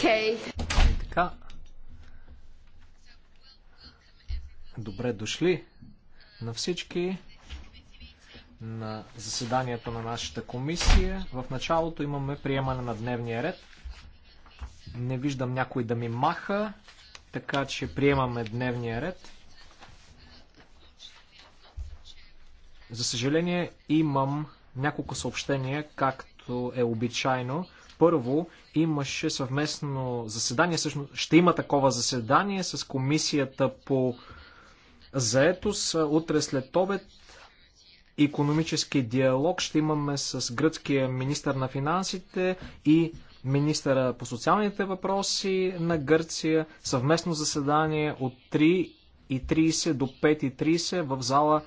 Okay. Ами така. Добре дошли на всички на заседанието на нашата комисия. В началото имаме приемане на дневния ред. Не виждам някой да ми маха, така че приемаме дневния ред. За съжаление имам няколко съобщения, както е обичайно. Първо, имаше съвместно заседание, всъщност ще има такова заседание с комисията по заетост. Утре след обед економически диалог ще имаме с гръцкия министр на финансите и министъра по социалните въпроси на Гърция. Съвместно заседание от 3.30 до 5.30 в зала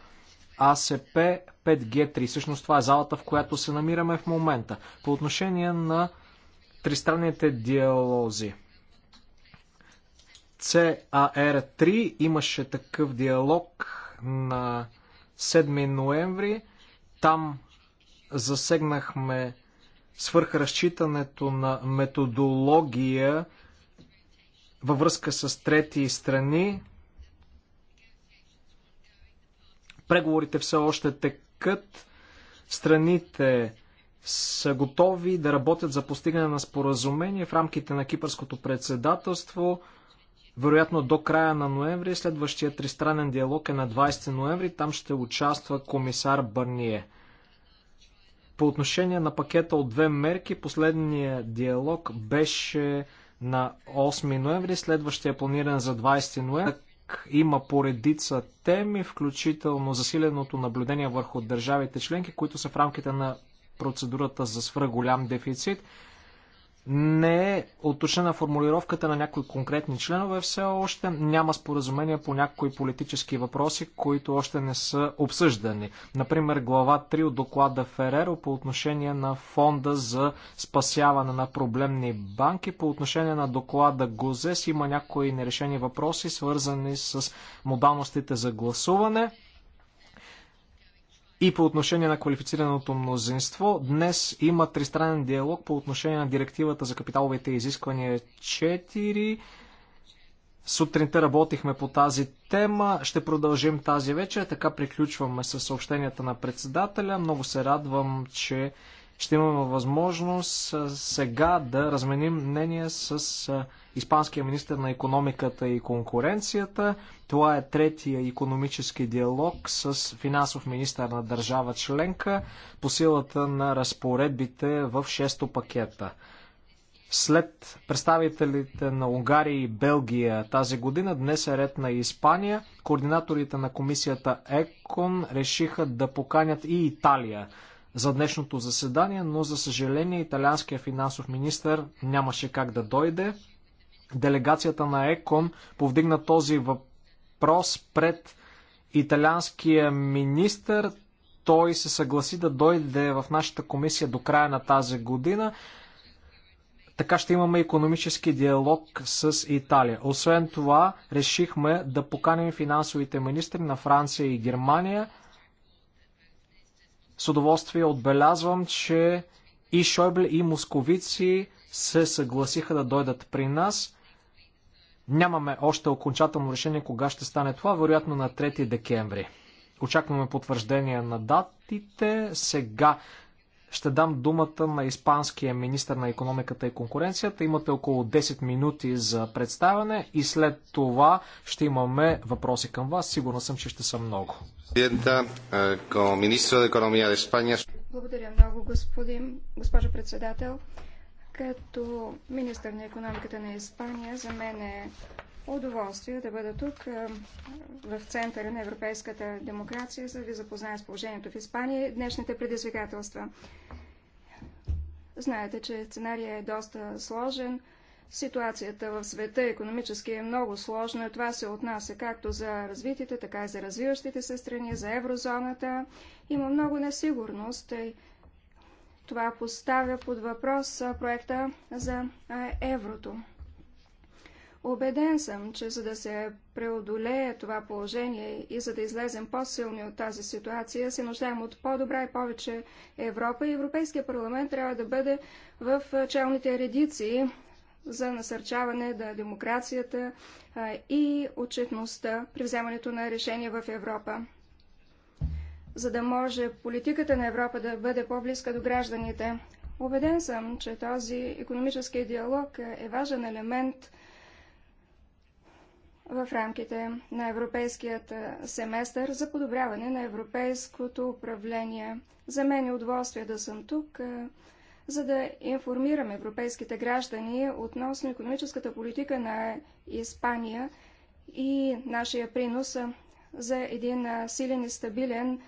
АСП 5G3. Всъщност това е залата, в която се намираме в момента. По отношение на тристранните диалози. CAR3 имаше такъв диалог на 7 ноември. Там засегнахме свърхразчитането на методология във връзка с трети страни. Преговорите все още текат. Страните са готови да работят за постигане на споразумение в рамките на кипърското председателство, вероятно до края на ноември. Следващия тристранен диалог е на 20 ноември. Там ще участва комисар Бърние. По отношение на пакета от две мерки, последният диалог беше на 8 ноември, следващия е планиран за 20 ноември. Има поредица теми, включително засиленото наблюдение върху държавите членки, които са в рамките на процедурата за свръголям дефицит. Не е уточнена формулировката на някои конкретни членове все още. Няма споразумение по някои политически въпроси, които още не са обсъждани. Например, глава 3 от доклада Фереро по отношение на фонда за спасяване на проблемни банки. По отношение на доклада Гозес има някои нерешени въпроси, свързани с модалностите за гласуване и по отношение на квалифицираното мнозинство. Днес има тристранен диалог по отношение на директивата за капиталовите изисквания 4. Сутринта работихме по тази тема. Ще продължим тази вечер. Така приключваме с съобщенията на председателя. Много се радвам, че ще имаме възможност сега да разменим мнение с испанския министр на економиката и конкуренцията. Това е третия економически диалог с финансов министр на държава членка по силата на разпоредбите в 6 пакета. След представителите на Унгария и Белгия тази година, днес е ред на Испания. Координаторите на комисията ЕКОН решиха да поканят и Италия за днешното заседание, но за съжаление италианския финансов министр нямаше как да дойде. Делегацията на ЕКОН повдигна този въпрос пред италианския министр. Той се съгласи да дойде в нашата комисия до края на тази година. Така ще имаме економически диалог с Италия. Освен това, решихме да поканим финансовите министри на Франция и Германия – с удоволствие отбелязвам, че и Шойбле, и московици се съгласиха да дойдат при нас. Нямаме още окончателно решение кога ще стане това, вероятно на 3 декември. Очакваме потвърждение на датите. Сега ще дам думата на испанския министр на економиката и конкуренцията. Имате около 10 минути за представяне и след това ще имаме въпроси към вас. Сигурна съм, че ще са много. Благодаря много, господин, госпожо председател. Като министър на економиката на Испания, за мен е удоволствие да бъда тук е, в центъра на европейската демокрация, за да ви запозная с положението в Испания и днешните предизвикателства. Знаете, че сценария е доста сложен. Ситуацията в света економически е много сложна. Това се отнася както за развитите, така и за развиващите се страни, за еврозоната. Има много несигурност. Това поставя под въпрос проекта за еврото. Обеден съм, че за да се преодолее това положение и за да излезем по-силни от тази ситуация, се нуждаем от по-добра и повече Европа и Европейския парламент трябва да бъде в челните редици за насърчаване на демокрацията и отчетността при вземането на решения в Европа. За да може политиката на Европа да бъде по-близка до гражданите, Обеден съм, че този економически диалог е важен елемент – в рамките на европейският е, семестър за подобряване на европейското управление. За мен е удоволствие да съм тук, е, за да информирам европейските граждани относно економическата политика на Испания и нашия принос е, за един силен и стабилен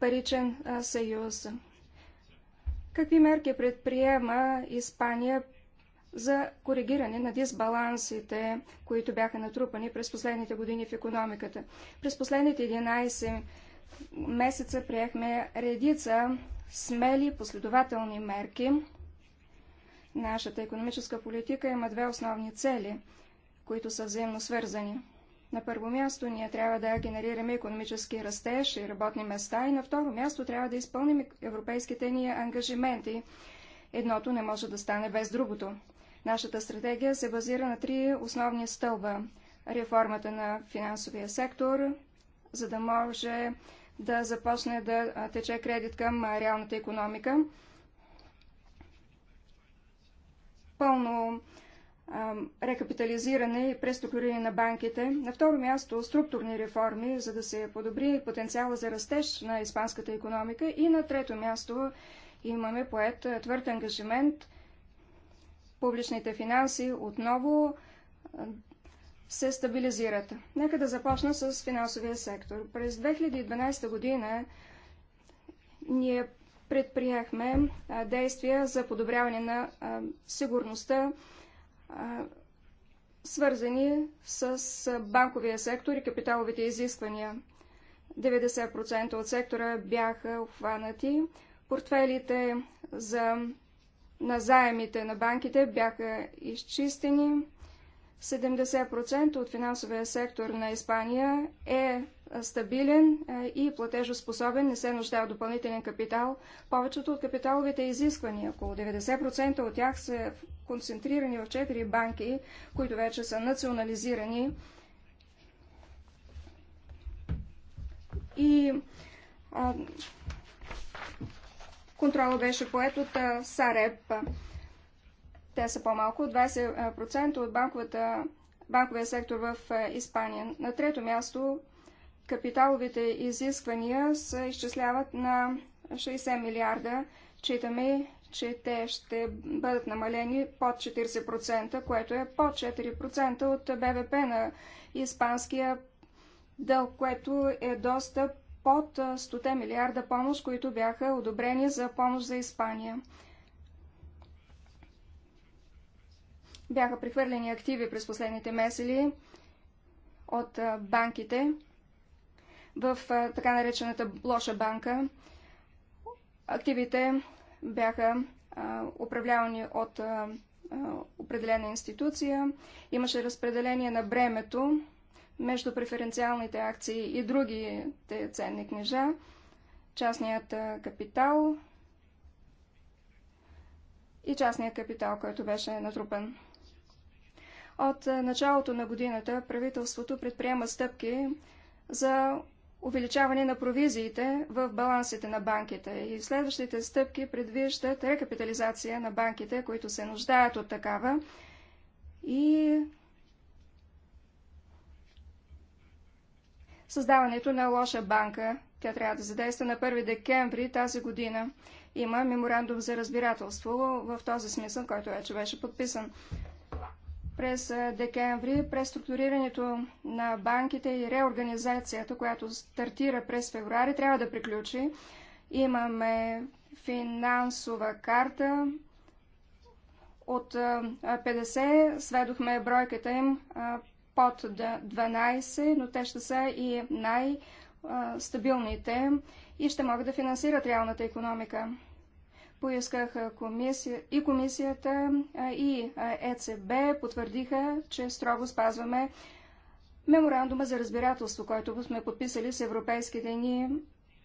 паричен съюз. Какви мерки предприема Испания за коригиране на дисбалансите, които бяха натрупани през последните години в економиката. През последните 11 месеца приехме редица смели последователни мерки. Нашата економическа политика има две основни цели, които са взаимно свързани. На първо място ние трябва да генерираме економически растеж и работни места и на второ място трябва да изпълним европейските ни ангажименти. Едното не може да стане без другото. Нашата стратегия се базира на три основни стълба. Реформата на финансовия сектор, за да може да започне да тече кредит към реалната економика. Пълно рекапитализиране и преструктуриране на банките. На второ място структурни реформи, за да се подобри потенциала за растеж на испанската економика. И на трето място имаме поет твърд ангажимент публичните финанси отново се стабилизират. Нека да започна с финансовия сектор. През 2012 година ние предприехме действия за подобряване на сигурността, свързани с банковия сектор и капиталовите изисквания. 90% от сектора бяха обхванати. Портфелите за на заемите на банките бяха изчистени. 70% от финансовия сектор на Испания е стабилен е, и платежоспособен, не се нуждае от допълнителен капитал. Повечето от капиталовите изисквания, около 90% от тях са концентрирани в 4 банки, които вече са национализирани. И а, Контрола беше поет от САРЕП. Те са по-малко от 20% от банковата, банковия сектор в Испания. На трето място капиталовите изисквания се изчисляват на 60 милиарда. Читаме, че те ще бъдат намалени под 40%, което е под 4% от БВП на испанския дълг, което е доста под 100 милиарда помощ, които бяха одобрени за помощ за Испания. Бяха прехвърлени активи през последните месели от банките в така наречената лоша банка. Активите бяха управлявани от определена институция. Имаше разпределение на бремето между преференциалните акции и другите ценни книжа, частният капитал и частният капитал, който беше натрупан. От началото на годината правителството предприема стъпки за увеличаване на провизиите в балансите на банките и следващите стъпки предвиждат рекапитализация на банките, които се нуждаят от такава и създаването на лоша банка. Тя трябва да задейства на 1 декември тази година. Има меморандум за разбирателство в този смисъл, който вече беше подписан. През декември преструктурирането на банките и реорганизацията, която стартира през февруари, трябва да приключи. Имаме финансова карта. От 50 сведохме бройката им под 12, но те ще са и най-стабилните и ще могат да финансират реалната економика. Поисках комисия, и комисията, и ЕЦБ потвърдиха, че строго спазваме меморандума за разбирателство, който сме подписали с европейските ни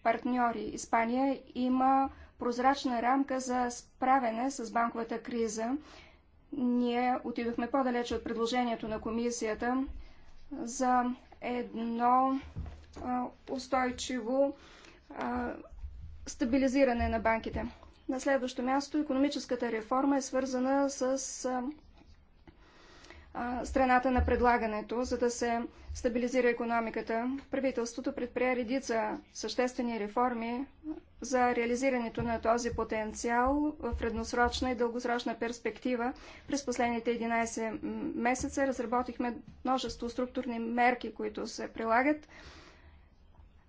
партньори. Испания има прозрачна рамка за справяне с банковата криза. Ние отидохме по-далече от предложението на комисията за едно устойчиво стабилизиране на банките. На следващо място, економическата реформа е свързана с страната на предлагането, за да се стабилизира економиката, правителството предприе редица съществени реформи за реализирането на този потенциал в средносрочна и дългосрочна перспектива. През последните 11 месеца разработихме множество структурни мерки, които се прилагат.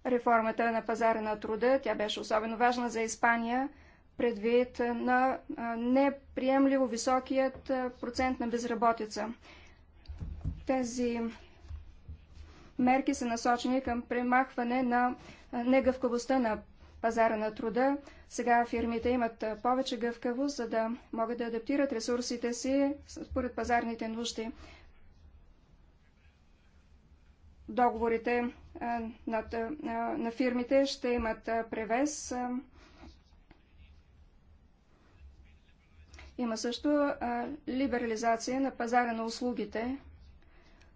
Реформата на пазара на труда, тя беше особено важна за Испания, предвид на неприемливо високият процент на безработица. Тези мерки са насочени към премахване на негъвкавостта на пазара на труда. Сега фирмите имат повече гъвкавост, за да могат да адаптират ресурсите си според пазарните нужди. Договорите на фирмите ще имат превес. Има също либерализация на пазара на услугите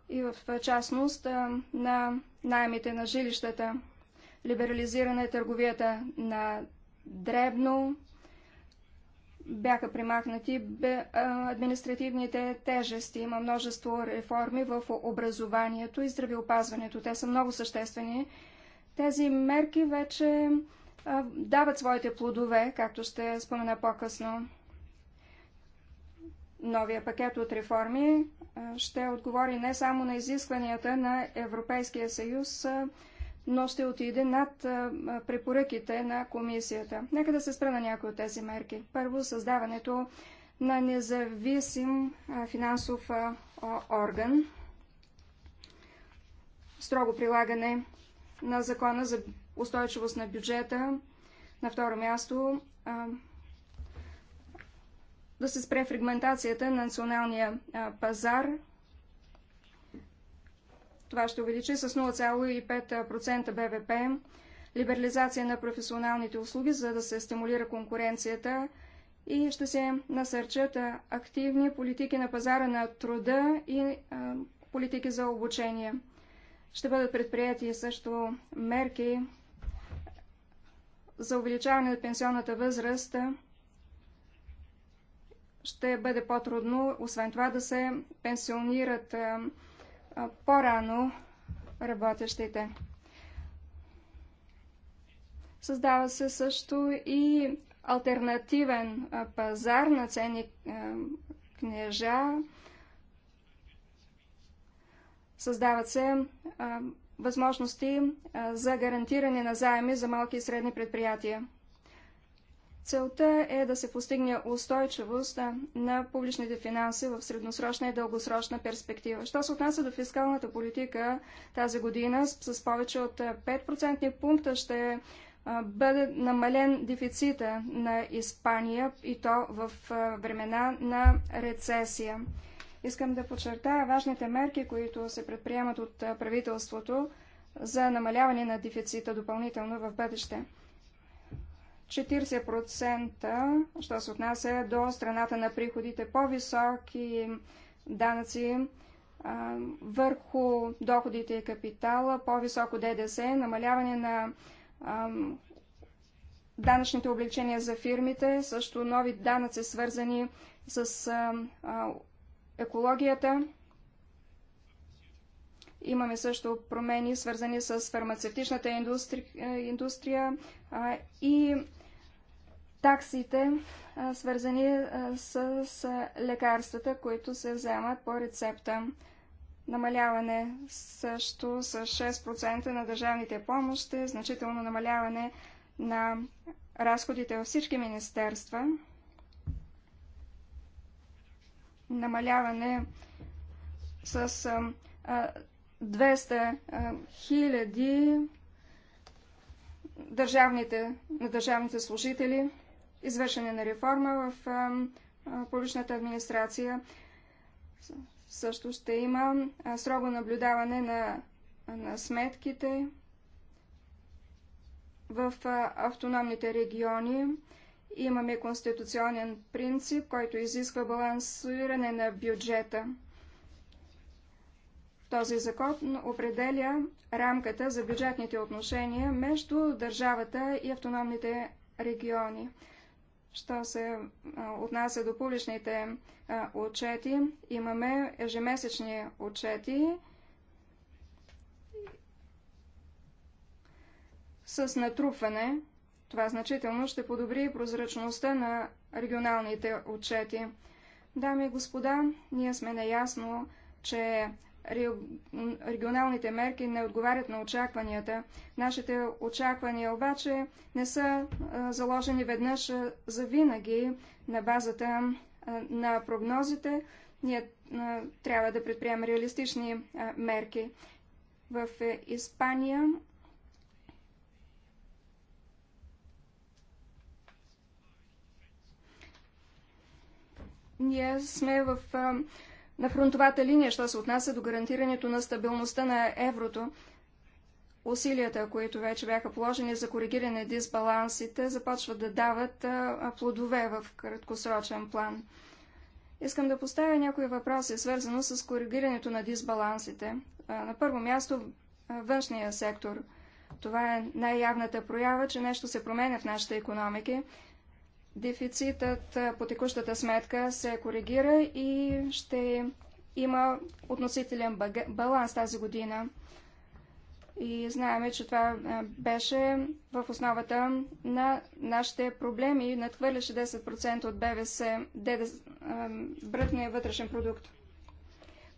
и в частност на найемите на жилищата. либерализиране е търговията на дребно, бяха примахнати административните тежести. Има множество реформи в образованието и здравеопазването. Те са много съществени. Тези мерки вече дават своите плодове, както ще спомена по-късно. Новия пакет от реформи ще отговори не само на изискванията на Европейския съюз, но ще отиде над препоръките на комисията. Нека да се спра на някои от тези мерки. Първо, създаването на независим финансов орган, строго прилагане на закона за устойчивост на бюджета, на второ място да се спре фрагментацията на националния пазар. Това ще увеличи с 0,5% БВП. Либерализация на професионалните услуги, за да се стимулира конкуренцията и ще се насърчат активни политики на пазара на труда и политики за обучение. Ще бъдат предприяти също мерки за увеличаване на пенсионната възраст ще бъде по-трудно, освен това, да се пенсионират по-рано работещите. Създава се също и альтернативен пазар на ценни книжа. Създават се възможности за гарантиране на заеми за малки и средни предприятия. Целта е да се постигне устойчивост на публичните финанси в средносрочна и дългосрочна перспектива. Що се отнася до фискалната политика тази година, с, повече от 5% пункта ще бъде намален дефицита на Испания и то в времена на рецесия. Искам да подчертая важните мерки, които се предприемат от правителството за намаляване на дефицита допълнително в бъдеще. 40%, що се отнася до страната на приходите, по-високи данъци върху доходите и капитала, по-високо ДДС, намаляване на данъчните обличения за фирмите, също нови данъци свързани с екологията. Имаме също промени, свързани с фармацевтичната индустрия, и таксите, свързани с лекарствата, които се вземат по рецепта. Намаляване също с 6% на държавните помощи, значително намаляване на разходите във всички министерства, намаляване с 200 хиляди държавните, на държавните служители – извършване на реформа в публичната администрация. Също ще има строго наблюдаване на, на сметките в автономните региони. Имаме конституционен принцип, който изисква балансиране на бюджета. Този закон определя рамката за бюджетните отношения между държавата и автономните региони. Що се отнася до публичните отчети, имаме ежемесечни отчети с натрупване. Това значително ще подобри прозрачността на регионалните отчети. Дами и господа, ние сме наясно, че регионалните мерки не отговарят на очакванията. Нашите очаквания обаче не са заложени веднъж за винаги на базата на прогнозите. Ние трябва да предприемем реалистични мерки. В е, Испания ние сме в на фронтовата линия, що се отнася до гарантирането на стабилността на еврото. Усилията, които вече бяха положени за коригиране дисбалансите, започват да дават плодове в краткосрочен план. Искам да поставя някои въпроси, свързано с коригирането на дисбалансите. На първо място външния сектор. Това е най-явната проява, че нещо се променя в нашите економики. Дефицитът по текущата сметка се коригира и ще има относителен баланс тази година. И знаеме, че това беше в основата на нашите проблеми. Надхвърляше 10% от БВС, брътния вътрешен продукт.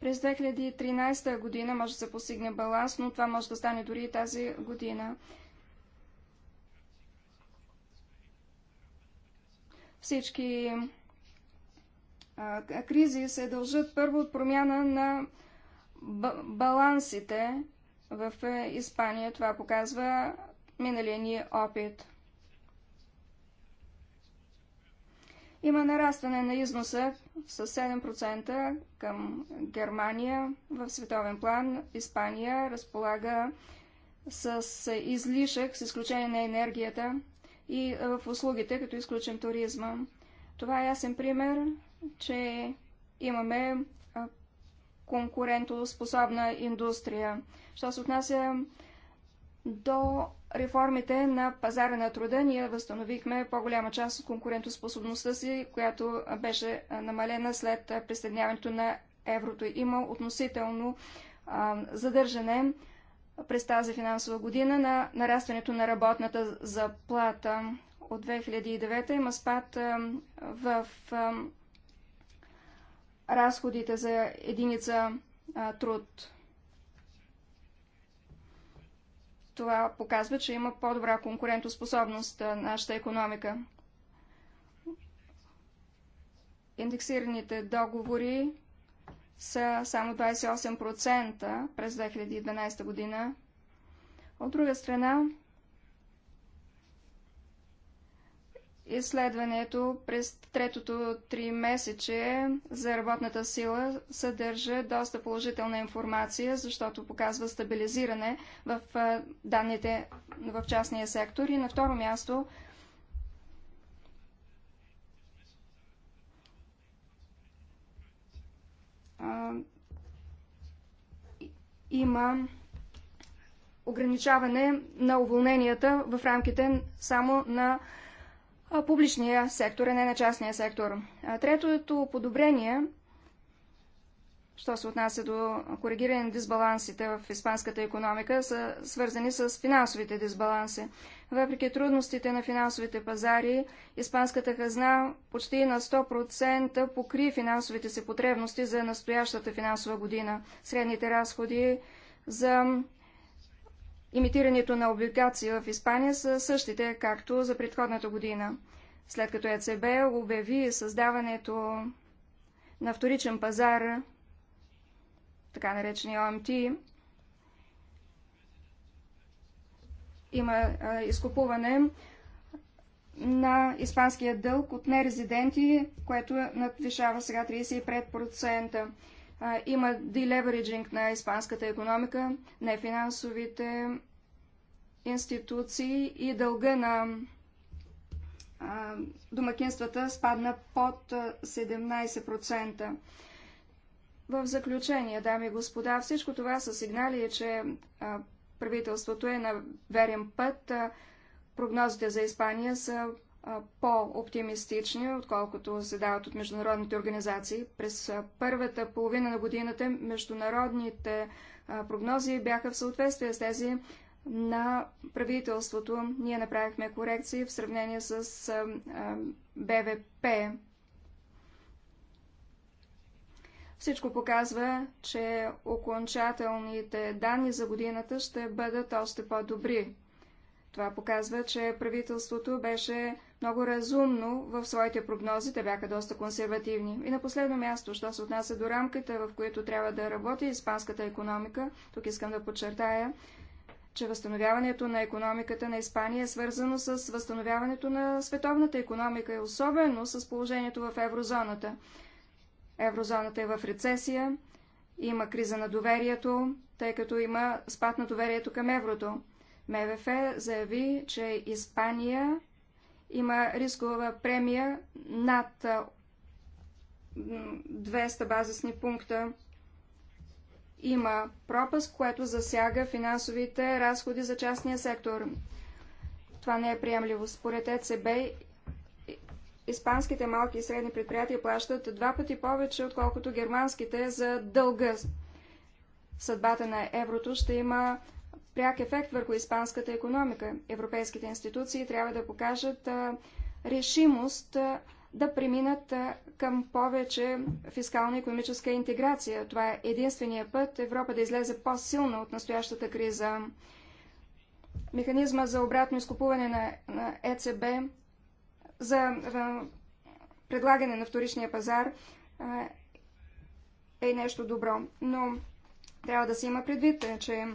През 2013 година може да се постигне баланс, но това може да стане дори и тази година. Всички а, кризи се дължат първо от промяна на балансите в е, Испания. Това показва миналия ни опит. Има нарастване на износа с 7% към Германия. В световен план Испания разполага с излишък, с изключение на енергията, и е, в услугите, като изключим туризма. Това е ясен пример, че имаме е, конкурентоспособна индустрия. Що се отнася до реформите на пазара на труда, ние възстановихме по-голяма част от конкурентоспособността си, която беше е, намалена след присъединяването на еврото. Има относително задържане през тази финансова година на нарастването на работната заплата. От 2009 има спад е, в е, разходите за единица е, труд. Това показва, че има по-добра конкурентоспособност на нашата економика. Индексираните договори са само 28% през 2012 година. От друга страна, изследването през третото три месече за работната сила съдържа доста положителна информация, защото показва стабилизиране в данните в частния сектор. И на второ място има ограничаване на уволненията в рамките само на публичния сектор, а не на частния сектор. Третото подобрение що се отнася до коригиране на дисбалансите в испанската економика, са свързани с финансовите дисбаланси. Въпреки трудностите на финансовите пазари, испанската хазна почти на 100% покри финансовите си потребности за настоящата финансова година. Средните разходи за имитирането на облигации в Испания са същите, както за предходната година. След като ЕЦБ обяви създаването на вторичен пазар така наречени ОМТ, има изкупуване на испанския дълг от нерезиденти, което надвишава сега 35%. Има делевериджинг на испанската економика, нефинансовите институции и дълга на домакинствата спадна под 17%. В заключение, дами и господа, всичко това са сигнали, че а, правителството е на верен път. А, прогнозите за Испания са по-оптимистични, отколкото се дават от международните организации. През първата половина на годината международните прогнози бяха в съответствие с тези на правителството. Ние направихме корекции в сравнение с БВП Всичко показва, че окончателните данни за годината ще бъдат още по-добри. Това показва, че правителството беше много разумно в своите прогнози, те бяха доста консервативни. И на последно място, що се отнася до рамката, в които трябва да работи испанската економика, тук искам да подчертая, че възстановяването на економиката на Испания е свързано с възстановяването на световната економика и особено с положението в еврозоната. Еврозоната е в рецесия, има криза на доверието, тъй като има спад на доверието към еврото. МВФ заяви, че Испания има рискова премия над 200 базисни пункта. Има пропаст, което засяга финансовите разходи за частния сектор. Това не е приемливо. Според ЕЦБ испанските малки и средни предприятия плащат два пъти повече, отколкото германските за дълга. Съдбата на еврото ще има пряк ефект върху испанската економика. Европейските институции трябва да покажат решимост да преминат към повече фискална и економическа интеграция. Това е единствения път Европа да излезе по-силна от настоящата криза. Механизма за обратно изкупуване на ЕЦБ за предлагане на вторичния пазар е нещо добро. Но трябва да се има предвид, е, че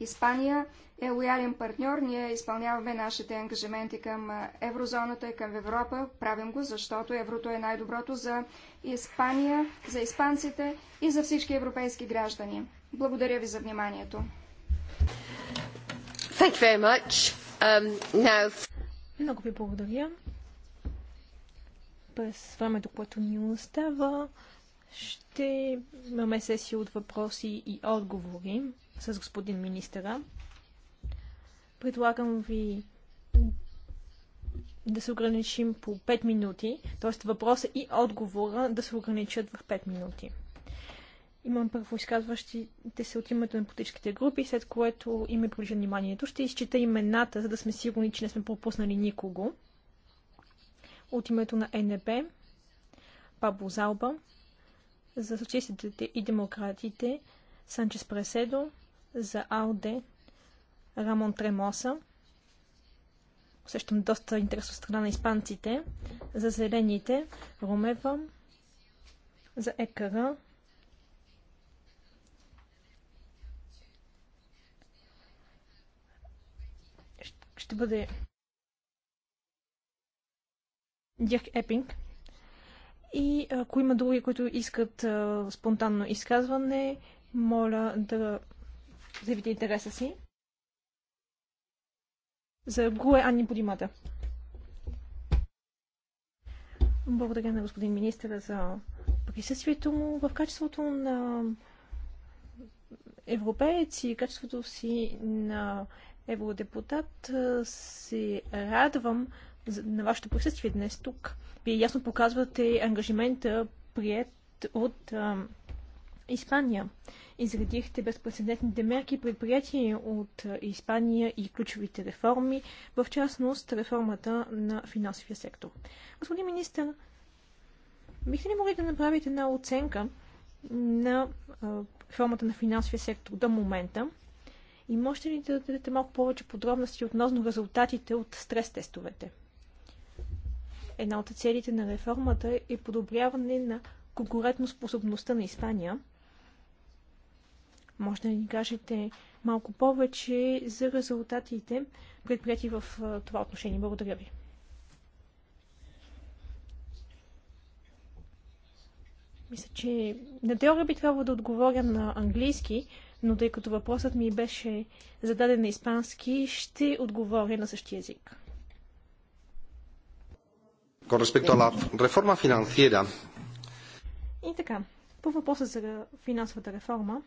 Испания е лоялен партньор. Ние изпълняваме нашите ангажименти към еврозоната и към Европа. Правим го, защото еврото е най-доброто за Испания, за испанците и за всички европейски граждани. Благодаря ви за вниманието. Thank you very much. Um, now... Много ви благодаря през времето, което ни остава, ще имаме сесия от въпроси и отговори с господин министъра. Предлагам ви да се ограничим по 5 минути, т.е. въпроса и отговора да се ограничат в 5 минути. Имам първо изказващите се от името на политическите групи, след което име прилича вниманието. Ще изчита имената, за да сме сигурни, че не сме пропуснали никого от името на НБ, Пабло Залба, за социалистите и демократите, Санчес Преседо, за Алде, Рамон Тремоса, усещам доста интерес от страна на испанците, за зелените, Ромева, за ЕКР, ще бъде Дирк Епинг. И ако има други, които искат а, спонтанно изказване, моля да заявите интереса си. За Гуе Ани Подимата. Благодаря на господин министър за присъствието му в качеството на европеец и качеството си на евродепутат. Се радвам, на вашето присъствие днес тук. Вие ясно показвате ангажимента, прият от а, Испания. Изредихте безпредседентните мерки, предприятия от Испания и ключовите реформи, в частност реформата на финансовия сектор. Господин министр, бихте ли могли да направите една оценка на реформата на финансовия сектор до момента? И можете ли да дадете малко повече подробности относно резултатите от стрес-тестовете? Една от целите на реформата е подобряване на конкурентоспособността на Испания. Може да ни кажете малко повече за резултатите, предприяти в това отношение. Благодаря ви. Мисля, че на теория би трябвало да отговоря на английски, но тъй като въпросът ми беше зададен на испански, ще отговоря на същия език con respecto a la reforma financiera. И така, по въпроса за финансовата реформа,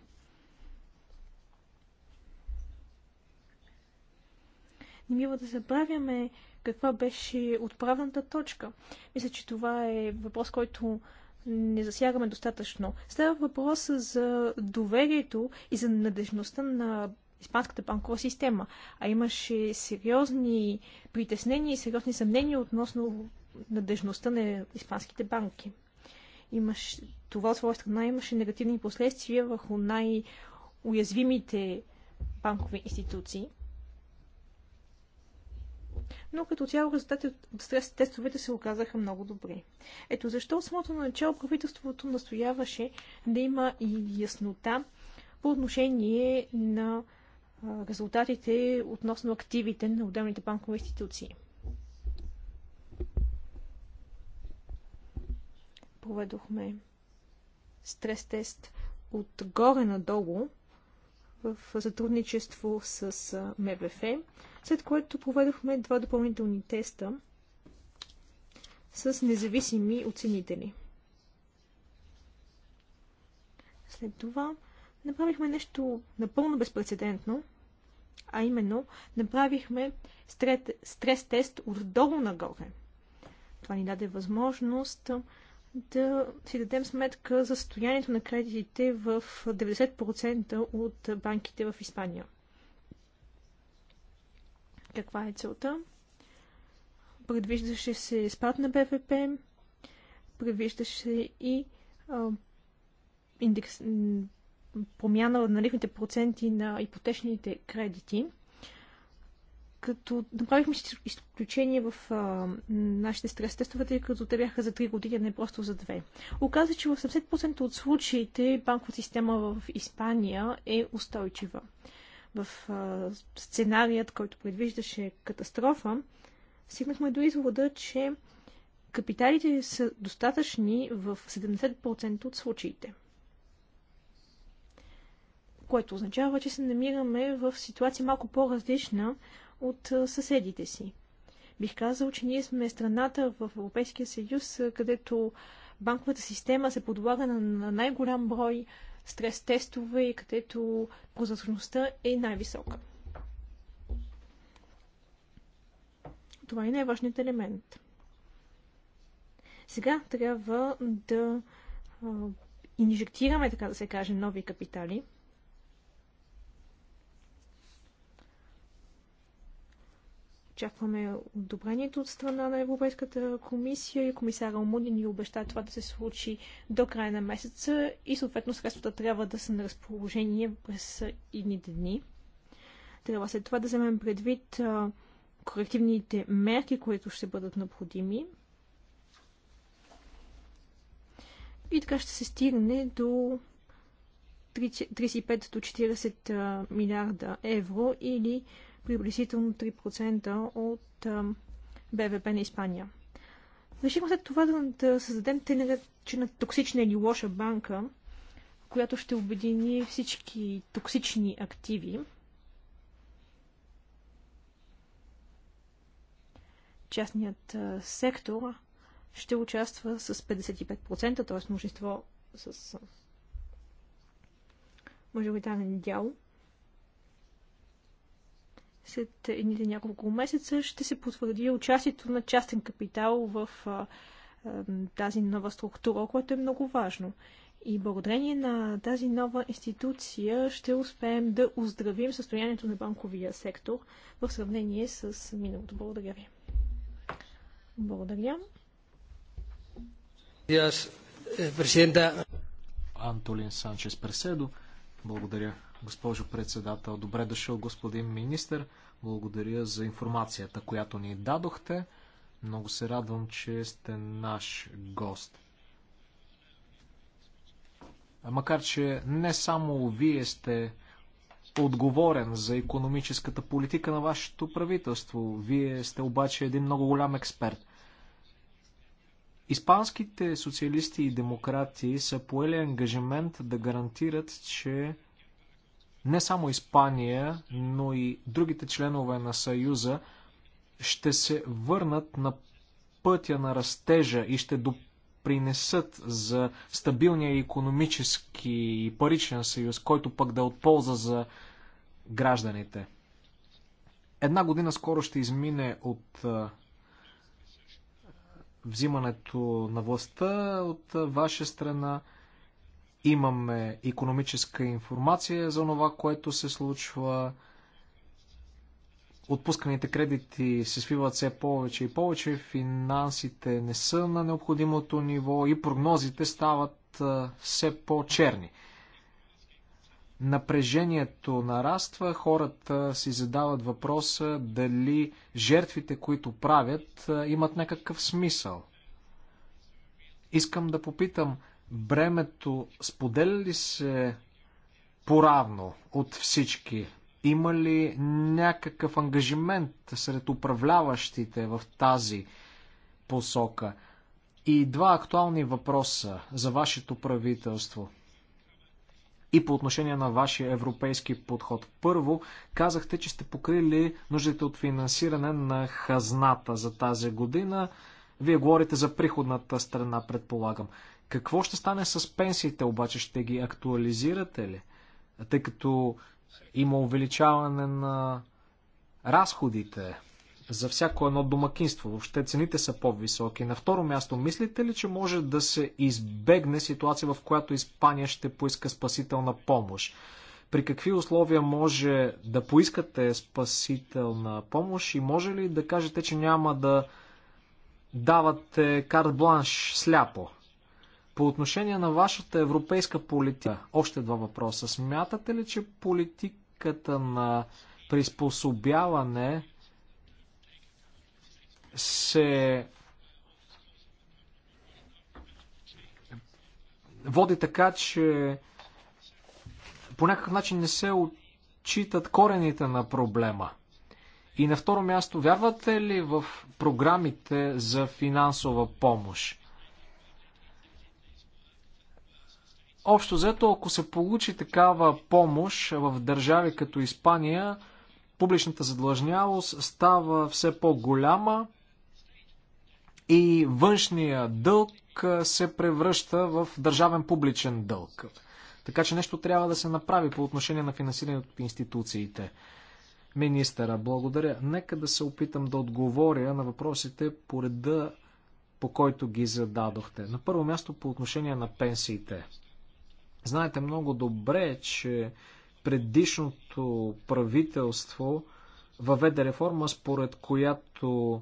не бива да забравяме каква беше отправната точка. Мисля, че това е въпрос, който не засягаме достатъчно. Става въпрос за доверието и за надежността на испанската банкова система. А имаше сериозни притеснения и сериозни съмнения относно надежността на испанските банки. Имаш, това от своя страна имаше негативни последствия върху най-уязвимите банкови институции. Но като цяло резултатите от стрес тестовете се оказаха много добри. Ето защо от самото начало правителството настояваше да има и яснота по отношение на резултатите относно активите на отделните банкови институции. проведохме стрес-тест отгоре надолу в сътрудничество с МВФ, след което проведохме два допълнителни теста с независими оценители. След това направихме нещо напълно безпредседентно, а именно направихме стрес-тест отдолу нагоре. Това ни даде възможност да си дадем сметка за състоянието на кредитите в 90% от банките в Испания. Каква е целта? Предвиждаше се спад на БВП, предвиждаше и а, индекс, промяна на лихвите проценти на ипотечните кредити – като направихме изключение в а, нашите стрес тестове, тъй като те бяха за 3 години, а не просто за 2. Оказа, че в 70% от случаите банковата система в Испания е устойчива. В а, сценарият, който предвиждаше катастрофа, стигнахме до извода, че капиталите са достатъчни в 70% от случаите което означава, че се намираме в ситуация малко по-различна от съседите си. Бих казал, че ние сме страната в Европейския съюз, където банковата система се подлага на най-голям брой стрес-тестове и където прозрачността е най-висока. Това е най-важният елемент. Сега трябва да инжектираме, така да се каже, нови капитали – Очакваме одобрението от страна на Европейската комисия и комисара Омуди ни обеща това да се случи до края на месеца и съответно средствата трябва да са на разположение през идните дни. Трябва след това да вземем предвид корективните мерки, които ще бъдат необходими. И така ще се стигне до 35 до 40 милиарда евро или приблизително 3% от БВП на Испания. Решихме след това да, да създадем че на токсична или лоша банка, която ще обедини всички токсични активи. Частният сектор ще участва с 55%, т.е. множество с мажоритарен дял след едните няколко месеца ще се потвърди участието на частен капитал в а, тази нова структура, което е много важно. И благодарение на тази нова институция ще успеем да оздравим състоянието на банковия сектор в сравнение с миналото. Благодаря ви. Благодаря. Антолин Санчес Преседо. Благодаря, госпожо председател. Добре дошъл, господин министр. Благодаря за информацията, която ни дадохте. Много се радвам, че сте наш гост. А макар, че не само вие сте отговорен за економическата политика на вашето правителство, вие сте обаче един много голям експерт. Испанските социалисти и демократи са поели ангажимент да гарантират, че не само Испания, но и другите членове на Съюза ще се върнат на пътя на растежа и ще допринесат за стабилния економически и паричен съюз, който пък да е от полза за гражданите. Една година скоро ще измине от взимането на властта от ваша страна. Имаме економическа информация за това, което се случва. Отпусканите кредити се свиват все повече и повече, финансите не са на необходимото ниво и прогнозите стават все по-черни напрежението нараства, хората си задават въпроса дали жертвите, които правят, имат някакъв смисъл. Искам да попитам, бремето споделя ли се поравно от всички? Има ли някакъв ангажимент сред управляващите в тази посока? И два актуални въпроса за вашето правителство – и по отношение на вашия европейски подход. Първо, казахте, че сте покрили нуждите от финансиране на хазната за тази година. Вие говорите за приходната страна, предполагам. Какво ще стане с пенсиите обаче? Ще ги актуализирате ли? Тъй като има увеличаване на разходите за всяко едно домакинство. Въобще цените са по-високи. На второ място, мислите ли, че може да се избегне ситуация, в която Испания ще поиска спасителна помощ? При какви условия може да поискате спасителна помощ и може ли да кажете, че няма да давате карт бланш сляпо? По отношение на вашата европейска политика, още два въпроса. Смятате ли, че политиката на приспособяване се води така, че по някакъв начин не се отчитат корените на проблема. И на второ място, вярвате ли в програмите за финансова помощ? Общо взето, ако се получи такава помощ в държави като Испания, публичната задлъжнявост става все по-голяма и външния дълг се превръща в държавен публичен дълг. Така че нещо трябва да се направи по отношение на финансирането от институциите. Министъра, благодаря. Нека да се опитам да отговоря на въпросите по реда, по който ги зададохте. На първо място по отношение на пенсиите. Знаете много добре, че предишното правителство въведе реформа, според която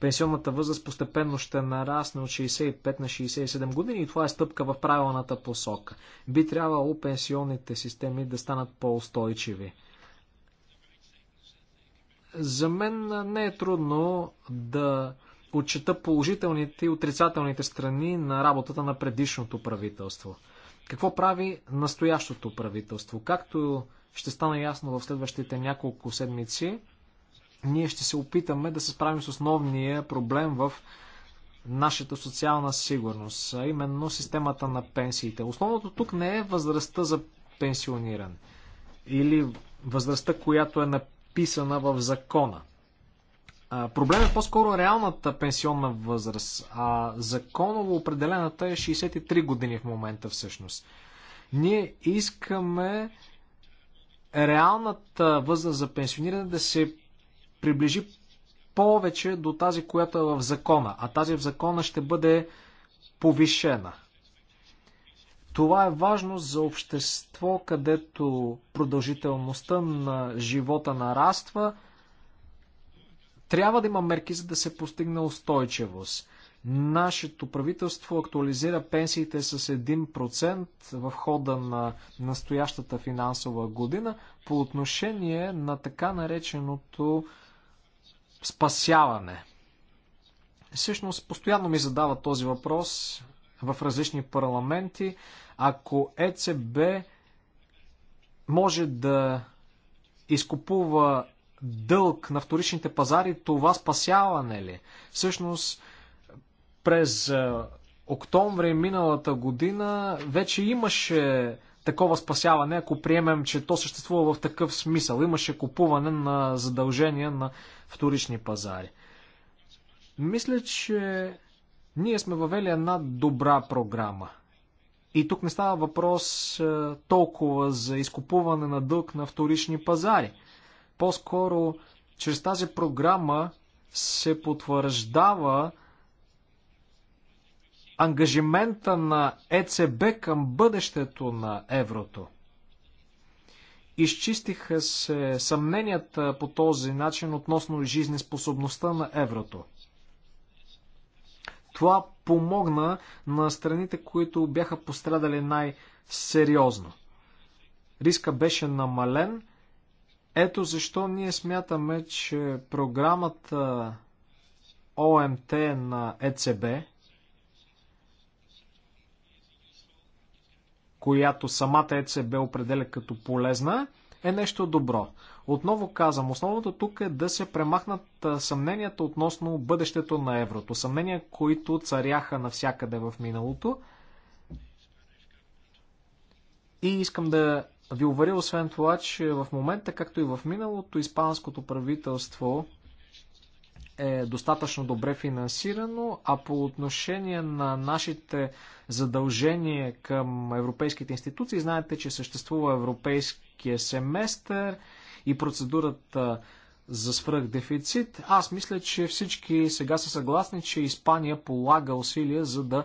пенсионната възраст постепенно ще нарасне от 65 на 67 години и това е стъпка в правилната посока. Би трябвало пенсионните системи да станат по-устойчиви. За мен не е трудно да отчета положителните и отрицателните страни на работата на предишното правителство. Какво прави настоящото правителство? Както ще стане ясно в следващите няколко седмици, ние ще се опитаме да се справим с основния проблем в нашата социална сигурност, а именно системата на пенсиите. Основното тук не е възрастта за пенсиониран или възрастта, която е написана в закона. Проблем е по-скоро реалната пенсионна възраст, а законово определената е 63 години в момента всъщност. Ние искаме реалната възраст за пенсиониране да се приближи повече до тази, която е в закона, а тази в закона ще бъде повишена. Това е важно за общество, където продължителността на живота нараства. Трябва да има мерки, за да се постигне устойчивост. Нашето правителство актуализира пенсиите с 1% в хода на настоящата финансова година по отношение на така нареченото спасяване. Всъщност, постоянно ми задава този въпрос в различни парламенти. Ако ЕЦБ може да изкупува дълг на вторичните пазари, това спасяване ли? Всъщност, през октомври миналата година вече имаше такова спасяване, ако приемем, че то съществува в такъв смисъл. Имаше купуване на задължения на вторични пазари. Мисля, че ние сме въвели една добра програма. И тук не става въпрос е, толкова за изкупуване на дълг на вторични пазари. По-скоро, чрез тази програма се потвърждава ангажимента на ЕЦБ към бъдещето на еврото. Изчистиха се съмненията по този начин относно жизнеспособността на еврото. Това помогна на страните, които бяха пострадали най-сериозно. Риска беше намален. Ето защо ние смятаме, че програмата ОМТ на ЕЦБ, която самата ЕЦБ определя като полезна, е нещо добро. Отново казвам, основното тук е да се премахнат съмненията относно бъдещето на еврото. Съмнения, които царяха навсякъде в миналото. И искам да ви уверя, освен това, че в момента, както и в миналото, испанското правителство е достатъчно добре финансирано, а по отношение на нашите задължения към европейските институции, знаете, че съществува европейския семестър и процедурата за свръхдефицит. Аз мисля, че всички сега са съгласни, че Испания полага усилия за да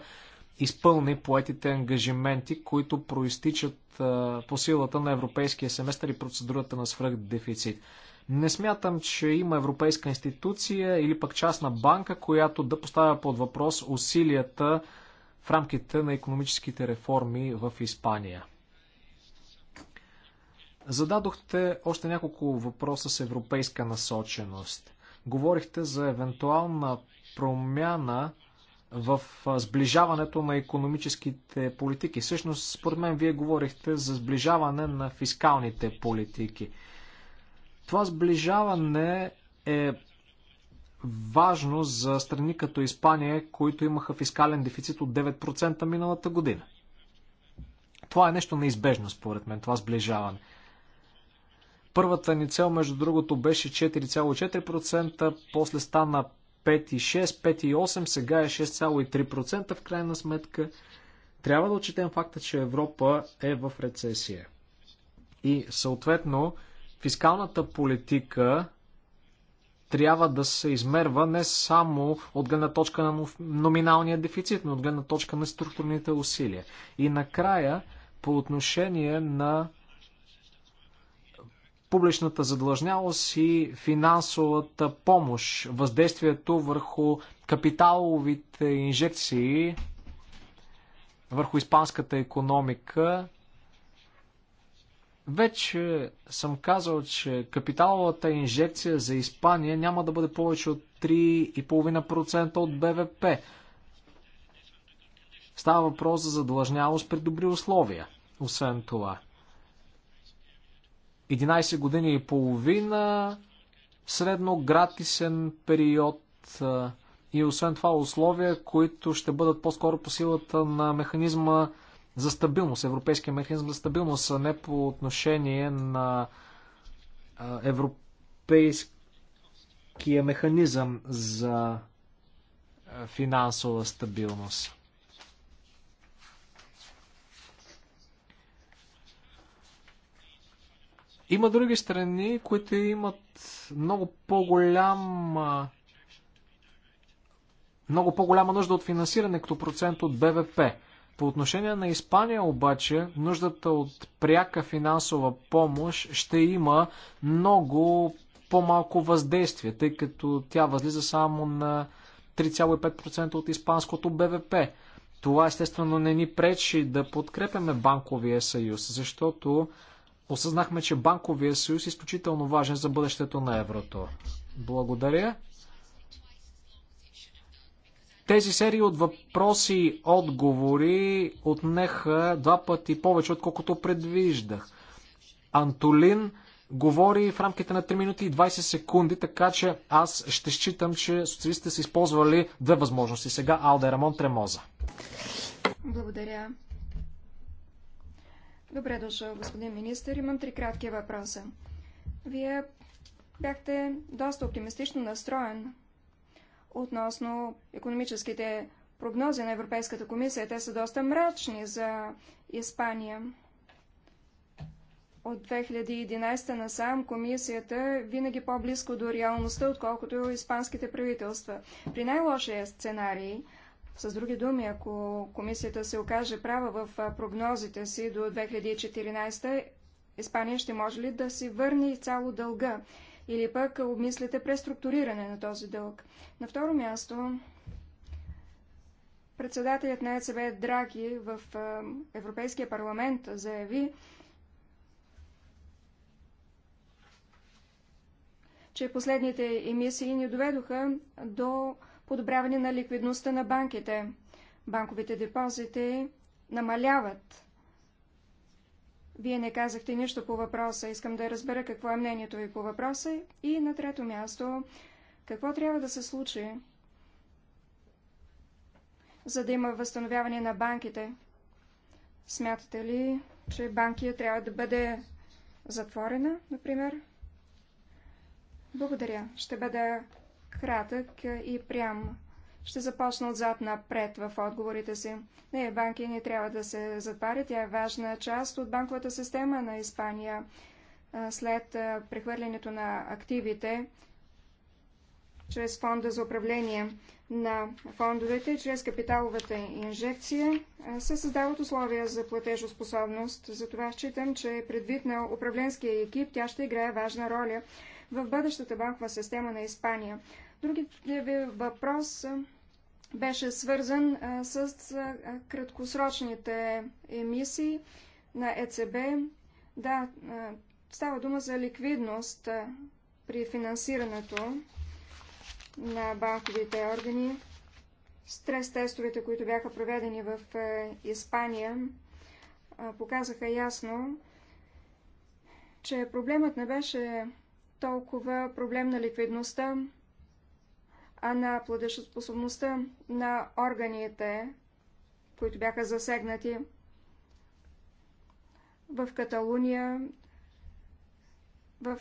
изпълни поетите ангажименти, които проистичат по силата на европейския семестър и процедурата на свръхдефицит. Не смятам, че има европейска институция или пък частна банка, която да поставя под въпрос усилията в рамките на економическите реформи в Испания. Зададохте още няколко въпроса с европейска насоченост. Говорихте за евентуална промяна в сближаването на економическите политики. Всъщност, според мен, вие говорихте за сближаване на фискалните политики. Това сближаване е важно за страни като Испания, които имаха фискален дефицит от 9% миналата година. Това е нещо неизбежно, според мен, това сближаване. Първата ни цел, между другото, беше 4,4%, после стана 5,6, 5,8, сега е 6,3% в крайна сметка. Трябва да отчетем факта, че Европа е в рецесия. И съответно, Фискалната политика трябва да се измерва не само от гледна точка на номиналния дефицит, но от гледна точка на структурните усилия. И накрая, по отношение на публичната задлъжнялост и финансовата помощ, въздействието върху капиталовите инжекции върху испанската економика вече съм казал, че капиталовата инжекция за Испания няма да бъде повече от 3,5% от БВП. Става въпрос за задлъжнявост при добри условия, освен това. 11 години и половина, средно гратисен период и освен това условия, които ще бъдат по-скоро по силата на механизма за стабилност, европейския механизъм за стабилност, а не по отношение на европейския механизъм за финансова стабилност. Има други страни, които имат много по-голяма много по-голяма нужда от финансиране като процент от БВП. По отношение на Испания обаче, нуждата от пряка финансова помощ ще има много по-малко въздействие, тъй като тя възлиза само на 3,5% от испанското БВП. Това естествено не ни пречи да подкрепяме банковия съюз, защото осъзнахме, че банковия съюз е изключително важен за бъдещето на еврото. Благодаря. Тези серии от въпроси и отговори отнеха два пъти повече, отколкото предвиждах. Антолин говори в рамките на 3 минути и 20 секунди, така че аз ще считам, че социалистите са използвали две възможности. Сега Алде Рамон Тремоза. Благодаря. Добре дошъл, господин министр. Имам три кратки въпроса. Вие бяхте доста оптимистично настроен относно економическите прогнози на Европейската комисия. Те са доста мрачни за Испания. От 2011 насам комисията винаги по-близко до реалността, отколкото испанските правителства. При най-лошия сценарий, с други думи, ако комисията се окаже права в прогнозите си до 2014, Испания ще може ли да си върне цяло дълга? или пък обмислите преструктуриране на този дълг. На второ място, председателят на ЕЦБ Драги в Европейския парламент заяви, че последните емисии ни доведоха до подобряване на ликвидността на банките. Банковите депозити намаляват вие не казахте нищо по въпроса. Искам да разбера какво е мнението ви по въпроса. И на трето място, какво трябва да се случи, за да има възстановяване на банките? Смятате ли, че банкия трябва да бъде затворена, например? Благодаря. Ще бъда кратък и прям. Ще започна отзад напред в отговорите си. Не, банки не трябва да се затварят. Тя е важна част от банковата система на Испания. След прехвърлянето на активите, чрез фонда за управление на фондовете, чрез капиталовата инжекция, се създават условия за платежоспособност. Затова считам, че предвид на управленския екип, тя ще играе важна роля в бъдещата банкова система на Испания. Другият ви въпрос беше свързан с краткосрочните емисии на ЕЦБ. Да, става дума за ликвидност при финансирането на банковите органи. Стрес-тестовете, които бяха проведени в Испания, показаха ясно, че проблемът не беше толкова проблем на ликвидността, а на плодъщоспособността на органите, които бяха засегнати. В Каталуния, в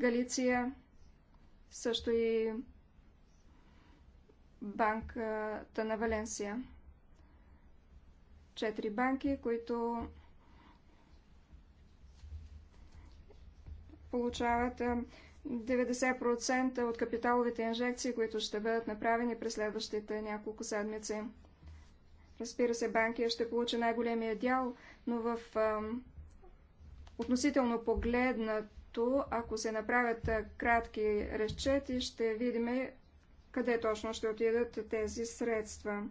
Галиция, също и банката на Валенсия. Четири банки, които получават 90% от капиталовите инжекции, които ще бъдат направени през следващите няколко седмици. Разбира се, банкия ще получи най-големия дял, но в ам, относително погледнато, ако се направят кратки разчети, ще видим е, къде точно ще отидат тези средства.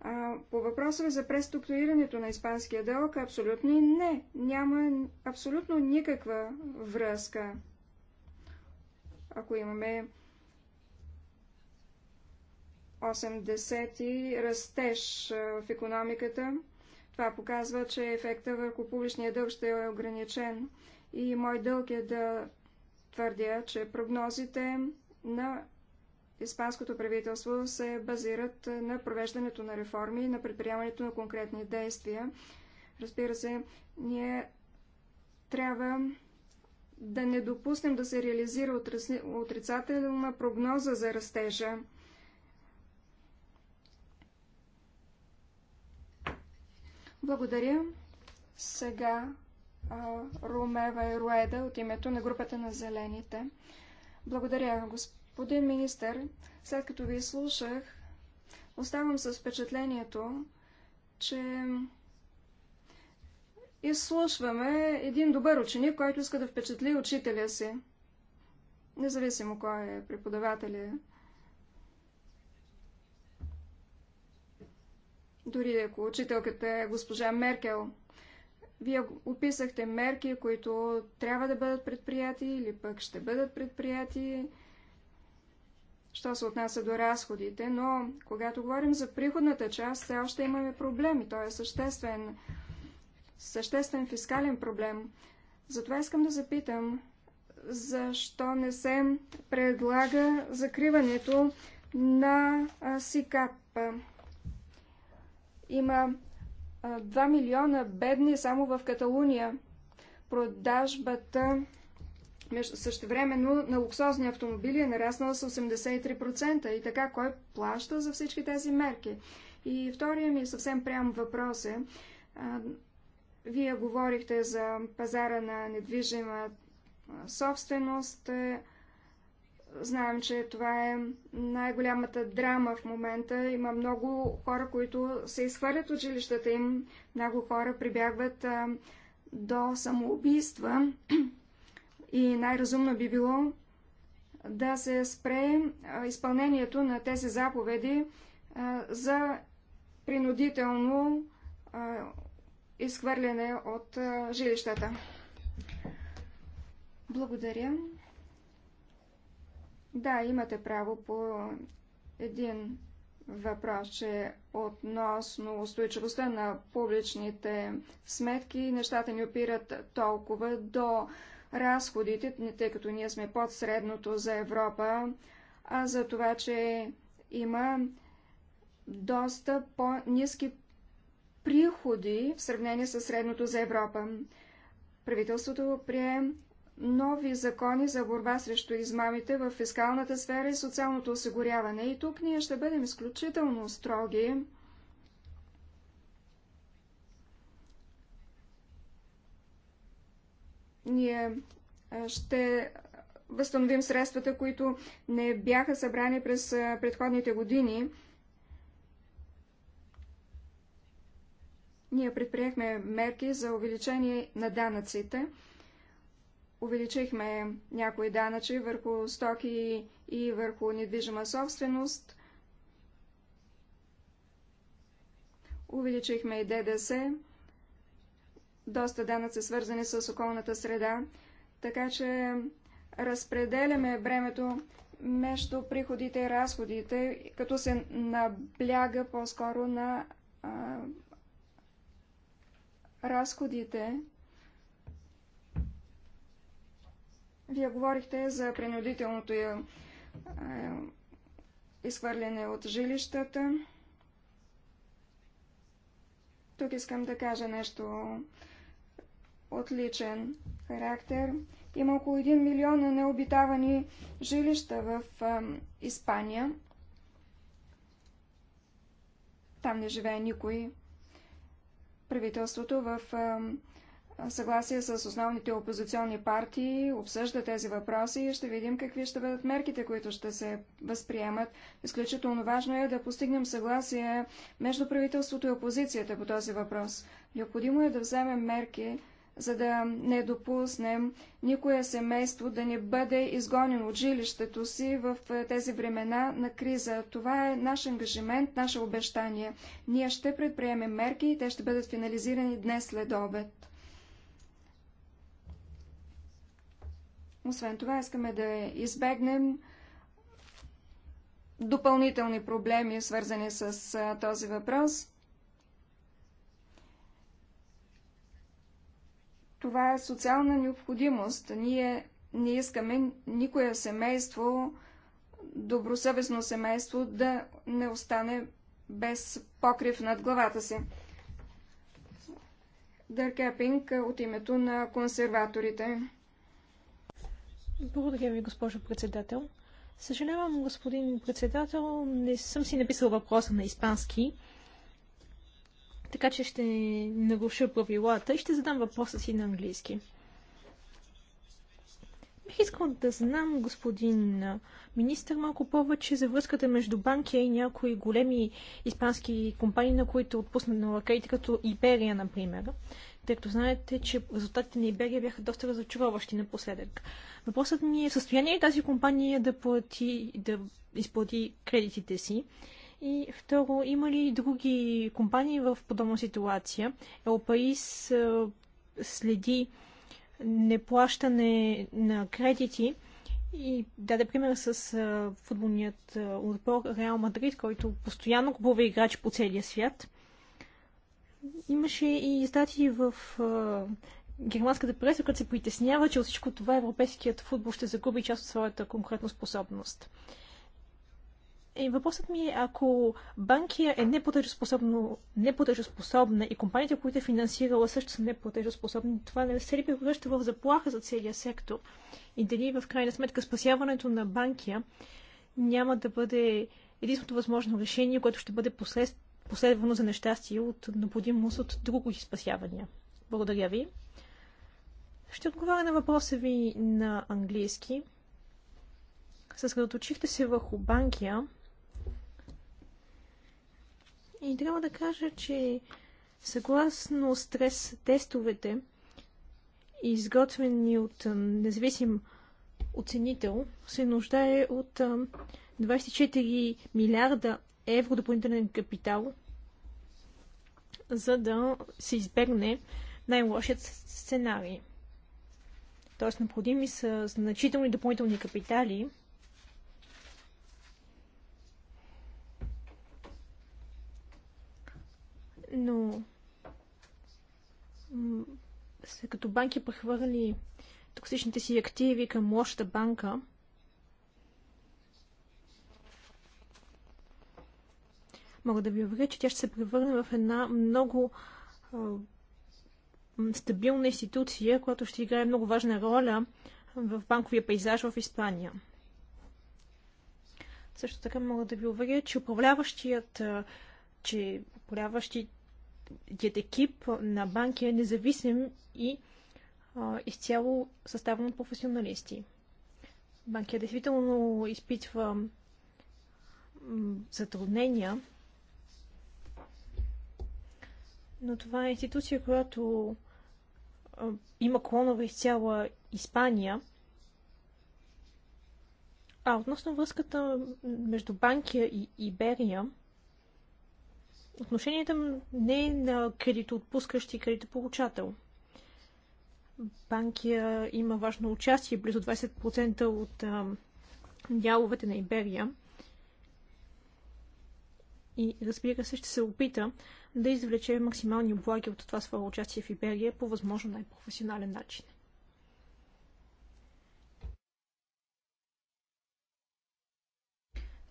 А, по въпроса за преструктурирането на испанския дълг, абсолютно не. Няма абсолютно никаква връзка ако имаме 80 растеж в економиката. Това показва, че ефекта върху публичния дълг ще е ограничен. И мой дълг е да твърдя, че прогнозите на испанското правителство се базират на провеждането на реформи, на предприемането на конкретни действия. Разбира се, ние трябва да не допуснем да се реализира отрицателна прогноза за растежа. Благодаря. Сега Румева и Руеда от името на групата на зелените. Благодаря, господин министър. След като ви слушах, оставам с впечатлението, че изслушваме един добър ученик, който иска да впечатли учителя си. Независимо кой е преподавателя. Е. Дори ако учителката е госпожа Меркел. Вие описахте мерки, които трябва да бъдат предприяти или пък ще бъдат предприяти, що се отнася до разходите, но когато говорим за приходната част, все още имаме проблеми. Той е съществен съществен фискален проблем. Затова искам да запитам, защо не се предлага закриването на СИКАП. Има 2 милиона бедни само в Каталуния. Продажбата същевременно на луксозни автомобили е нараснала с 83%. И така, кой плаща за всички тези мерки? И втория ми съвсем прям въпрос е, вие говорихте за пазара на недвижима собственост. Е, знаем, че това е най-голямата драма в момента. Има много хора, които се изхвърлят от жилищата им. Много хора прибягват а, до самоубийства. И най-разумно би било да се спре а, изпълнението на тези заповеди а, за принудително изхвърляне от жилищата. Благодаря. Да, имате право по един въпрос, че относно устойчивостта на публичните сметки, нещата ни опират толкова до разходите, тъй като ние сме под средното за Европа, а за това, че има доста по-низки приходи в сравнение с средното за Европа. Правителството прие нови закони за борба срещу измамите в фискалната сфера и социалното осигуряване. И тук ние ще бъдем изключително строги. Ние ще възстановим средствата, които не бяха събрани през предходните години Ние предприехме мерки за увеличение на данъците. Увеличихме някои данъчи върху стоки и върху недвижима собственост. Увеличихме и ДДС. Доста данъци свързани с околната среда. Така че разпределяме времето между приходите и разходите, като се набляга по-скоро на а, разходите. Вие говорихте за принудителното е, е, изхвърляне от жилищата. Тук искам да кажа нещо от личен характер. Има около 1 милион необитавани жилища в е, Испания. Там не живее никой. Правителството в съгласие с основните опозиционни партии обсъжда тези въпроси и ще видим какви ще бъдат мерките, които ще се възприемат. Изключително важно е да постигнем съгласие между правителството и опозицията по този въпрос. Необходимо е да вземем мерки, за да не допуснем никое семейство да не бъде изгонено от жилището си в е, тези времена на криза. Това е наш ангажимент, наше обещание. Ние ще предприемем мерки и те ще бъдат финализирани днес след обед. Освен това, искаме да избегнем допълнителни проблеми, свързани с е, този въпрос. Това е социална необходимост. Ние не искаме никое семейство, добросъвестно семейство, да не остане без покрив над главата си. Дъркепинг от името на консерваторите. Благодаря ви, госпожо председател. Съжалявам, господин председател, не съм си написал въпроса на испански така че ще наруша правилата и ще задам въпроса си на английски. Бих искал да знам, господин министър, малко повече за връзката между банки и някои големи испански компании, на които е отпуснат на лакаите, като Иберия, например. Тъй като знаете, че резултатите на Иберия бяха доста разочароващи напоследък. Въпросът ми е в състояние ли е тази компания да плати, да изплати кредитите си и второ, има ли други компании в подобна ситуация? Елпаис е, следи неплащане на кредити и даде пример с е, футболният е, отбор Реал Мадрид, който постоянно купува играчи по целия свят. Имаше и издати в германската преса, като се притеснява, че от всичко това европейският футбол ще загуби част от своята конкретна способност. И е, въпросът ми е, ако Банкия е неплатежоспособна и компаниите, които е финансирала също са неплатежоспособни, това не се ли превръща в заплаха за целия сектор? И дали в крайна сметка спасяването на Банкия няма да бъде единственото възможно решение, което ще бъде послед... последвано за нещастие от необходимост от друго спасявания? Благодаря ви. Ще отговаря на въпроса ви на английски. Съсредоточихте се върху Банкия и трябва да кажа, че съгласно стрес тестовете, изготвени от независим оценител, се нуждае от 24 милиарда евро допълнителен капитал, за да се избегне най-лошият сценарий. Тоест, необходими са значителни допълнителни капитали, но след като банки прехвърли токсичните си активи към лошата банка, мога да ви уверя, че тя ще се превърне в една много стабилна институция, която ще играе много важна роля в банковия пейзаж в Испания. Също така мога да ви уверя, че управляващият, че управляващият екип на банки е независим и а, изцяло съставен от професионалисти. Банкия действително изпитва затруднения, но това е институция, която а, има клонове из цяла Испания. А относно връзката между Банкия и Иберия, отношенията не е на кредитоотпускащ и кредитополучател. Банкия има важно участие, близо 20% от а, дяловете на Иберия. И разбира се, ще се опита да извлече максимални облаги от това свое участие в Иберия по възможно най-професионален начин.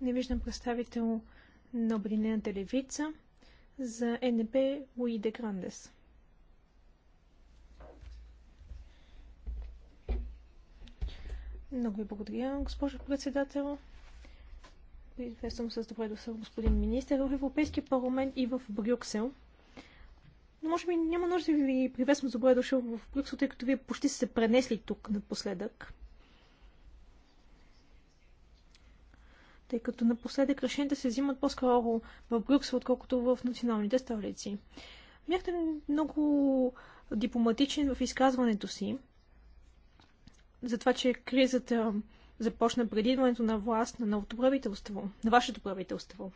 Не виждам представител на Обединената левица за НП Луи де Грандес. Много ви благодаря, госпожо председател. Извествам с добре дошъл господин министър в Европейския парламент и в Брюксел. Но може би няма нужда да ви приветствам с добре дошъл в Брюксел, тъй като вие почти сте се пренесли тук напоследък. тъй като напоследък решенията се взимат по-скоро в Брюксел, отколкото в националните столици. Бяхте много дипломатичен в изказването си за това, че кризата започна преди идването на власт на новото правителство, на вашето правителство.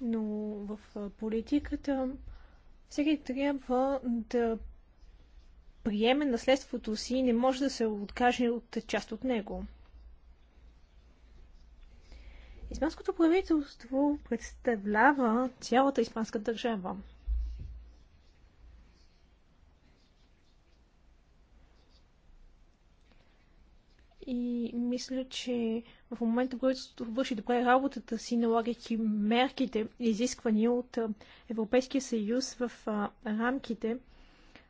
Но в политиката всеки трябва да приеме наследството си и не може да се откаже от част от него. Испанското правителство представлява цялата испанска държава. И мисля, че в момента правителството върши добре работата си, налагайки мерките, изисквани от Европейския съюз в рамките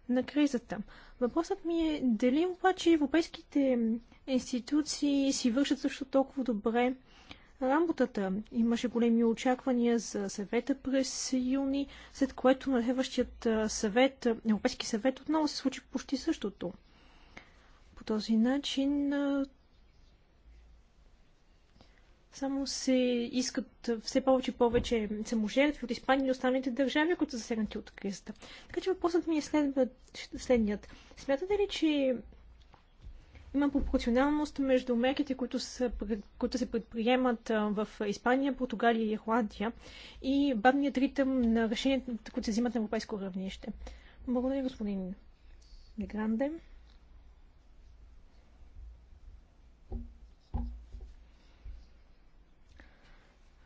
на кризата. Въпросът ми е дали обаче европейските институции си вършат също толкова добре работата. Имаше големи очаквания за съвета през юни, след което на следващият съвет, Европейски съвет, отново се случи почти същото. По този начин само се искат все повече и повече саможертви от Испания и останалите държави, които са засегнати от кризата. Така че въпросът ми е следният. Смятате ли, че има пропорционалност между мерките, които, са, които се предприемат в Испания, Португалия и Ирландия и бавният ритъм на решенията, които се взимат на европейско равнище. Благодаря, господин Дегранде.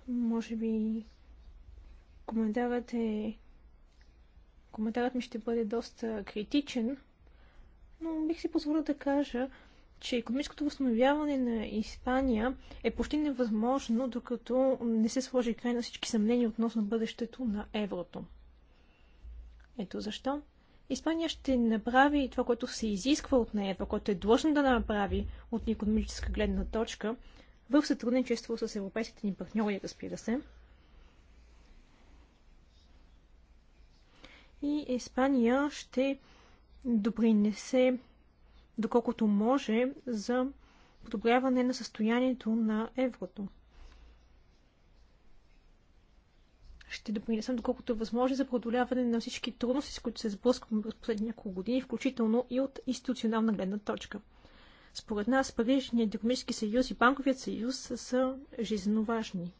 Може би коментарът е... Коментарът ми ще бъде доста критичен, но бих си позволил да кажа, че економическото възстановяване на Испания е почти невъзможно, докато не се сложи край на всички съмнения относно бъдещето на еврото. Ето защо. Испания ще направи това, което се изисква от нея, това, което е длъжна да направи от економическа гледна точка, в сътрудничество с европейските ни партньори, разбира се. И Испания ще допринесе доколкото може, за подобряване на състоянието на еврото. Ще допринесам доколкото е възможно за преодоляване на всички трудности, с които се сблъскваме през последните няколко години, включително и от институционална гледна точка. Според нас Парижният економически съюз и Банковият съюз са жизненно важни.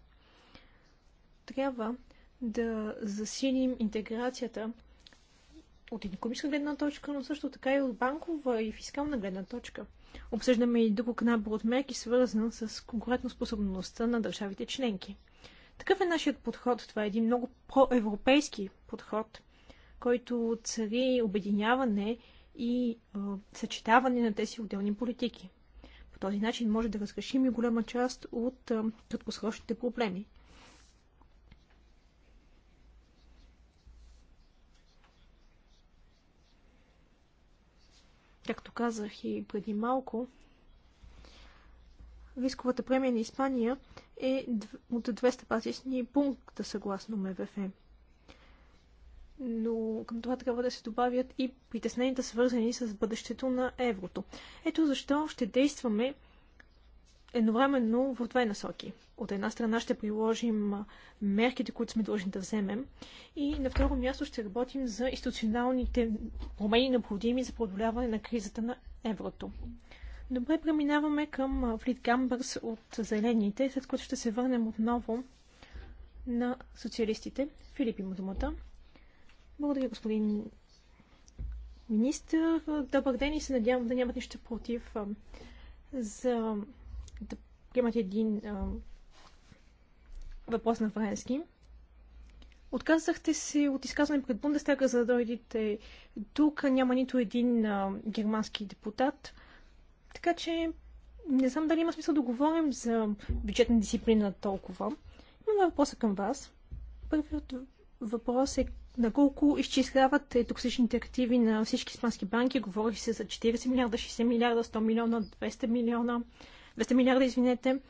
Трябва да засилим интеграцията от економическа гледна точка, но също така и от банкова и фискална гледна точка. Обсъждаме и друг набор от мерки, свързан с конкурентоспособността на държавите членки. Такъв е нашият подход. Това е един много проевропейски подход, който цари обединяване и е, съчетаване на тези отделни политики. По този начин може да разрешим и голяма част от е, краткосрочните проблеми. както казах и преди малко, рисковата премия на Испания е от 200 базисни пункта съгласно МВФ. Но към това трябва да се добавят и притесненията, свързани с бъдещето на еврото. Ето защо ще действаме едновременно в две насоки. От една страна ще приложим мерките, които сме длъжни да вземем и на второ място ще работим за институционалните промени необходими за преодоляване на кризата на еврото. Добре, преминаваме към Флит Гамбърс от Зелените, след което ще се върнем отново на социалистите. Филип има думата. Благодаря, господин министр. Добър ден и се надявам да нямат нищо против за да приемат един а, въпрос на френски. Отказахте се от изказване пред Бундестага, за да дойдете тук. Няма нито един а, германски депутат. Така че не знам дали има смисъл да говорим за бюджетна дисциплина толкова. Имам въпроса към вас. Първият въпрос е на колко изчисляват токсичните активи на всички испански банки. Говори се за 40 милиарда, 60 милиарда, 100 милиона, 200 милиона. 200 милиарда, извинете.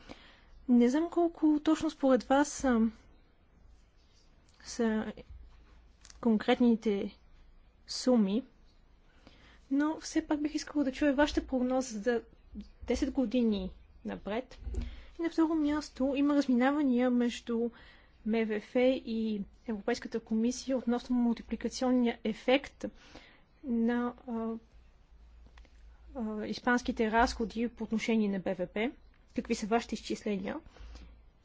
Не знам колко точно според вас са, са конкретните суми, но все пак бих искала да чуя вашата прогноза за 10 години напред. И на второ място има разминавания между МВФ и Европейската комисия относно мултипликационния ефект на испанските разходи по отношение на БВП? Какви са вашите изчисления?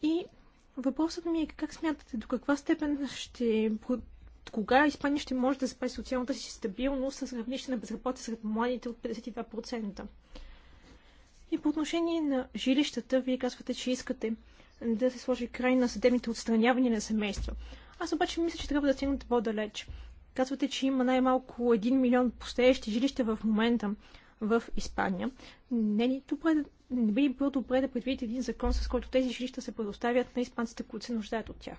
И въпросът ми е как смятате, до каква степен ще кога Испания ще може да запази социалната си стабилност с равнище на безработица сред младите от 52%. И по отношение на жилищата, вие казвате, че искате да се сложи край на съдебните отстранявания на семейства. Аз обаче мисля, че трябва да стигнете по-далеч. Казвате, че има най-малко 1 милион постоящи жилища в момента в Испания. Не, ни добре, не би било добре да предвидите един закон, с който тези жилища се предоставят на испанците, които се нуждаят от тях.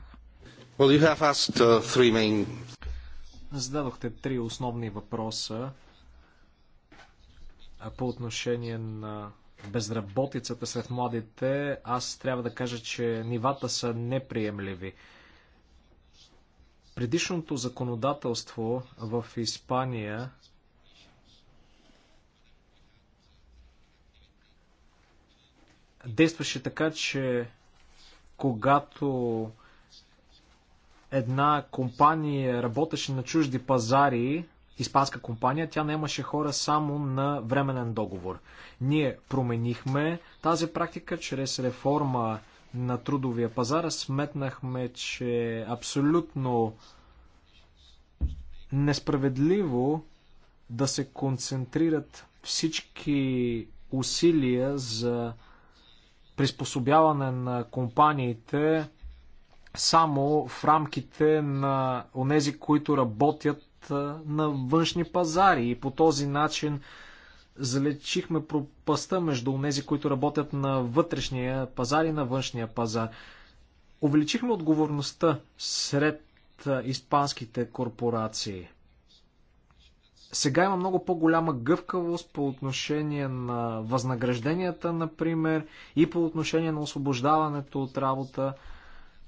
Well, you have asked, uh, three main... Зададохте три основни въпроса по отношение на безработицата сред младите. Аз трябва да кажа, че нивата са неприемливи. Предишното законодателство в Испания действаше така, че когато една компания работеше на чужди пазари, испанска компания, тя не имаше хора само на временен договор. Ние променихме тази практика чрез реформа на трудовия пазар. Сметнахме, че абсолютно несправедливо да се концентрират всички усилия за приспособяване на компаниите само в рамките на онези, които работят на външни пазари и по този начин залечихме пропаста между онези, които работят на вътрешния пазар и на външния пазар. Увеличихме отговорността сред испанските корпорации – сега има много по-голяма гъвкавост по отношение на възнагражденията, например, и по отношение на освобождаването от работа.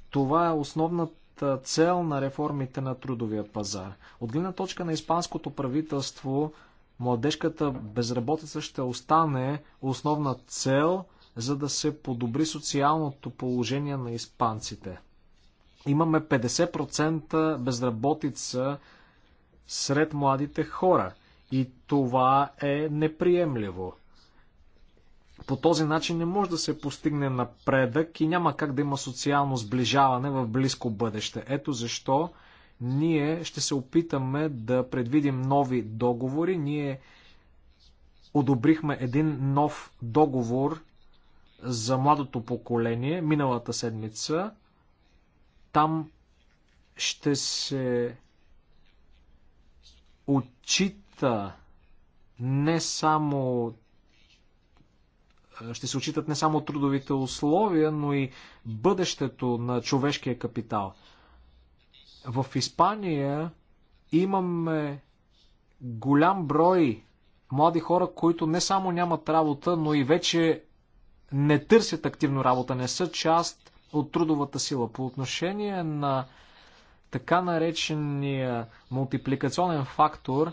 Това е основната цел на реформите на трудовия пазар. От гледна точка на испанското правителство, младежката безработица ще остане основна цел, за да се подобри социалното положение на испанците. Имаме 50% безработица сред младите хора. И това е неприемливо. По този начин не може да се постигне напредък и няма как да има социално сближаване в близко бъдеще. Ето защо ние ще се опитаме да предвидим нови договори. Ние одобрихме един нов договор за младото поколение миналата седмица. Там ще се отчита не само ще се отчитат не само трудовите условия, но и бъдещето на човешкия капитал. В Испания имаме голям брой млади хора, които не само нямат работа, но и вече не търсят активно работа, не са част от трудовата сила. По отношение на така наречения мултипликационен фактор,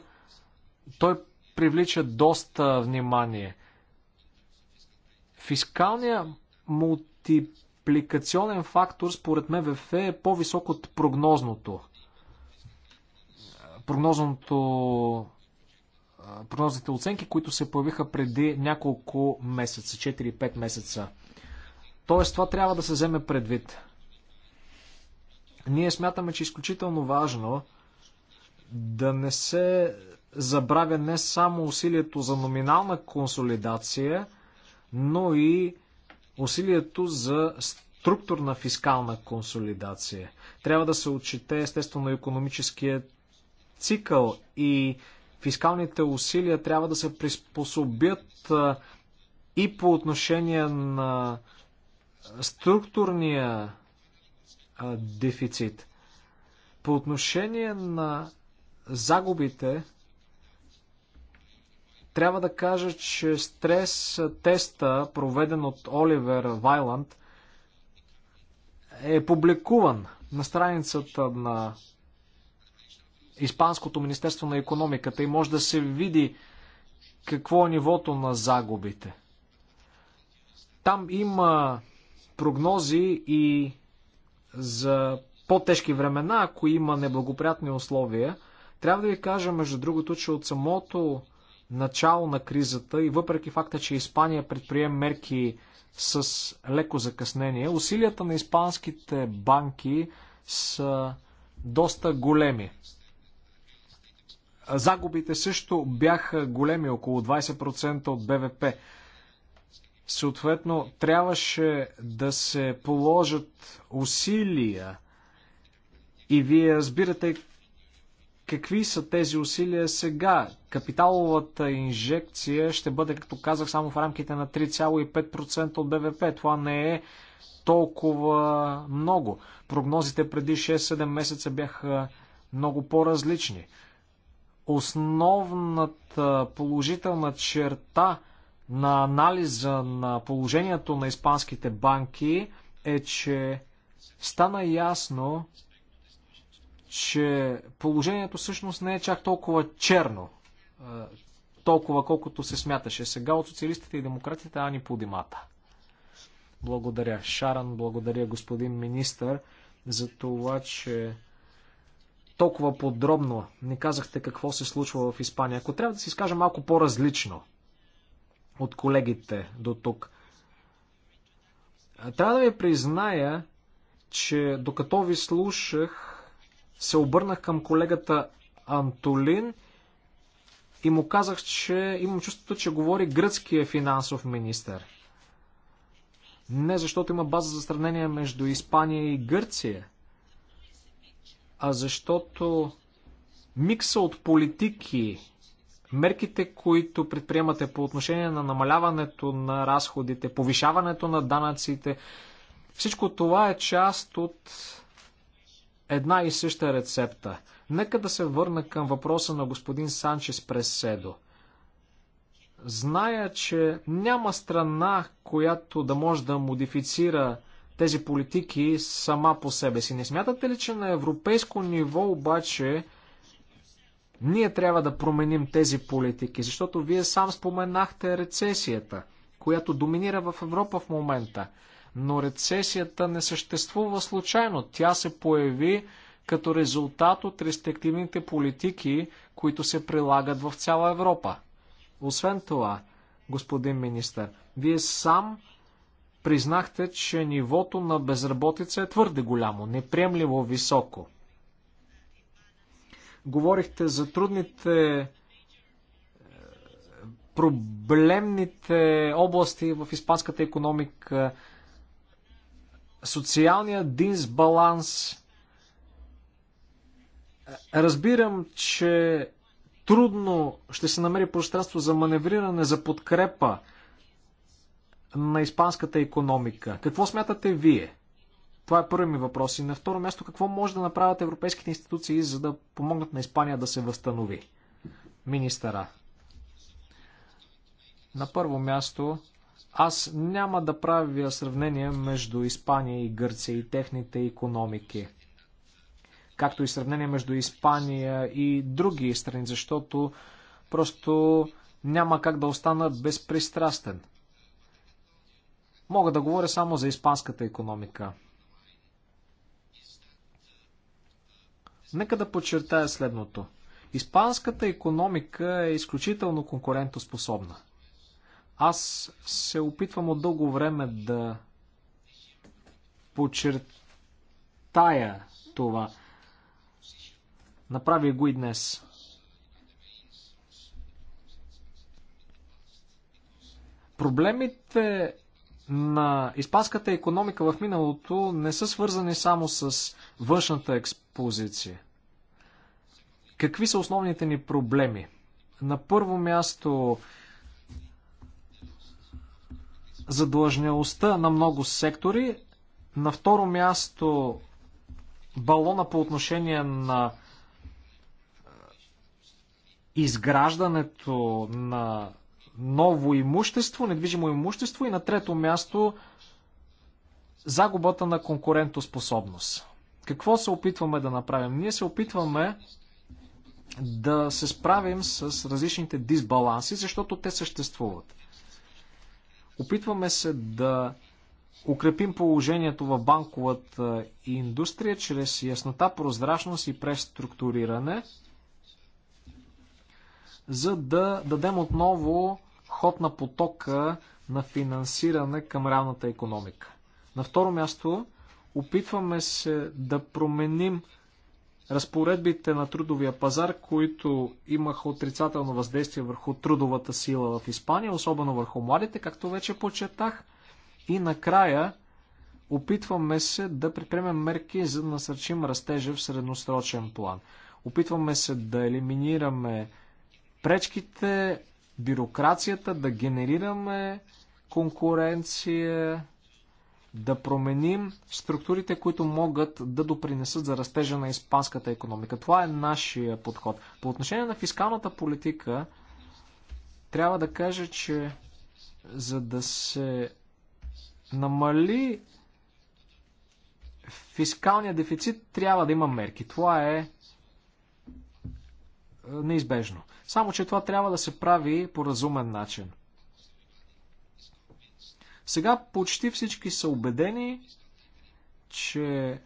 той привлича доста внимание. Фискалният мултипликационен фактор, според МВФ, е по-висок от прогнозното. Прогнозното прогнозните оценки, които се появиха преди няколко месеца, 4-5 месеца. Тоест това трябва да се вземе предвид. Ние смятаме, че е изключително важно да не се забравя не само усилието за номинална консолидация, но и усилието за структурна фискална консолидация. Трябва да се отчете естествено економическия цикъл и фискалните усилия трябва да се приспособят и по отношение на структурния а, дефицит. По отношение на загубите, трябва да кажа, че стрес теста, проведен от Оливер Вайланд, е публикуван на страницата на Испанското Министерство на економиката и може да се види какво е нивото на загубите. Там има прогнози и за по-тежки времена, ако има неблагоприятни условия. Трябва да ви кажа, между другото, че от самото начало на кризата и въпреки факта, че Испания предприе мерки с леко закъснение, усилията на испанските банки са доста големи. Загубите също бяха големи, около 20% от БВП. Съответно, трябваше да се положат усилия и вие разбирате какви са тези усилия сега. Капиталовата инжекция ще бъде, както казах, само в рамките на 3,5% от БВП. Това не е толкова много. Прогнозите преди 6-7 месеца бяха много по-различни. Основната положителна черта на анализа на положението на испанските банки е, че стана ясно, че положението всъщност не е чак толкова черно, е, толкова колкото се смяташе. Сега от социалистите и демократите Ани Подимата. Благодаря, Шаран, благодаря, господин министър, за това, че толкова подробно не казахте какво се случва в Испания. Ако трябва да си изкажа малко по-различно – от колегите до тук. Трябва да ви призная, че докато ви слушах, се обърнах към колегата Антолин и му казах, че имам чувството, че говори гръцкия финансов министр. Не защото има база за сравнение между Испания и Гърция, а защото микса от политики мерките, които предприемате по отношение на намаляването на разходите, повишаването на данъците, всичко това е част от една и съща рецепта. Нека да се върна към въпроса на господин Санчес Преседо. Зная, че няма страна, която да може да модифицира тези политики сама по себе си. Не смятате ли, че на европейско ниво обаче ние трябва да променим тези политики, защото вие сам споменахте рецесията, която доминира в Европа в момента. Но рецесията не съществува случайно. Тя се появи като резултат от рестриктивните политики, които се прилагат в цяла Европа. Освен това, господин министър, вие сам признахте, че нивото на безработица е твърде голямо, неприемливо високо. Говорихте за трудните е, проблемните области в испанската економика, социалния дисбаланс. Разбирам, че трудно ще се намери пространство за маневриране, за подкрепа на испанската економика. Какво смятате вие? Това е първи ми въпрос. И на второ място, какво може да направят европейските институции, за да помогнат на Испания да се възстанови? Министъра. На първо място, аз няма да правя сравнение между Испания и Гърция и техните економики. Както и сравнение между Испания и други страни, защото просто няма как да остана безпристрастен. Мога да говоря само за испанската економика. Нека да подчертая следното. Испанската економика е изключително конкурентоспособна. Аз се опитвам от дълго време да подчертая това. Направя го и днес. Проблемите на испанската економика в миналото не са свързани само с външната експозиция. Какви са основните ни проблеми? На първо място задлъжнялостта на много сектори. На второ място балона по отношение на изграждането на ново имущество, недвижимо имущество и на трето място загубата на конкурентоспособност. Какво се опитваме да направим? Ние се опитваме да се справим с различните дисбаланси, защото те съществуват. Опитваме се да укрепим положението в банковата индустрия чрез яснота, прозрачност и преструктуриране, за да дадем отново ход на потока на финансиране към реалната економика. На второ място, опитваме се да променим разпоредбите на трудовия пазар, които имаха отрицателно въздействие върху трудовата сила в Испания, особено върху младите, както вече почетах. И накрая опитваме се да предприемем мерки за да насърчим растежа в средносрочен план. Опитваме се да елиминираме пречките бюрокрацията, да генерираме конкуренция, да променим структурите, които могат да допринесат за растежа на испанската економика. Това е нашия подход. По отношение на фискалната политика, трябва да кажа, че за да се намали фискалния дефицит, трябва да има мерки. Това е е, неизбежно. Само, че това трябва да се прави по разумен начин. Сега почти всички са убедени, че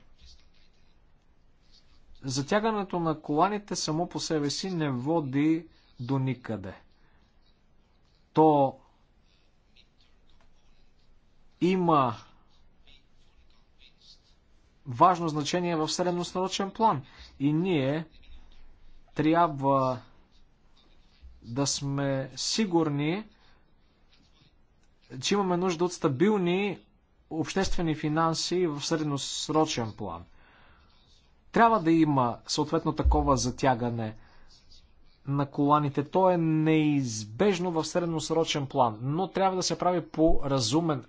затягането на коланите само по себе си не води до никъде. То има важно значение в средносрочен план. И ние трябва да сме сигурни, че имаме нужда от стабилни обществени финанси в средносрочен план. Трябва да има съответно такова затягане на коланите. То е неизбежно в средносрочен план, но трябва да се прави по разумен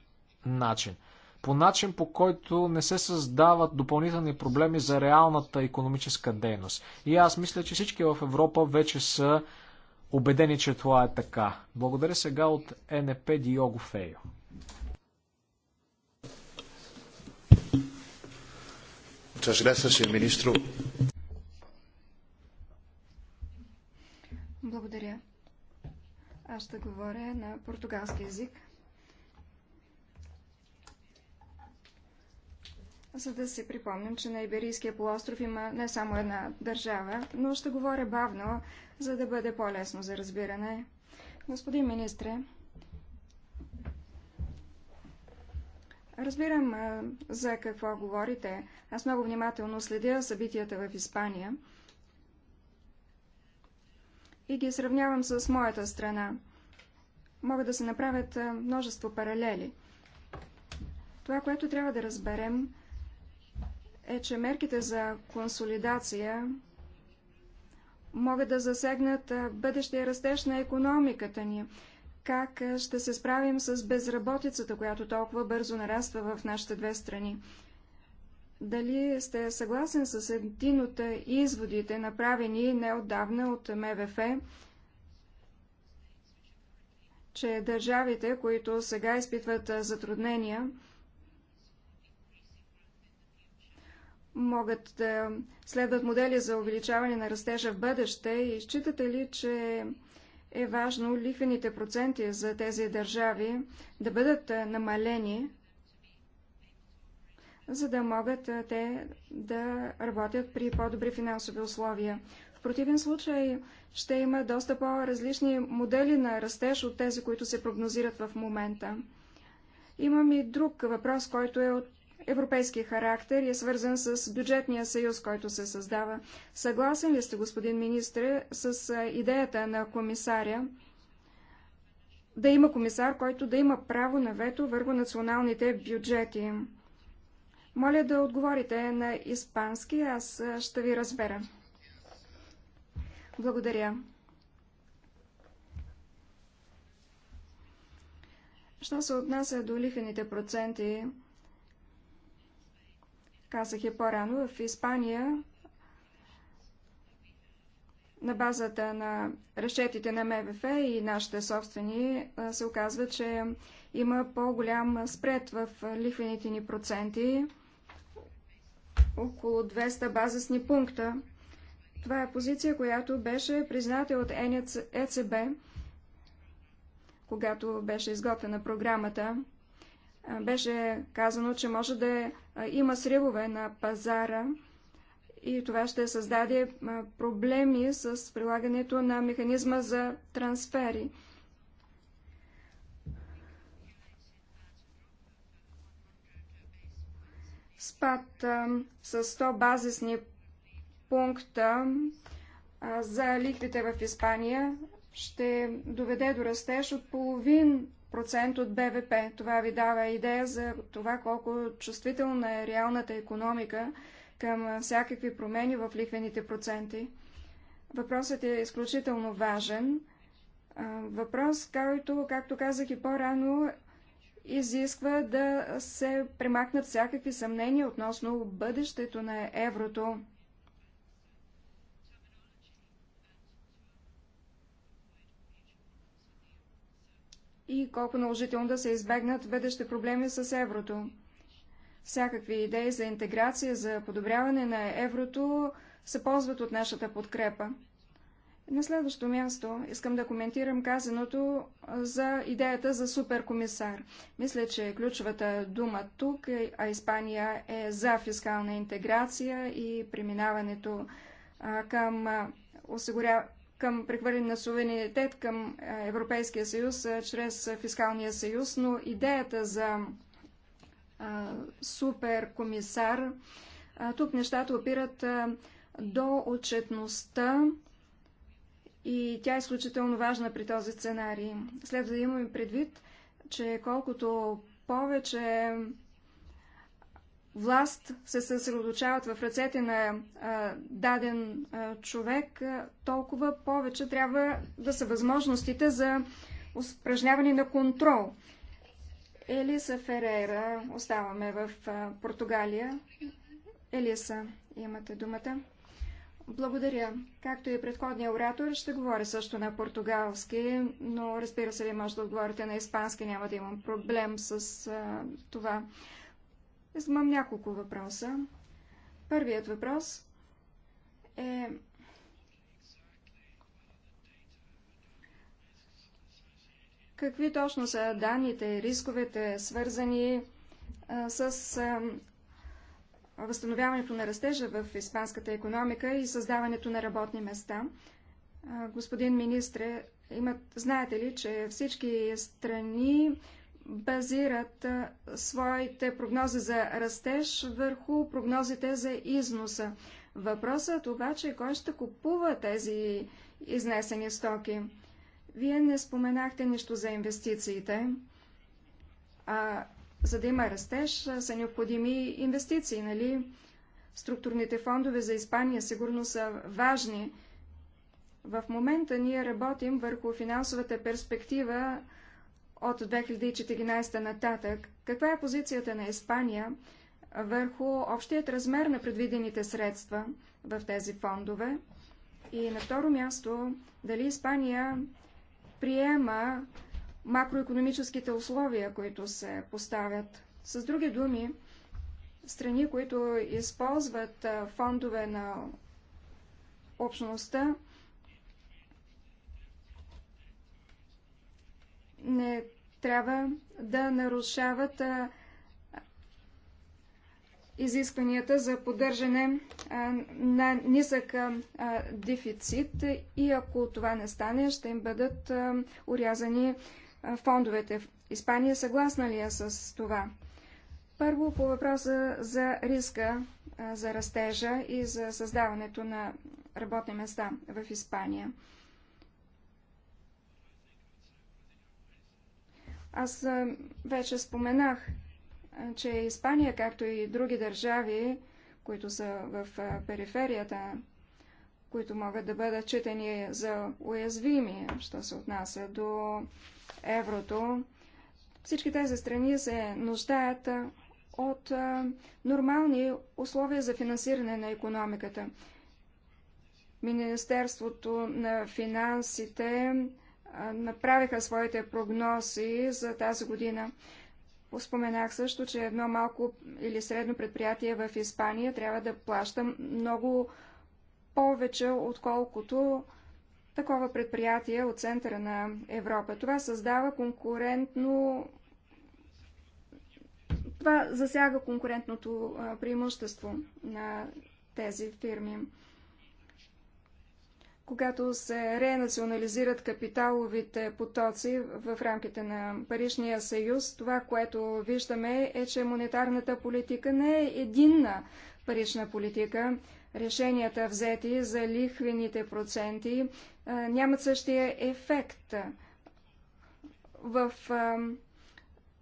начин по начин по който не се създават допълнителни проблеми за реалната економическа дейност. И аз мисля, че всички в Европа вече са убедени, че това е така. Благодаря сега от НП Диого Фейо. Благодаря. Аз ще говоря на португалски язик. за да си припомним, че на Иберийския полуостров има не само една държава, но ще говоря бавно, за да бъде по-лесно за разбиране. Господин министре, разбирам а, за какво говорите. Аз много внимателно следя събитията в Испания и ги сравнявам с моята страна. Могат да се направят множество паралели. Това, което трябва да разберем, е, че мерките за консолидация могат да засегнат бъдещия растеж на економиката ни. Как ще се справим с безработицата, която толкова бързо нараства в нашите две страни? Дали сте съгласен с един от изводите, направени неотдавна от МВФ, че държавите, които сега изпитват затруднения, могат да следват модели за увеличаване на растежа в бъдеще и считате ли, че е важно лихвените проценти за тези държави да бъдат намалени, за да могат те да работят при по-добри финансови условия. В противен случай ще има доста по-различни модели на растеж от тези, които се прогнозират в момента. Имам и друг въпрос, който е от европейски характер и е свързан с бюджетния съюз, който се създава. Съгласен ли сте, господин министре, с идеята на комисаря да има комисар, който да има право на вето върху националните бюджети? Моля да отговорите на испански, аз ще ви разбера. Благодаря. Що се отнася до лихвените проценти, Казах я по-рано, в Испания на базата на разчетите на МВФ и нашите собствени се оказва, че има по-голям спред в лихвените ни проценти, около 200 базисни пункта. Това е позиция, която беше призната от ЕЦБ, е когато беше изготвена програмата беше казано, че може да има сривове на пазара и това ще създаде проблеми с прилагането на механизма за трансфери. Спад с 100 базисни пункта за ликвите в Испания ще доведе до растеж от половин процент от БВП. Това ви дава идея за това колко чувствителна е реалната економика към всякакви промени в лихвените проценти. Въпросът е изключително важен. Въпрос, който, както казах и по-рано, изисква да се премахнат всякакви съмнения относно бъдещето на еврото. колко наложително да се избегнат бъдещи проблеми с еврото. Всякакви идеи за интеграция, за подобряване на еврото се ползват от нашата подкрепа. На следващо място искам да коментирам казаното за идеята за суперкомисар. Мисля, че ключовата дума тук, е, а Испания е за фискална интеграция и преминаването към осигуря към прехвърляне на суверенитет към е, Европейския съюз е, чрез е, фискалния съюз, но идеята за суперкомисар, тук нещата опират до отчетността и тя е изключително важна при този сценарий. Следва да имаме предвид, че колкото повече власт се съсредоточават в ръцете на а, даден а, човек, а, толкова повече трябва да са възможностите за упражняване на контрол. Елиса Ферера, оставаме в а, Португалия. Елиса, имате думата. Благодаря. Както и предходния оратор, ще говоря също на португалски, но разбира се, ли може да отговорите на испански, няма да имам проблем с а, това. Имам няколко въпроса. Първият въпрос е какви точно са данните и рисковете, свързани а, с а, възстановяването на растежа в испанската економика и създаването на работни места. А, господин министре, имат, знаете ли, че всички страни базират своите прогнози за растеж върху прогнозите за износа. Въпросът обаче е кой ще купува тези изнесени стоки. Вие не споменахте нищо за инвестициите. А за да има растеж, са необходими инвестиции, нали? Структурните фондове за Испания сигурно са важни. В момента ние работим върху финансовата перспектива от 2014 нататък, каква е позицията на Испания върху общият размер на предвидените средства в тези фондове? И на второ място, дали Испания приема макроекономическите условия, които се поставят? С други думи, страни, които използват фондове на общността, не трябва да нарушават изискванията за поддържане на нисък дефицит и ако това не стане, ще им бъдат урязани фондовете. Испания съгласна ли е с това? Първо по въпроса за риска за растежа и за създаването на работни места в Испания. Аз вече споменах, че Испания, както и други държави, които са в периферията, които могат да бъдат читани за уязвими, що се отнася до еврото, всички тези страни се нуждаят от нормални условия за финансиране на економиката. Министерството на финансите направиха своите прогнози за тази година. Споменах също, че едно малко или средно предприятие в Испания трябва да плаща много повече, отколкото такова предприятие от центъра на Европа. Това създава конкурентно. Това засяга конкурентното преимущество на тези фирми когато се ренационализират капиталовите потоци в рамките на Парижния съюз, това, което виждаме е, че монетарната политика не е единна парична политика. Решенията взети за лихвените проценти нямат същия ефект в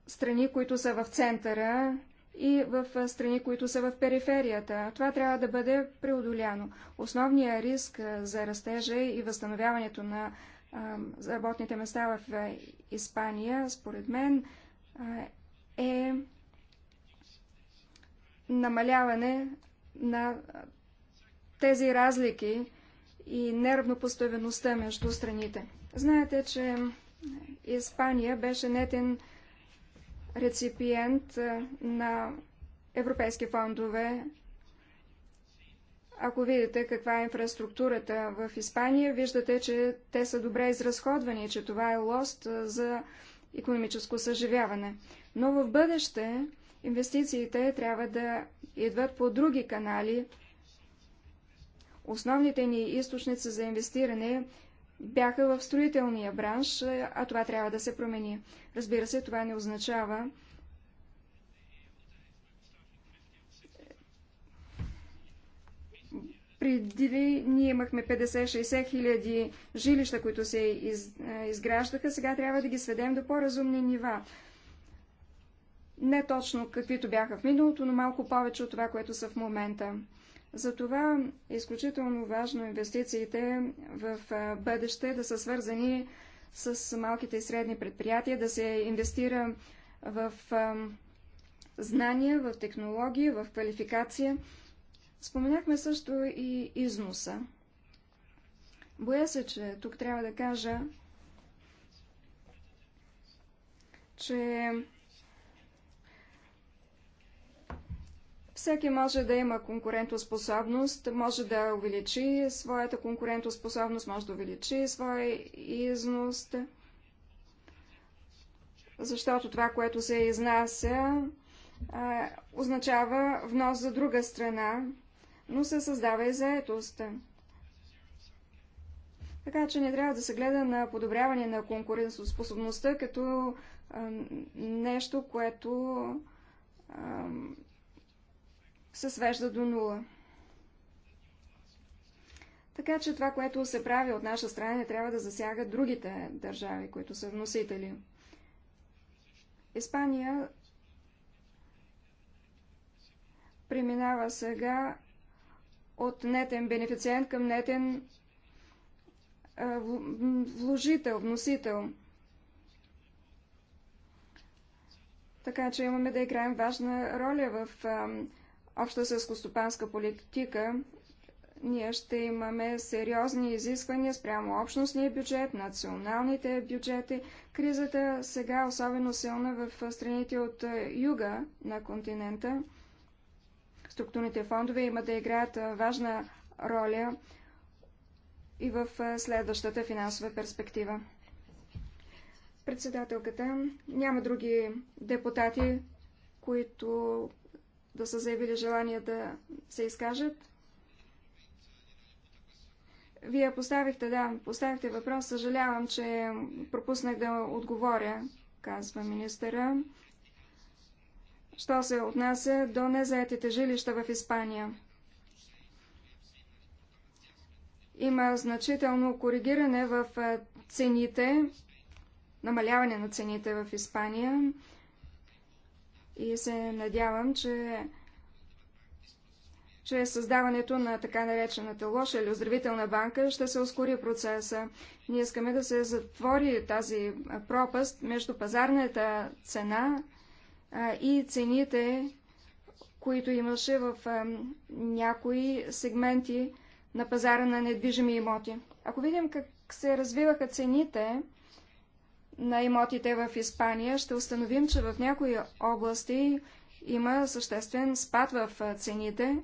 страни, които са в центъра и в страни, които са в периферията. Това трябва да бъде преодоляно. Основният риск за растежа и възстановяването на работните места в Испания, според мен, е намаляване на тези разлики и неравнопоставеността между страните. Знаете, че Испания беше нетен реципиент на европейски фондове. Ако видите каква е инфраструктурата в Испания, виждате, че те са добре изразходвани, че това е лост за економическо съживяване. Но в бъдеще инвестициите трябва да идват по други канали. Основните ни източници за инвестиране бяха в строителния бранш, е, а това трябва да се промени. Разбира се, това не означава, преди ние имахме 50-60 хиляди жилища, които се из, е, изграждаха, сега трябва да ги сведем до по-разумни нива. Не точно каквито бяха в миналото, но малко повече от това, което са в момента. Затова е изключително важно инвестициите в бъдеще да са свързани с малките и средни предприятия, да се инвестира в знания, в технологии, в квалификация. Споменахме също и износа. Боя се, че тук трябва да кажа, че Всеки може да има конкурентоспособност, може да увеличи своята конкурентоспособност, може да увеличи своя износ, защото това, което се изнася, означава внос за друга страна, но се създава и заетост. Така че не трябва да се гледа на подобряване на конкурентоспособността като нещо, което се свежда до нула. Така че това, което се прави от наша страна, не трябва да засяга другите държави, които са вносители. Испания преминава сега от нетен бенефициент към нетен вложител, вносител. Така че имаме да играем важна роля в обща селскостопанска политика, ние ще имаме сериозни изисквания спрямо общностния бюджет, националните бюджети. Кризата сега е особено силна в страните от е, юга на континента. Структурните фондове имат да играят е, важна роля и в е, следващата финансова перспектива. Председателката, няма други депутати, които да са заявили желание да се изкажат? Вие поставихте, да, поставихте въпрос. Съжалявам, че пропуснах да отговоря, казва министъра. Що се отнася до незаетите жилища в Испания? Има значително коригиране в цените, намаляване на цените в Испания и се надявам, че чрез създаването на така наречената лоша или оздравителна банка ще се ускори процеса. Ние искаме да се затвори тази пропаст между пазарната цена и цените, които имаше в някои сегменти на пазара на недвижими имоти. Ако видим как се развиваха цените, на имотите в Испания, ще установим, че в някои области има съществен спад в цените.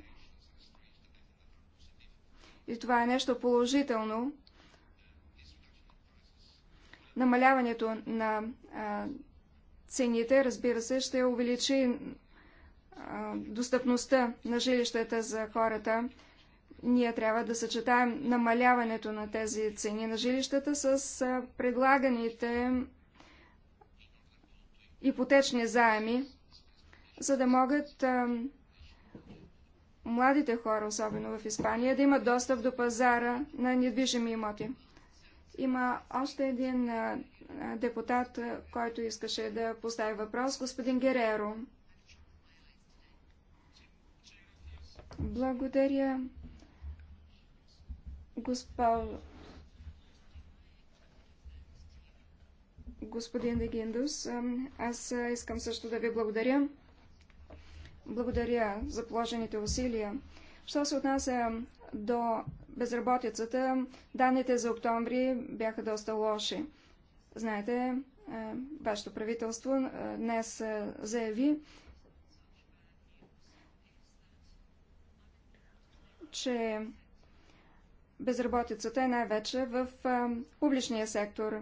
И това е нещо положително. Намаляването на цените, разбира се, ще увеличи достъпността на жилищата за хората ние трябва да съчетаем намаляването на тези цени на жилищата с предлаганите ипотечни заеми, за да могат младите хора, особено в Испания, да имат достъп до пазара на недвижими имоти. Има още един депутат, който искаше да постави въпрос, господин Гереро. Благодаря. Господин Дегиндус, аз искам също да ви благодаря. Благодаря за положените усилия. Що се отнася до безработицата, данните за октомври бяха доста лоши. Знаете, е, вашето правителство е, днес е, заяви, че безработицата е най-вече в публичния сектор.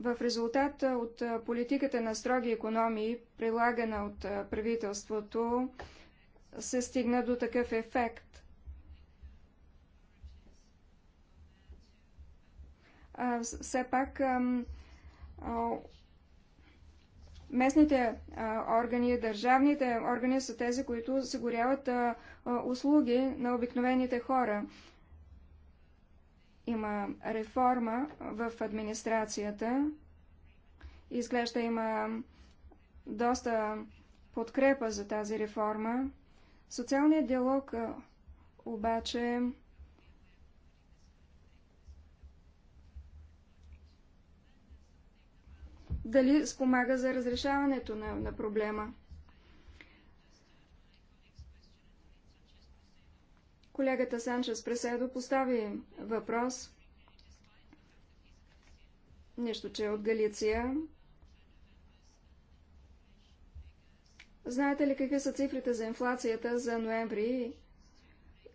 В резултат от политиката на строги економии, прилагана от правителството, се стигна до такъв ефект. все пак Местните а, органи, държавните органи са тези, които осигуряват а, а, услуги на обикновените хора. Има реформа в администрацията. Изглежда има доста подкрепа за тази реформа. Социалният диалог обаче дали спомага за разрешаването на, на проблема. Колегата Санчес Преседо постави въпрос, нещо, че е от Галиция. Знаете ли какви са цифрите за инфлацията за ноември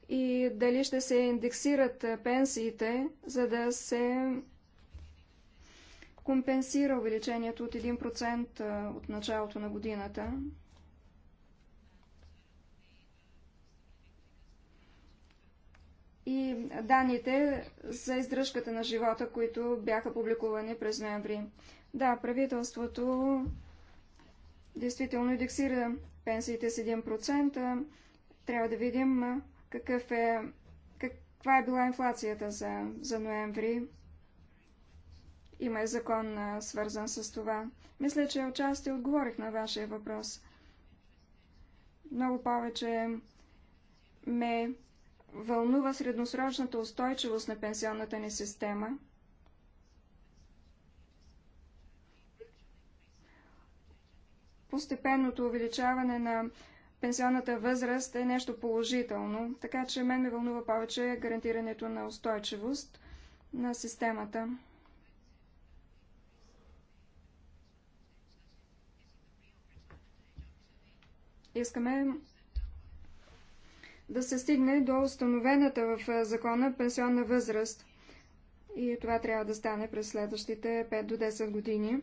и дали ще се индексират пенсиите, за да се компенсира увеличението от 1% от началото на годината. И данните за издръжката на живота, които бяха публикувани през ноември. Да, правителството действително индексира пенсиите с 1%. Трябва да видим какъв е, каква е била инфлацията за, за ноември. Има и закон, свързан с това. Мисля, че отчасти отговорих на вашия въпрос. Много повече ме вълнува средносрочната устойчивост на пенсионната ни система. Постепенното увеличаване на пенсионната възраст е нещо положително, така че мен ме вълнува повече гарантирането на устойчивост на системата. Искаме да се стигне до установената в закона пенсионна възраст. И това трябва да стане през следващите 5 до 10 години.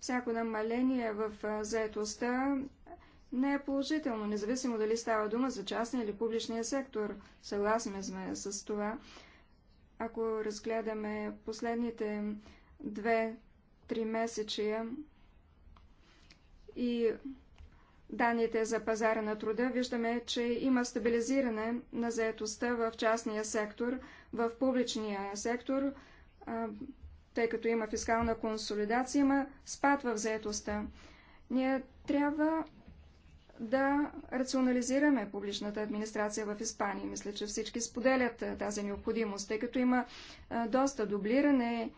Всяко намаление в заетостта не е положително, независимо дали става дума за частния или публичния сектор. Съгласни сме с това. Ако разгледаме последните две три месечия и данните за пазара на труда, виждаме, че има стабилизиране на заетостта в частния сектор, в публичния сектор, тъй като има фискална консолидация, има спад в заетостта. Ние трябва да рационализираме публичната администрация в Испания. Мисля, че всички споделят тази необходимост, тъй като има доста дублиране,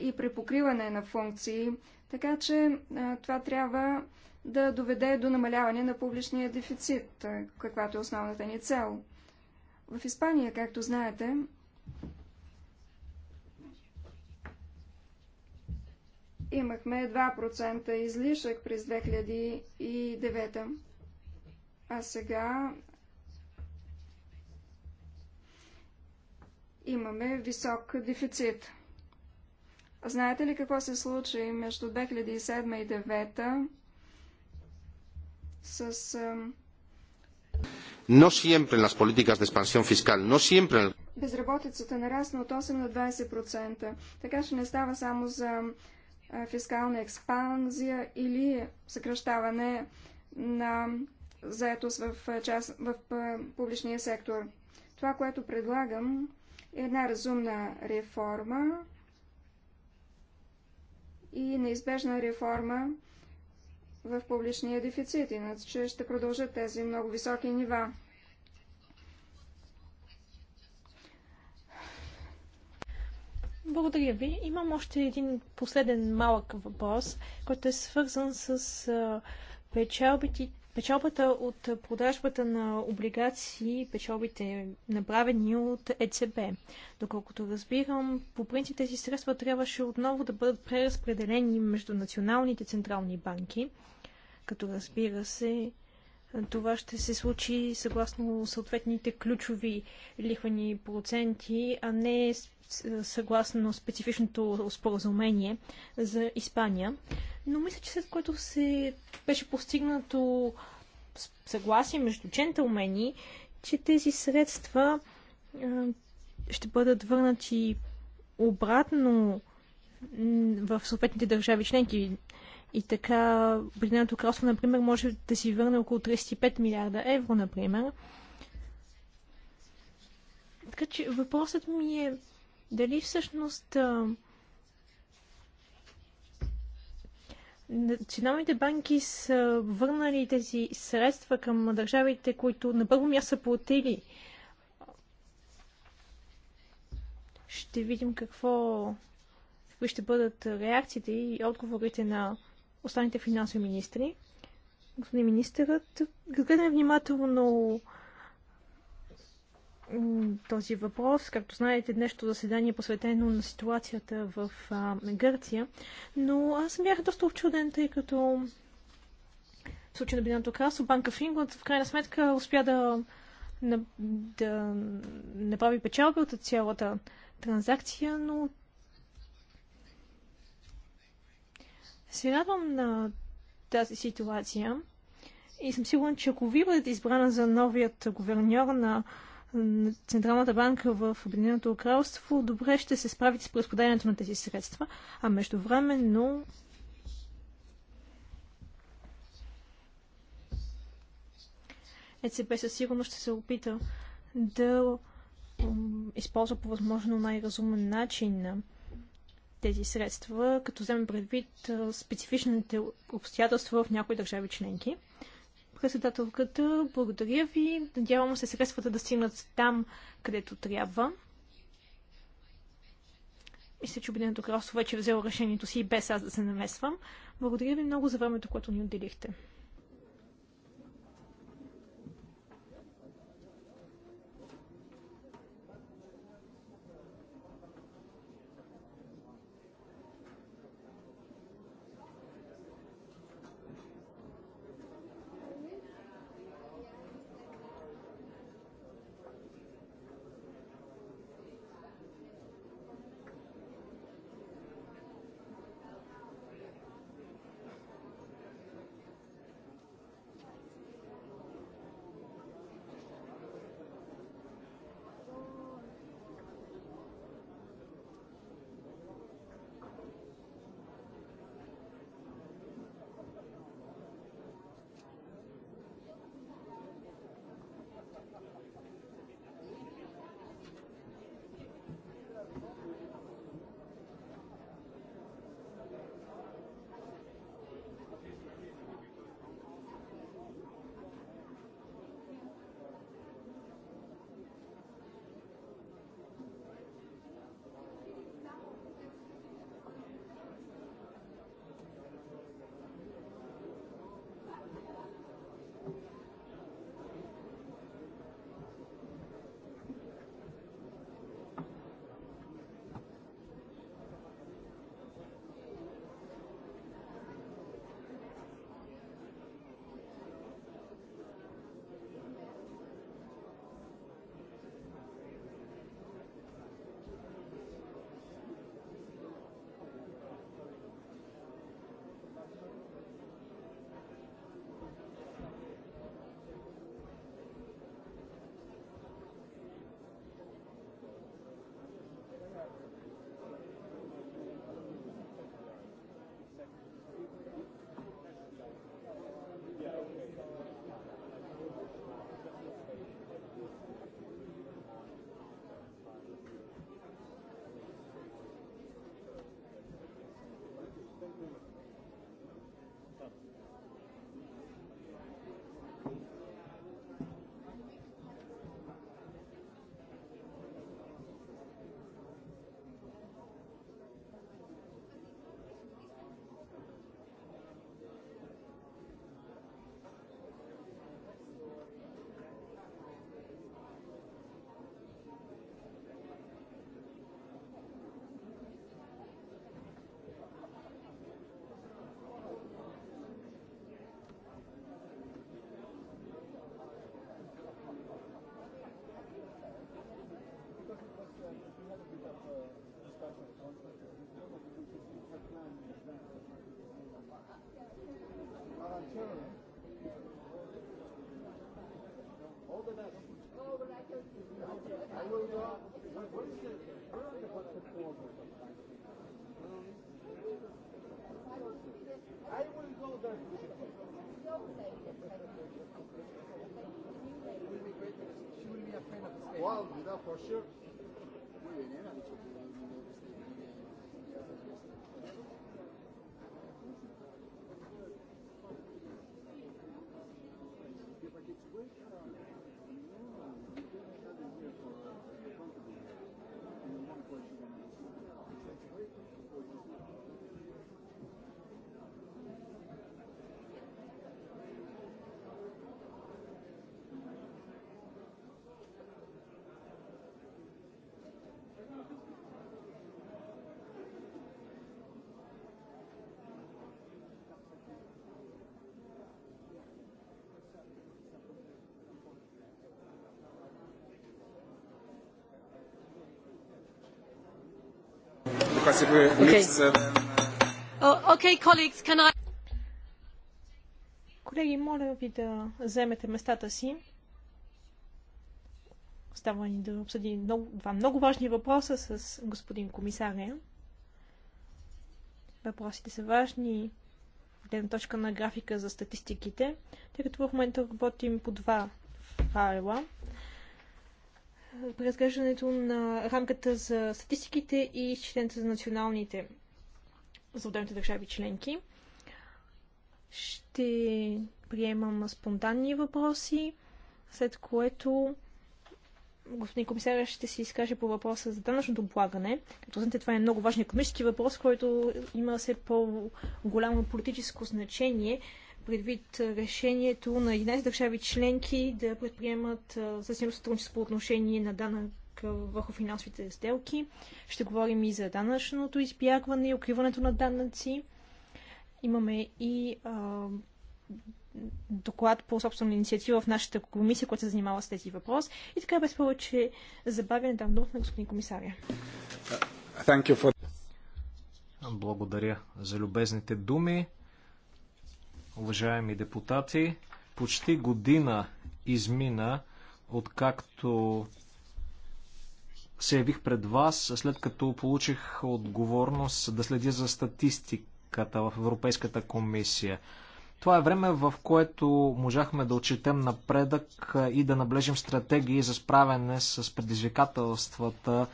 и препокриване на функции, така че това трябва да доведе до намаляване на публичния дефицит, каквато е основната ни цел. В Испания, както знаете, имахме 2% излишък през 2009, а сега имаме висок дефицит. Знаете ли какво се случи между 2007 и 2009 с... No siempre en las políticas de expansión fiscal, no siempre en безработицата нарасна от 8 на 20%. Така че не става само за фискална експанзия или съкръщаване на заетост в, част, в публичния сектор. Това, което предлагам, е една разумна реформа, и неизбежна реформа в публичния дефицит, иначе ще продължат тези много високи нива. Благодаря ви. Имам още един последен малък въпрос, който е свързан с печалбите Печалбата от продажбата на облигации, печалбите направени от ЕЦБ. Доколкото разбирам, по принцип тези средства трябваше отново да бъдат преразпределени между националните централни банки, като разбира се, това ще се случи съгласно съответните ключови лихвени проценти, а не съгласно специфичното споразумение за Испания. Но мисля, че след което се беше постигнато съгласие между джентълмени, че тези средства ще бъдат върнати обратно в съответните държави членки, и така Обединеното кралство, например, може да си върне около 35 милиарда евро, например. Така че въпросът ми е дали всъщност националните банки са върнали тези средства към държавите, които на първо място са платили. Ще видим какво, какви ще бъдат реакциите и отговорите на останалите финансови министри. Господин министърът, гледаме внимателно този въпрос. Както знаете, днешното заседание е посветено на ситуацията в а, Гърция, но аз бях доста очуден, тъй като в случай на Бинато Красо, Банка в Ингланд в крайна сметка успя да, да, да направи печалка от цялата транзакция, но се радвам на тази ситуация и съм сигурен, че ако ви бъдете избрана за новият гуверньор на Централната банка в Обединеното кралство, добре ще се справите с преразпределението на тези средства, а междувременно ЕЦБ със сигурност ще се опита да използва по възможно най-разумен начин на тези средства, като вземем предвид специфичните обстоятелства в някои държави членки. Председателката, благодаря ви. Надявам се средствата да стигнат там, където трябва. Мисля, че Обединеното кралство вече е взело решението си и без аз да се намесвам. Благодаря ви много за времето, което ни отделихте. Wow, you know for sure. Muy bien, era mucho. Okay. Uh, oh, Колеги, моля ви да вземете местата си. Остава ни да обсъдим много, два много важни въпроса с господин комисаря. Въпросите са важни от гледна точка на графика за статистиките, тъй като в момента работим по два файла преразглеждането на рамката за статистиките и изчисленията за националните за отделните държави членки. Ще приемам спонтанни въпроси, след което господин комисаря ще се изкаже по въпроса за данъчното облагане. Като знаете, това е много важен економически въпрос, който има все по-голямо политическо значение, предвид решението на 11 държави членки да предприемат съвсем сътрудничество по отношение на данък върху финансовите сделки. Ще говорим и за данъчното избягване и укриването на данъци. Имаме и а, доклад по собствена инициатива в нашата комисия, която се занимава с тези въпрос. И така без повече забавяне дам на господин комисаря. For... Благодаря за любезните думи уважаеми депутати. Почти година измина, откакто се явих пред вас, след като получих отговорност да следя за статистиката в Европейската комисия. Това е време, в което можахме да отчетем напредък и да наблежим стратегии за справяне с предизвикателствата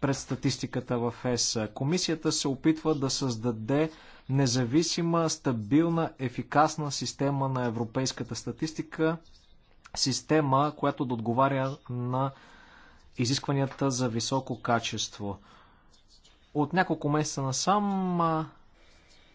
пред статистиката в ЕС. Комисията се опитва да създаде независима, стабилна, ефикасна система на европейската статистика, система, която да отговаря на изискванията за високо качество. От няколко месеца насам,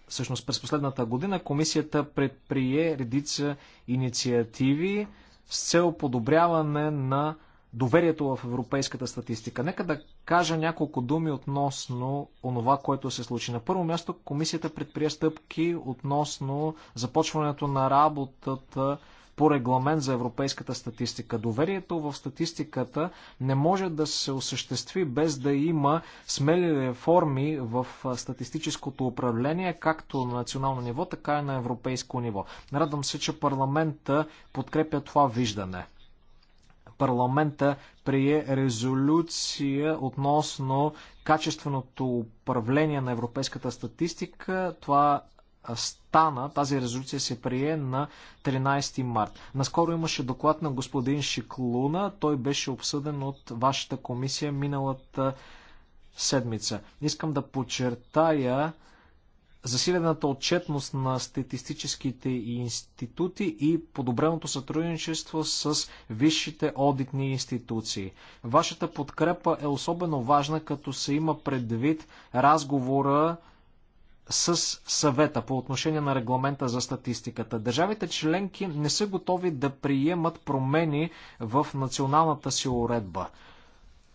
всъщност през последната година, комисията предприе редица инициативи с цел подобряване на доверието в европейската статистика. Нека да кажа няколко думи относно онова, което се случи. На първо място комисията предприе стъпки относно започването на работата по регламент за европейската статистика. Доверието в статистиката не може да се осъществи без да има смели реформи в статистическото управление, както на национално ниво, така и на европейско ниво. Радвам се, че парламента подкрепя това виждане. Парламента прие резолюция относно качественото управление на европейската статистика. Това стана, тази резолюция се прие на 13 март. Наскоро имаше доклад на господин Шиклуна, той беше обсъден от вашата комисия миналата седмица. Искам да подчертая, засилената отчетност на статистическите институти и подобреното сътрудничество с висшите одитни институции. Вашата подкрепа е особено важна, като се има предвид разговора с съвета по отношение на регламента за статистиката. Държавите членки не са готови да приемат промени в националната си уредба.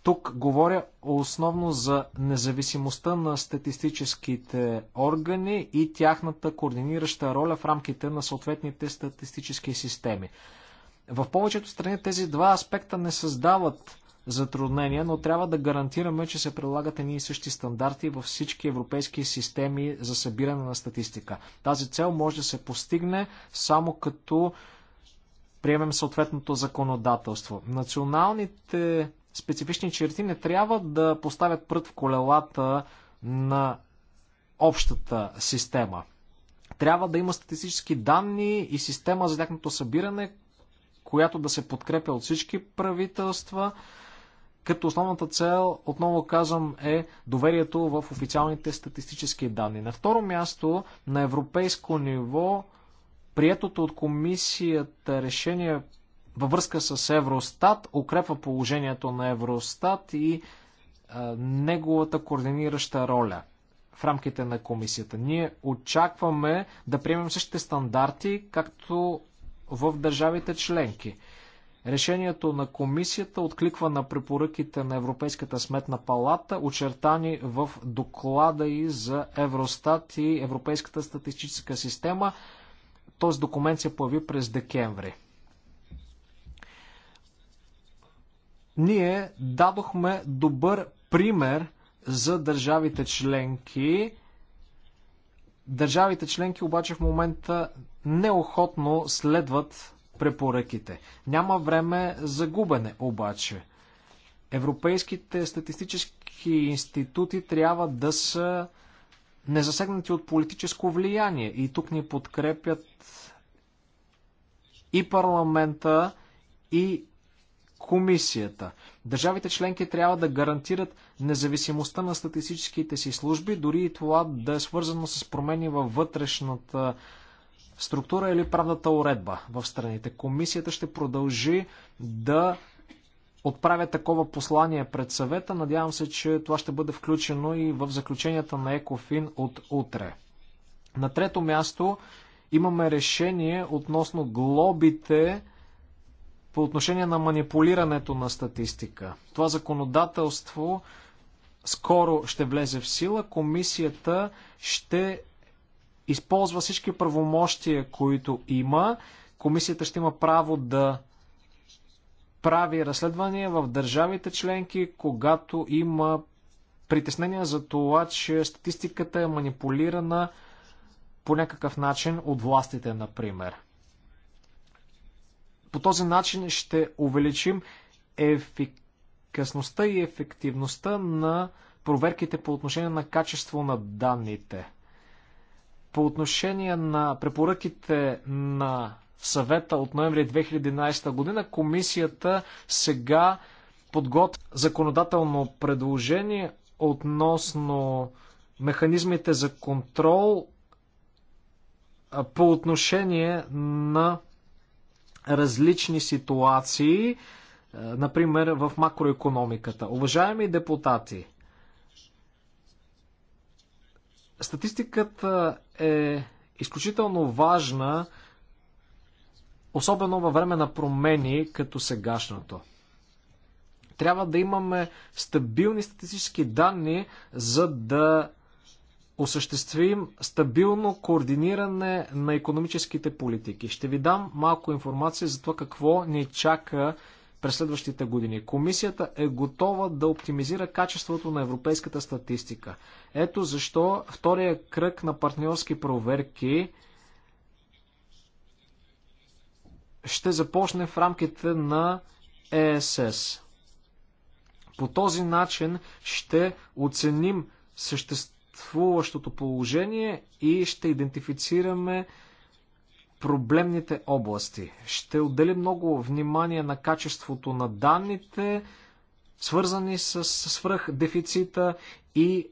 Тук говоря основно за независимостта на статистическите органи и тяхната координираща роля в рамките на съответните статистически системи. В повечето страни тези два аспекта не създават затруднения, но трябва да гарантираме, че се прилагат едни и същи стандарти във всички европейски системи за събиране на статистика. Тази цел може да се постигне само като приемем съответното законодателство. Националните специфични черти не трябва да поставят прът в колелата на общата система. Трябва да има статистически данни и система за тяхното събиране, която да се подкрепя от всички правителства, като основната цел, отново казвам, е доверието в официалните статистически данни. На второ място, на европейско ниво, приетото от комисията решение във връзка с Евростат, укрепва положението на Евростат и а, неговата координираща роля в рамките на комисията. Ние очакваме да приемем същите стандарти, както в държавите членки. Решението на комисията откликва на препоръките на Европейската сметна палата, очертани в доклада и за Евростат и Европейската статистическа система. Този документ се появи през декември. Ние дадохме добър пример за държавите членки. Държавите членки обаче в момента неохотно следват препоръките. Няма време за губене обаче. Европейските статистически институти трябва да са незасегнати от политическо влияние. И тук ни подкрепят и парламента, и комисията. Държавите членки трябва да гарантират независимостта на статистическите си служби, дори и това да е свързано с промени във вътрешната структура или правната уредба в страните. Комисията ще продължи да отправя такова послание пред съвета. Надявам се, че това ще бъде включено и в заключенията на Екофин от утре. На трето място имаме решение относно глобите по отношение на манипулирането на статистика. Това законодателство скоро ще влезе в сила. Комисията ще използва всички правомощия, които има. Комисията ще има право да прави разследвания в държавите членки, когато има притеснения за това, че статистиката е манипулирана по някакъв начин от властите, например. По този начин ще увеличим ефикасността и ефективността на проверките по отношение на качество на данните. По отношение на препоръките на съвета от ноември 2011 година, комисията сега подготвя законодателно предложение относно механизмите за контрол по отношение на различни ситуации, е, например в макроекономиката. Уважаеми депутати, статистиката е изключително важна, особено във време на промени като сегашното. Трябва да имаме стабилни статистически данни, за да осъществим стабилно координиране на економическите политики. Ще ви дам малко информация за това какво ни чака през следващите години. Комисията е готова да оптимизира качеството на европейската статистика. Ето защо втория кръг на партньорски проверки ще започне в рамките на ЕСС. По този начин ще оценим съществуването съществуващото положение и ще идентифицираме проблемните области. Ще отделим много внимание на качеството на данните, свързани с свръхдефицита и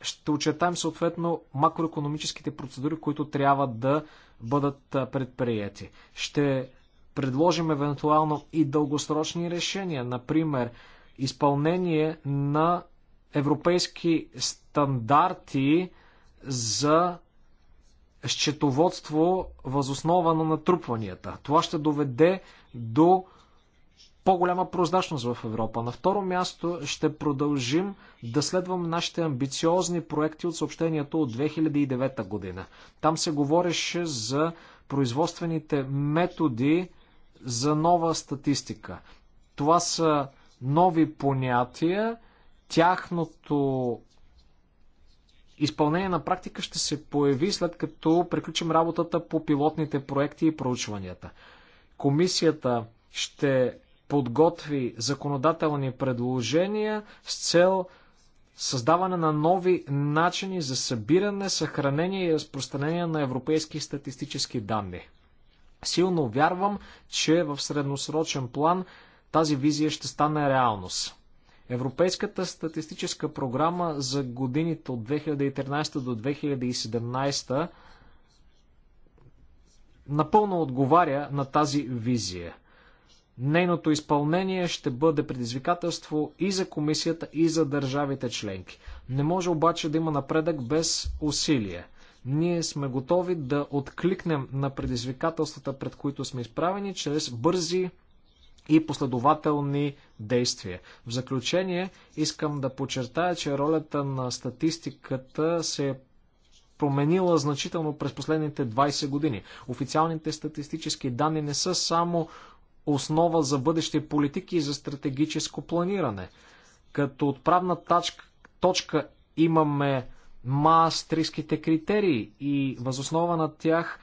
ще очетаем съответно макроекономическите процедури, които трябва да бъдат предприяти. Ще предложим евентуално и дългосрочни решения, например изпълнение на европейски стандарти за счетоводство възоснова на натрупванията. Това ще доведе до по-голяма прозрачност в Европа. На второ място ще продължим да следваме нашите амбициозни проекти от съобщението от 2009 година. Там се говореше за производствените методи за нова статистика. Това са нови понятия, Тяхното изпълнение на практика ще се появи след като приключим работата по пилотните проекти и проучванията. Комисията ще подготви законодателни предложения с цел създаване на нови начини за събиране, съхранение и разпространение на европейски статистически данни. Силно вярвам, че в средносрочен план тази визия ще стане реалност. Европейската статистическа програма за годините от 2013 до 2017 напълно отговаря на тази визия. Нейното изпълнение ще бъде предизвикателство и за комисията, и за държавите членки. Не може обаче да има напредък без усилие. Ние сме готови да откликнем на предизвикателствата, пред които сме изправени, чрез бързи и последователни действия. В заключение искам да подчертая, че ролята на статистиката се е променила значително през последните 20 години. Официалните статистически данни не са само основа за бъдещи политики и за стратегическо планиране. Като отправна точка имаме мастриските критерии и възоснова на тях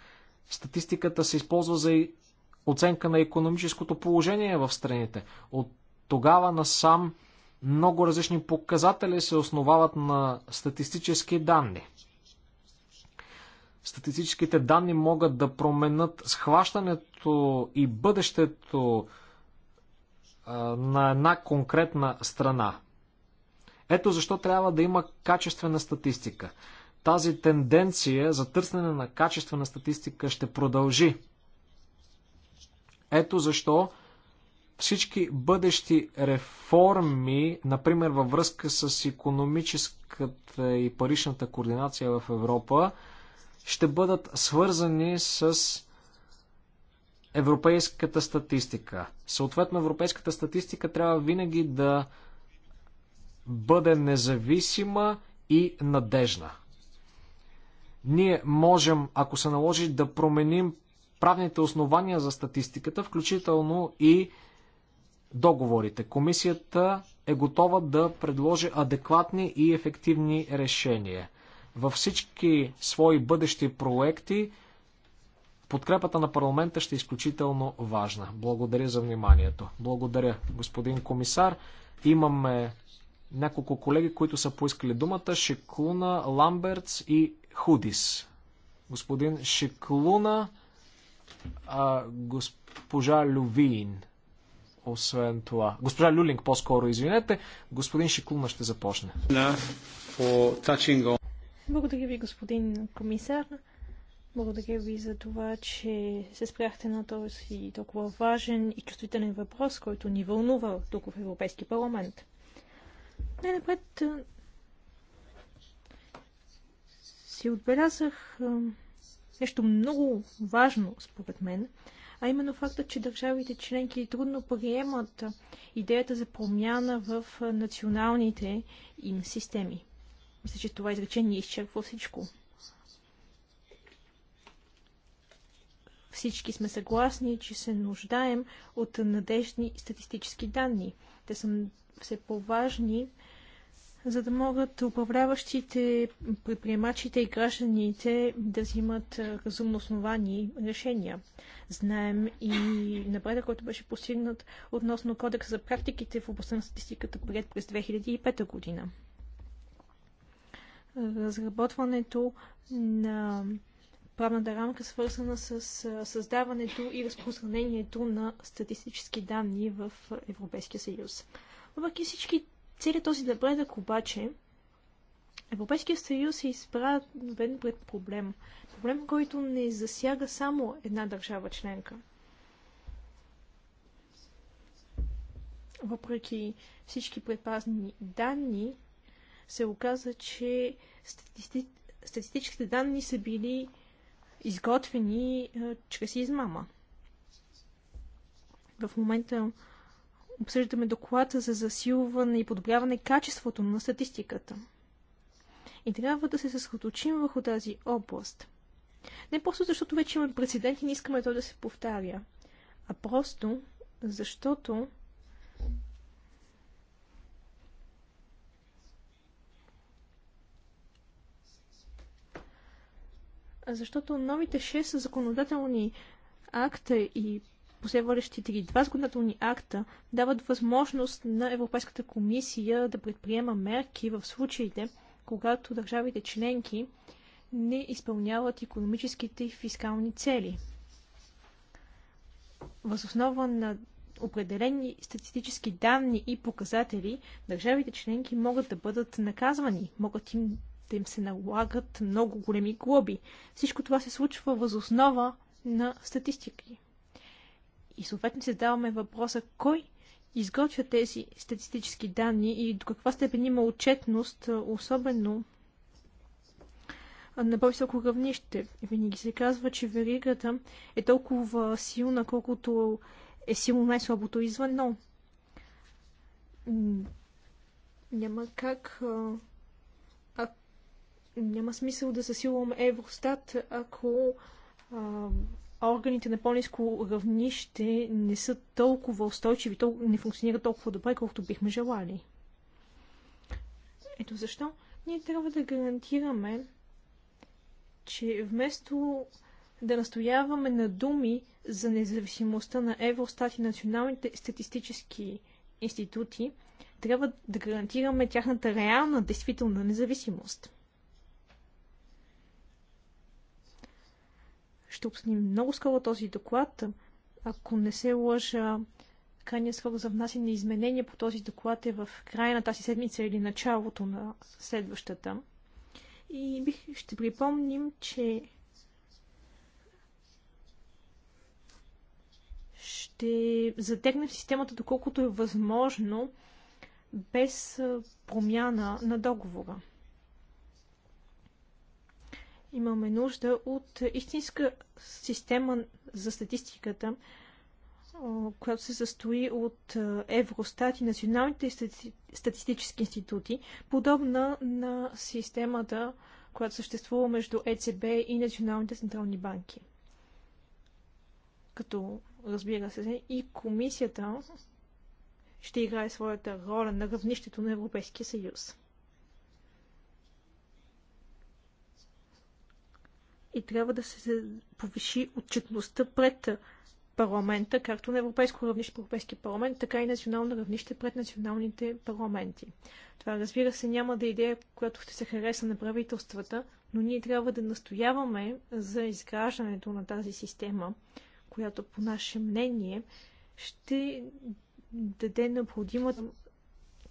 статистиката се използва за оценка на економическото положение в страните. От тогава насам много различни показатели се основават на статистически данни. Статистическите данни могат да променят схващането и бъдещето на една конкретна страна. Ето защо трябва да има качествена статистика. Тази тенденция за търсене на качествена статистика ще продължи ето защо всички бъдещи реформи, например във връзка с економическата и паричната координация в Европа, ще бъдат свързани с европейската статистика. Съответно, европейската статистика трябва винаги да бъде независима и надежна. Ние можем, ако се наложи, да променим правните основания за статистиката, включително и договорите. Комисията е готова да предложи адекватни и ефективни решения. Във всички свои бъдещи проекти подкрепата на парламента ще е изключително важна. Благодаря за вниманието. Благодаря, господин комисар. Имаме няколко колеги, които са поискали думата. Шеклуна, Ламбертс и Худис. Господин Шеклуна, а, госпожа Лювин, освен това. Госпожа Люлинг, по-скоро, извинете. Господин Шиклуна ще започне. Благодаря ви, господин комисар. Благодаря ви за това, че се спряхте на този толкова важен и чувствителен въпрос, който ни вълнува тук в Европейски парламент. Най-напред си отбелязах нещо много важно, според мен, а именно факта, че държавите членки трудно приемат идеята за промяна в националните им системи. Мисля, че това изречение изчерпва всичко. Всички сме съгласни, че се нуждаем от надежни статистически данни. Те са все по-важни за да могат управляващите, предприемачите и гражданите да взимат разумно основани решения. Знаем и напредък, който беше постигнат относно кодекс за практиките в областта на статистиката пред през 2005 година. Разработването на правната рамка, свързана с създаването и разпространението на статистически данни в Европейския съюз. Въпреки всички целият този напредък обаче Европейския съюз е изправен пред проблем. Проблем, който не засяга само една държава членка. Въпреки всички предпазни данни, се оказа, че статисти... статистическите данни са били изготвени а, чрез измама. В момента обсъждаме доклад за засилване и подобряване качеството на статистиката. И трябва да се съсредоточим върху тази област. Не просто защото вече имаме прецедент и не искаме то да се повтаря, а просто защото защото новите 6 законодателни акта и последващите ги два законодателни акта дават възможност на Европейската комисия да предприема мерки в случаите, когато държавите членки не изпълняват економическите и фискални цели. Възоснова на определени статистически данни и показатели, държавите членки могат да бъдат наказвани, могат им да им се налагат много големи глоби. Всичко това се случва възоснова на статистики. И съответно се задаваме въпроса кой изготвя тези статистически данни и до каква степен има отчетност, особено на по-високо равнище. Винаги се казва, че веригата е толкова силна, колкото е силно най-слабото извън, няма как. А, няма смисъл да засилвам Евростат, ако а, органите на по-низко равнище не са толкова устойчиви, тол- не функционират толкова добре, колкото бихме желали. Ето защо ние трябва да гарантираме, че вместо да настояваме на думи за независимостта на Евростат и националните статистически институти, трябва да гарантираме тяхната реална, действителна независимост. Ще обсъдим много скоро този доклад. Ако не се лъжа, крайният срок за внасяне изменения по този доклад е в края на тази седмица или началото на следващата. И бих, ще припомним, че ще затегнем системата доколкото е възможно без промяна на договора. Имаме нужда от истинска система за статистиката, която се състои от Евростат и националните стати... статистически институти, подобна на системата, която съществува между ЕЦБ и националните централни банки. Като, разбира се, и комисията ще играе своята роля на равнището на Европейския съюз. и трябва да се повиши отчетността пред парламента, както на европейско равнище, европейски парламент, така и национално равнище пред националните парламенти. Това, разбира се, няма да е идея, която ще се хареса на правителствата, но ние трябва да настояваме за изграждането на тази система, която по наше мнение ще даде необходимата,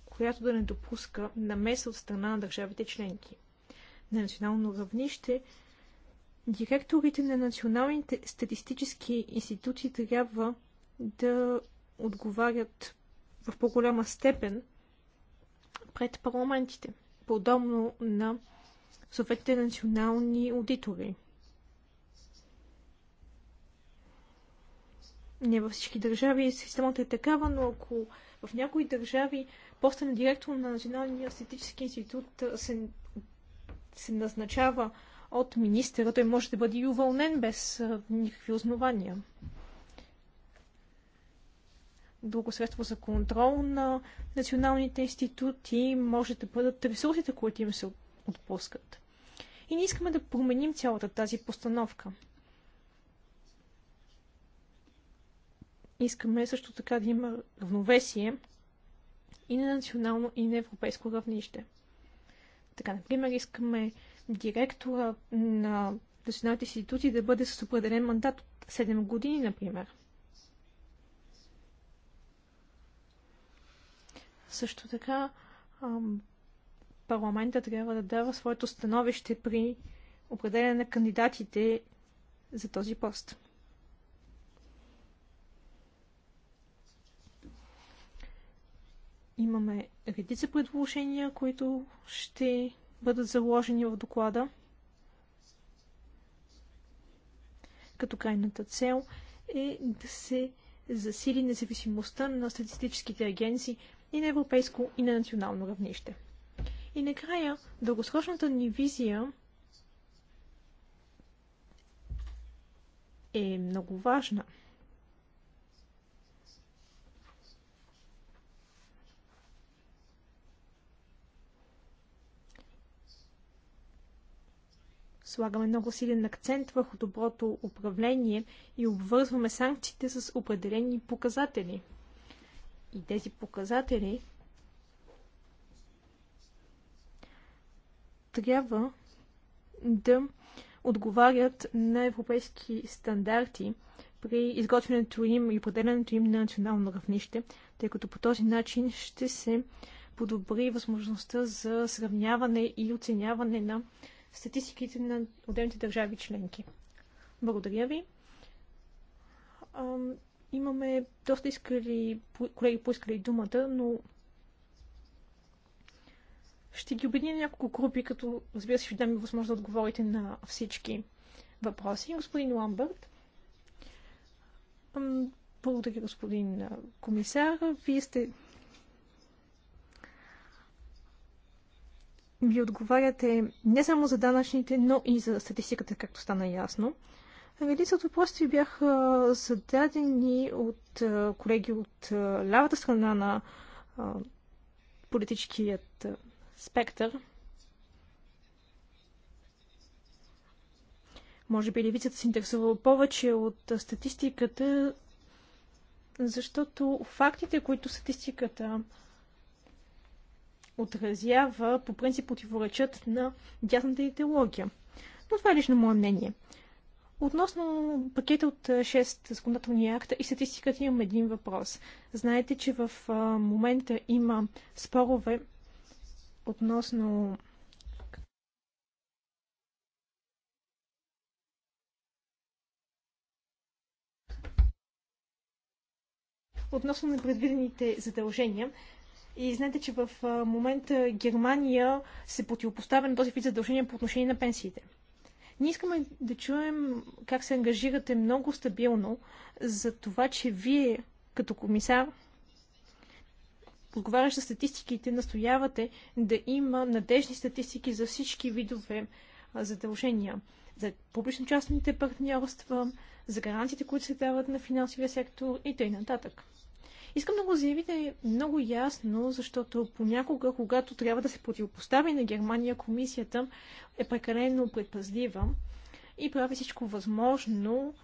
която да не допуска намеса от страна на държавите членки. На национално равнище директорите на националните статистически институции трябва да отговарят в по-голяма степен пред парламентите, подобно на съответните национални аудитори. Не във всички държави системата е такава, но ако в някои държави поста на директор на Националния статистически институт се, се назначава от министъра, той може да бъде и уволнен без никакви основания. Друго средство за контрол на националните институти може да бъдат ресурсите, които им се отпускат. И не искаме да променим цялата тази постановка. Искаме също така да има равновесие и на национално, и на европейско равнище. Така, например, искаме директора на националните институции да бъде с определен мандат от 7 години, например. Също така парламента трябва да дава своето становище при определяне на кандидатите за този пост. Имаме редица предложения, които ще бъдат заложени в доклада като крайната цел е да се засили независимостта на статистическите агенции и на европейско и на национално равнище. И накрая, дългосрочната ни визия е много важна – Слагаме много силен акцент върху доброто управление и обвързваме санкциите с определени показатели. И тези показатели трябва да отговарят на европейски стандарти при изготвянето им и определенето им на национално равнище, тъй като по този начин ще се подобри възможността за сравняване и оценяване на статистиките на отделните държави членки. Благодаря ви. Имаме доста искали, колеги поискали думата, но ще ги обединя няколко групи, като разбира се ще дам възможност да отговорите на всички въпроси. Господин Ламбърт. Благодаря, господин комисар. Вие сте ви отговаряте не само за данъчните, но и за статистиката, както стана ясно. Редица от въпросите бяха зададени от колеги от лявата страна на политическият спектър. Може би левицата се интересува повече от статистиката, защото фактите, които статистиката отразява, по принцип противоречат на дясната идеология. Но това е лично мое мнение. Относно пакета от 6 законодателни акта и статистиката имам един въпрос. Знаете, че в момента има спорове относно относно непредвидените задължения. И знаете, че в момента Германия се противопоставя на този вид задължения по отношение на пенсиите. Ние искаме да чуем как се ангажирате много стабилно за това, че вие като комисар, отговарящ за статистиките, настоявате да има надежни статистики за всички видове задължения. За публично-частните партньорства, за гаранциите, които се дават на финансовия сектор и т.н. нататък. Искам да го заявите много ясно, защото понякога, когато трябва да се противопостави на Германия, комисията е прекалено предпазлива и прави всичко възможно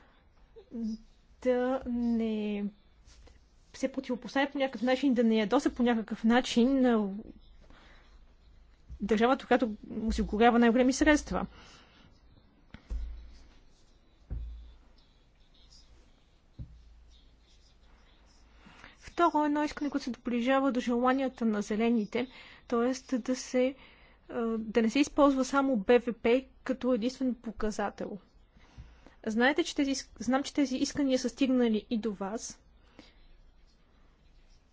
да не се противопоставя по някакъв начин, да не ядоса по някакъв начин държавата, която осигурява най-големи средства. Второ, едно искане, което се доближава до желанията на зелените, т.е. да се е, да не се използва само БВП като единствен показател. Знаете, че тези, знам, че тези искания са стигнали и до вас.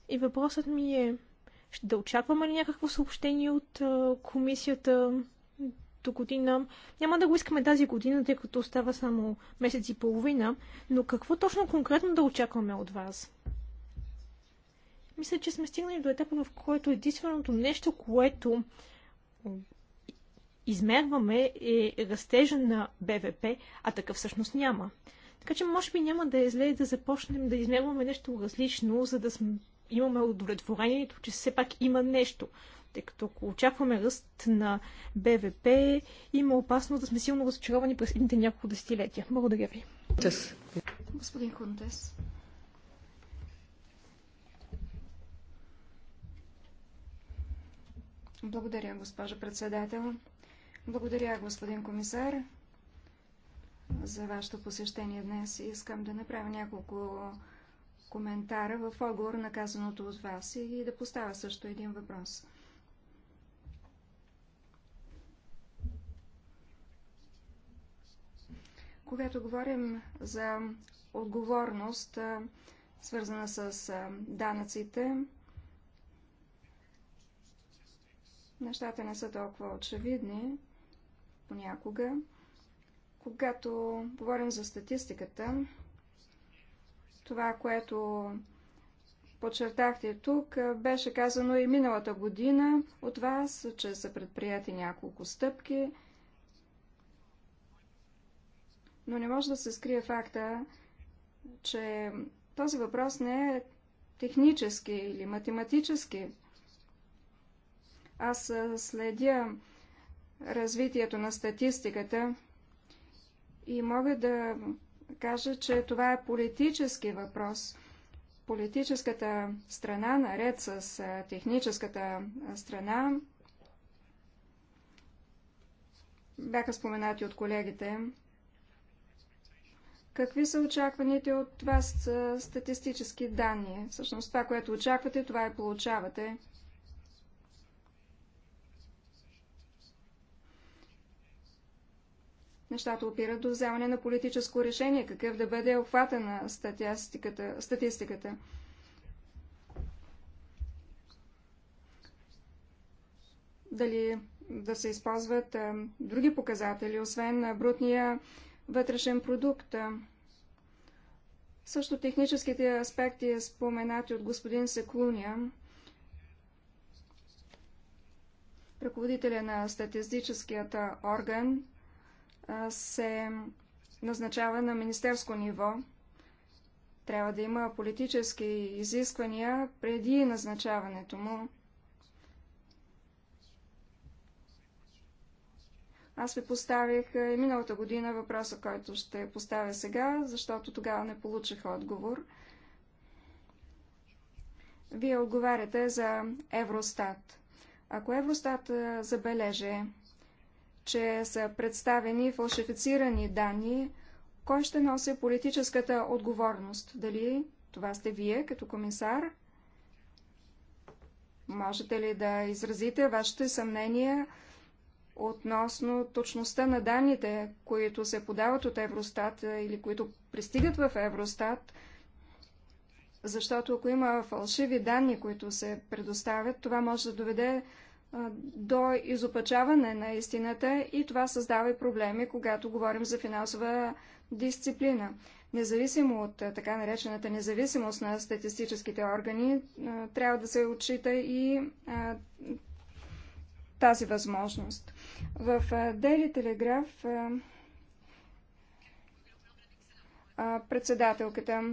И въпросът ми е, ще да очакваме ли някакво съобщение от а, е, комисията до година? Няма да го искаме тази година, тъй като остава само месец и половина, но какво точно конкретно да очакваме от вас? мисля, че сме стигнали до етапа, в който единственото нещо, което измерваме е растежа на БВП, а такъв всъщност няма. Така че може би няма да е зле да започнем да измерваме нещо различно, за да имаме удовлетворението, че все пак има нещо. Тъй като ако очакваме ръст на БВП, има опасност да сме силно разочаровани през едните няколко десетилетия. Благодаря ви. Господин Контес. Благодаря, госпожо председател. Благодаря, господин комисар, за вашето посещение днес. Искам да направя няколко коментара в отговор на казаното от вас и да поставя също един въпрос. Когато говорим за отговорност, свързана с данъците, Нещата не са толкова очевидни понякога. Когато говорим за статистиката, това, което подчертахте тук, беше казано и миналата година от вас, че са предприяти няколко стъпки, но не може да се скрие факта, че този въпрос не е технически или математически. Аз следя развитието на статистиката и мога да кажа, че това е политически въпрос. Политическата страна, наред с техническата страна, бяха споменати от колегите. Какви са очакваните от вас статистически данни? Всъщност това, което очаквате, това и получавате. нещата опират до вземане на политическо решение, какъв да бъде обхвата на статистиката. статистиката. Дали да се използват а, други показатели, освен на брутния вътрешен продукт. Също техническите аспекти, споменати от господин Секуния, ръководителя на статистическият орган, се назначава на министерско ниво. Трябва да има политически изисквания преди назначаването му. Аз ви поставих и миналата година въпроса, който ще поставя сега, защото тогава не получих отговор. Вие отговаряте за Евростат. Ако Евростат забележи, че са представени фалшифицирани данни, кой ще носи политическата отговорност? Дали това сте вие като комисар? Можете ли да изразите вашите съмнения относно точността на данните, които се подават от Евростат или които пристигат в Евростат? Защото ако има фалшиви данни, които се предоставят, това може да доведе до изопачаване на истината и това създава и проблеми, когато говорим за финансова дисциплина. Независимо от така наречената независимост на статистическите органи, трябва да се отчита и тази възможност. В Дели Телеграф председателката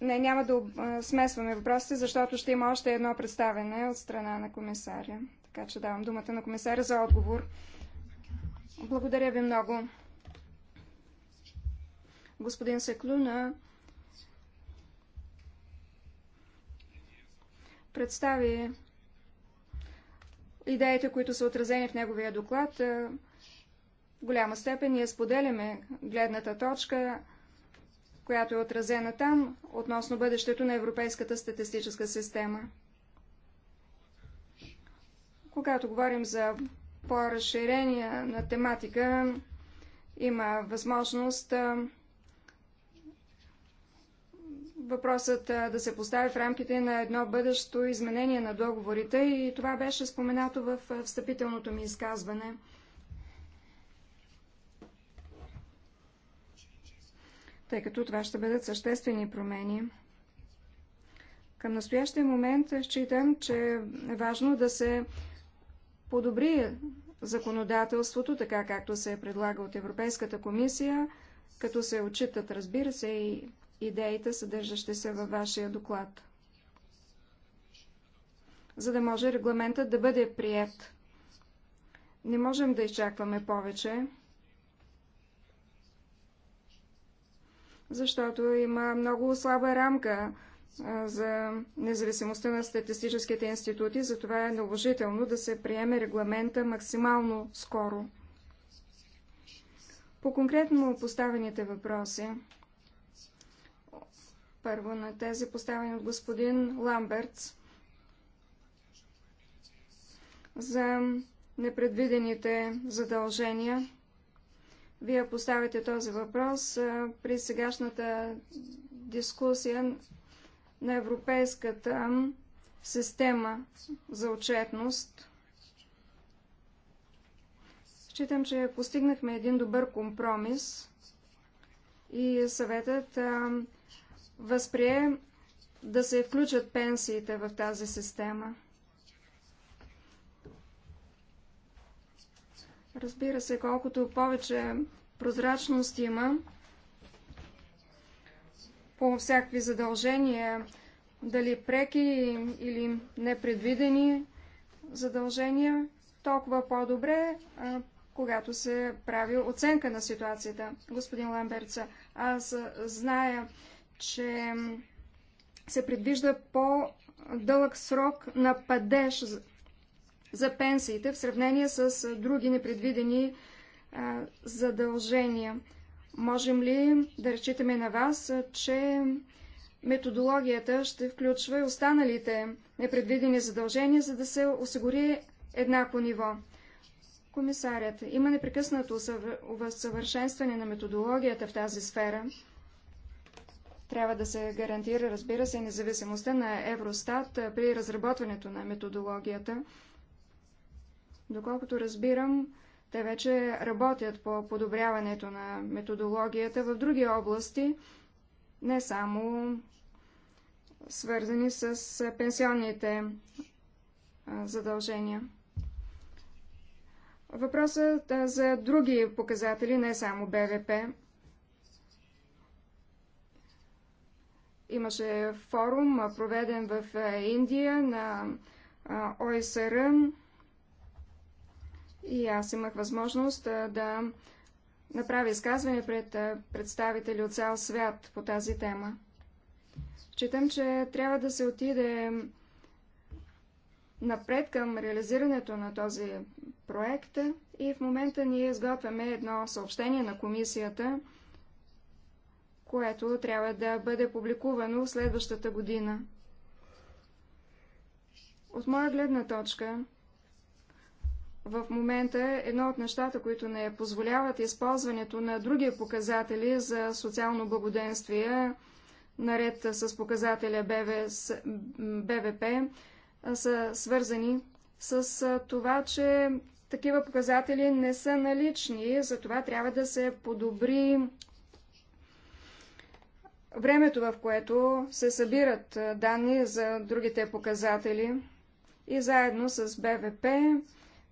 не, няма да смесваме въпросите, защото ще има още едно представене от страна на комисаря. Така че давам думата на комисаря за отговор. Благодаря ви много. Господин Секлуна представи идеите, които са отразени в неговия доклад. Е, в голяма степен ние споделяме гледната точка която е отразена там относно бъдещето на Европейската статистическа система. Когато говорим за по-разширение на тематика, има възможност въпросът да се постави в рамките на едно бъдещо изменение на договорите и това беше споменато в встъпителното ми изказване. тъй като това ще бъдат съществени промени. Към настоящия момент считам, че е важно да се подобри законодателството, така както се предлага от Европейската комисия, като се отчитат, разбира се, и идеите, съдържащи се във вашия доклад. За да може регламентът да бъде прият. Не можем да изчакваме повече. защото има много слаба рамка за независимостта на статистическите институти, затова е наложително да се приеме регламента максимално скоро. По конкретно поставените въпроси, първо на тези поставени от господин Ламбертс, за непредвидените задължения вие поставяте този въпрос при сегашната дискусия на европейската система за отчетност. Считам, че постигнахме един добър компромис и съветът възприе да се включат пенсиите в тази система. Разбира се, колкото повече прозрачност има по всякакви задължения, дали преки или непредвидени задължения, толкова по-добре, когато се прави оценка на ситуацията. Господин Ламберца, аз зная, че се предвижда по-дълъг срок на падеж за пенсиите в сравнение с други непредвидени задължения. Можем ли да разчитаме на вас, че методологията ще включва и останалите непредвидени задължения, за да се осигури еднакво ниво? Комисарят, има непрекъснато усъвършенстване на методологията в тази сфера. Трябва да се гарантира, разбира се, независимостта на Евростат при разработването на методологията. Доколкото разбирам, те вече работят по подобряването на методологията в други области, не само свързани с пенсионните задължения. Въпросът за други показатели, не само БВП. Имаше форум, проведен в Индия на ОСР. Е и аз имах възможност да направя изказване пред представители от цял свят по тази тема. Читам, че трябва да се отиде напред към реализирането на този проект и в момента ние изготвяме едно съобщение на комисията, което трябва да бъде публикувано следващата година. От моя гледна точка, в момента едно от нещата, които не позволяват използването на други показатели за социално благоденствие, наред с показателя БВС, БВП, са свързани с това, че такива показатели не са налични, затова трябва да се подобри времето, в което се събират данни за другите показатели и заедно с БВП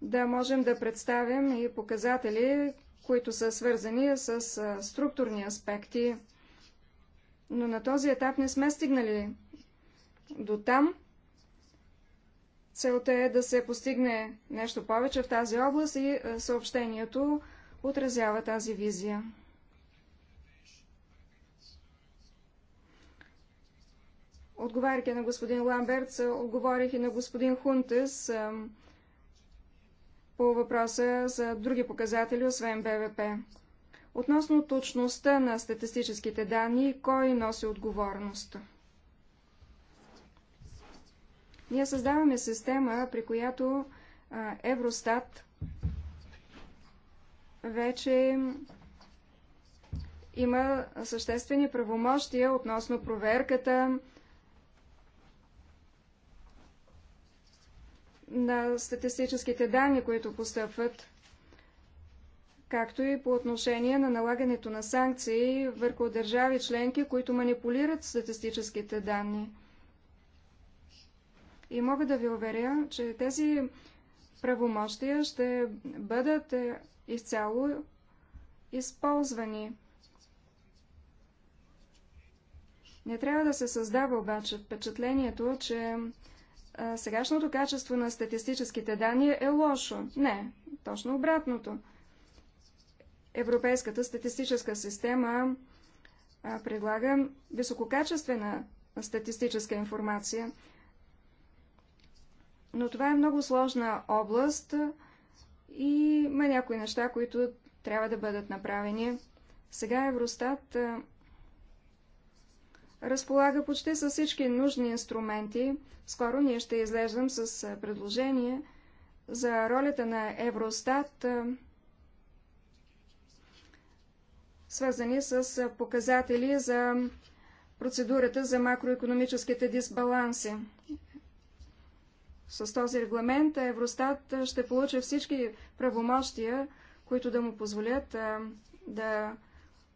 да можем да представим и показатели, които са свързани с структурни аспекти. Но на този етап не сме стигнали до там. Целта е да се постигне нещо повече в тази област и съобщението отразява тази визия. Отговаряйки на господин Ламберт, отговорих и на господин Хунтес по въпроса за други показатели, освен БВП. Относно точността на статистическите данни, кой носи отговорност? Ние създаваме система, при която а, Евростат вече има съществени правомощия относно проверката, на статистическите данни, които постъпват, както и по отношение на налагането на санкции върху държави членки, които манипулират статистическите данни. И мога да ви уверя, че тези правомощия ще бъдат е, изцяло използвани. Не трябва да се създава обаче впечатлението, че сегашното качество на статистическите данни е лошо. Не, точно обратното. Европейската статистическа система предлага висококачествена статистическа информация. Но това е много сложна област и има някои неща, които трябва да бъдат направени. Сега Евростат разполага почти с всички нужни инструменти. Скоро ние ще излеждам с предложение за ролята на Евростат, свързани с показатели за процедурата за макроекономическите дисбаланси. С този регламент Евростат ще получи всички правомощия, които да му позволят да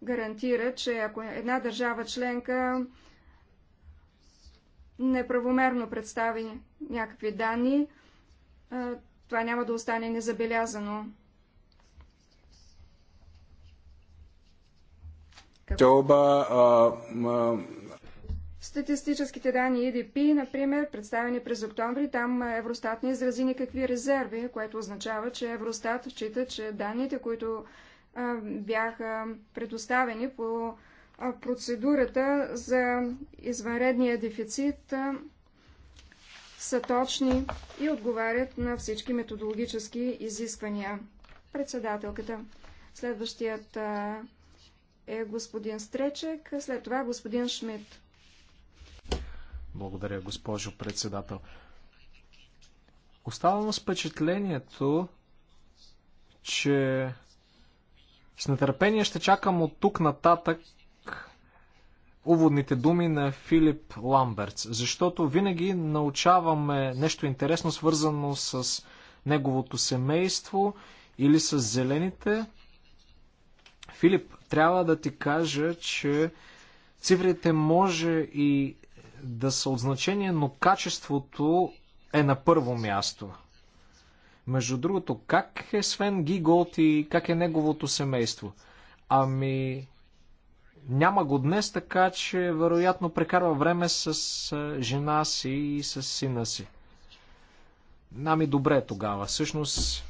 гарантира, че ако една държава членка неправомерно представи някакви данни, това няма да остане незабелязано. Статистическите данни EDP, например, представени през октомври, там Евростат не изрази никакви резерви, което означава, че Евростат счита, че данните, които бяха предоставени по процедурата за извънредния дефицит са точни и отговарят на всички методологически изисквания. Председателката. Следващият е господин Стречек, след това господин Шмидт. Благодаря, госпожо председател. Оставам с впечатлението, че с нетърпение ще чакам от тук нататък уводните думи на Филип Ламбертс, защото винаги научаваме нещо интересно, свързано с неговото семейство или с зелените. Филип, трябва да ти кажа, че цифрите може и да са от значение, но качеството е на първо място. Между другото, как е Свен Гиголт и как е неговото семейство? Ами, няма го днес, така че вероятно прекарва време с жена си и с сина си. Нами добре е тогава. Всъщност,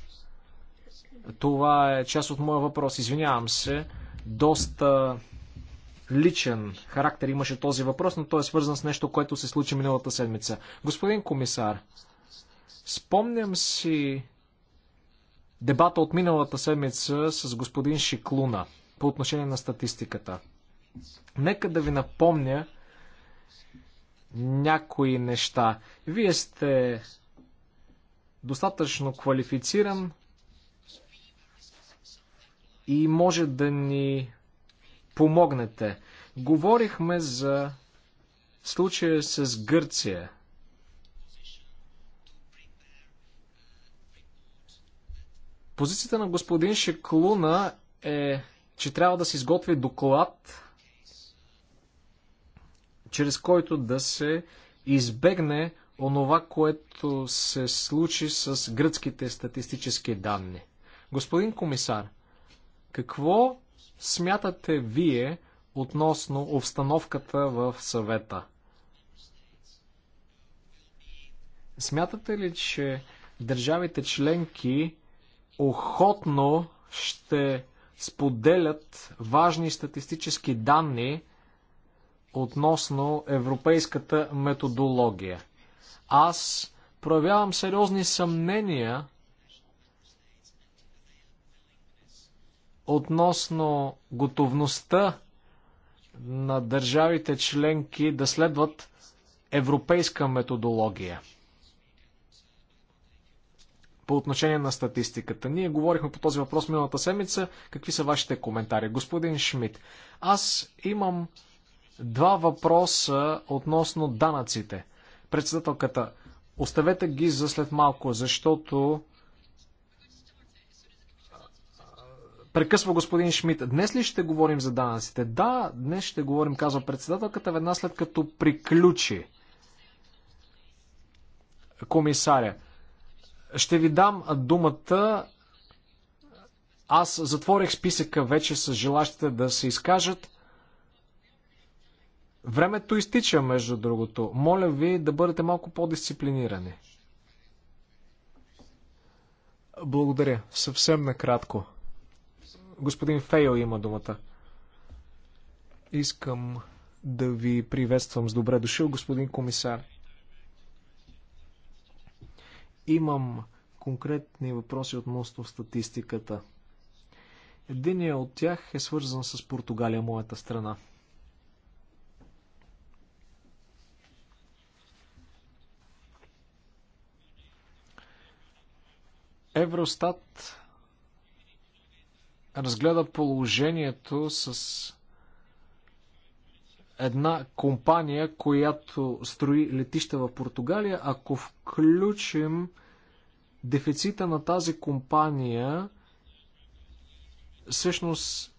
това е част от моя въпрос. Извинявам се, доста личен характер имаше този въпрос, но той е свързан с нещо, което се случи миналата седмица. Господин комисар, Спомням си дебата от миналата седмица с господин Шиклуна по отношение на статистиката. Нека да ви напомня някои неща. Вие сте достатъчно квалифициран и може да ни помогнете. Говорихме за случая с Гърция. Позицията на господин Шеклуна е, че трябва да се изготви доклад, чрез който да се избегне онова, което се случи с гръцките статистически данни. Господин комисар, какво смятате вие относно обстановката в съвета? Смятате ли, че държавите членки охотно ще споделят важни статистически данни относно европейската методология. Аз проявявам сериозни съмнения относно готовността на държавите членки да следват европейска методология по отношение на статистиката. Ние говорихме по този въпрос миналата седмица. Какви са вашите коментари? Господин Шмидт, аз имам два въпроса относно данъците. Председателката, оставете ги за след малко, защото Прекъсва господин Шмидт. Днес ли ще говорим за данъците? Да, днес ще говорим, казва председателката, веднага след като приключи комисаря. Ще ви дам думата. Аз затворих списъка вече с желащите да се изкажат. Времето изтича, между другото. Моля ви да бъдете малко по-дисциплинирани. Благодаря. Съвсем накратко. Господин Фейл има думата. Искам да ви приветствам с добре дошъл, господин комисар. Имам конкретни въпроси относно статистиката. Единият от тях е свързан с Португалия, моята страна. Евростат разгледа положението с една компания, която строи летища в Португалия, ако включим дефицита на тази компания, всъщност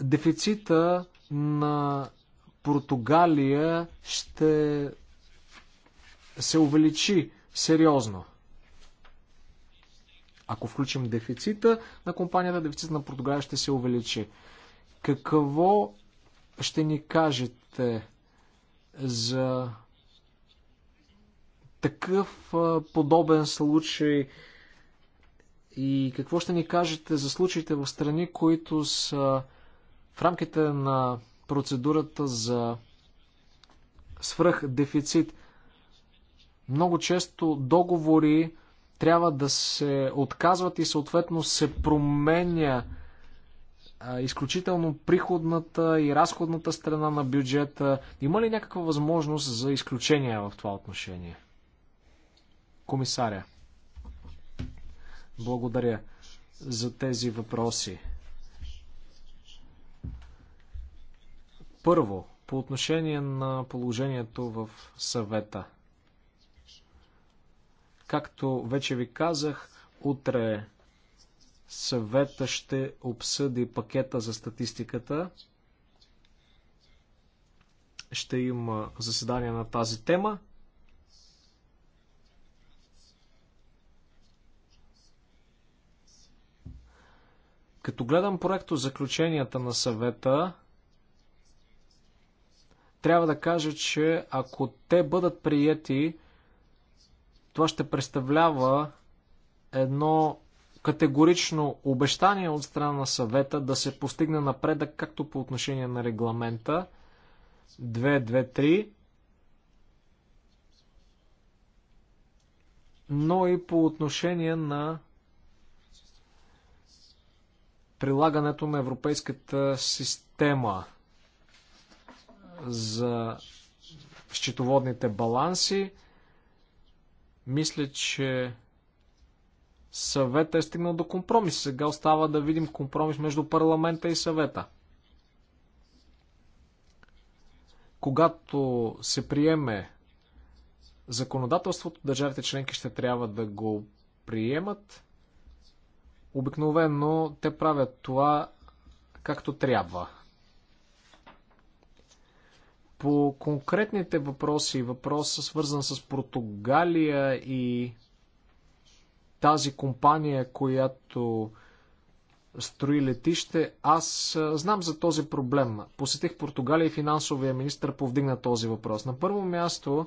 дефицита на Португалия ще се увеличи сериозно. Ако включим дефицита на компанията, дефицит на Португалия ще се увеличи. Какво ще ни кажете за такъв подобен случай и какво ще ни кажете за случаите в страни, които са в рамките на процедурата за свръхдефицит. Много често договори трябва да се отказват и съответно се променя изключително приходната и разходната страна на бюджета. Има ли някаква възможност за изключение в това отношение? Комисаря, благодаря за тези въпроси. Първо, по отношение на положението в съвета. Както вече ви казах, утре Съвета ще обсъди пакета за статистиката. Ще има заседание на тази тема. Като гледам проекто заключенията на съвета, трябва да кажа, че ако те бъдат приети, това ще представлява едно категорично обещание от страна на съвета да се постигне напредък както по отношение на регламента 223, но и по отношение на прилагането на европейската система за счетоводните баланси. Мисля, че Съвета е стигнал до компромис. Сега остава да видим компромис между парламента и съвета. Когато се приеме законодателството, държавите членки ще трябва да го приемат. Обикновено те правят това както трябва. По конкретните въпроси, въпроса свързан с Португалия и тази компания, която строи летище. Аз знам за този проблем. Посетих Португалия и финансовия министр повдигна този въпрос. На първо място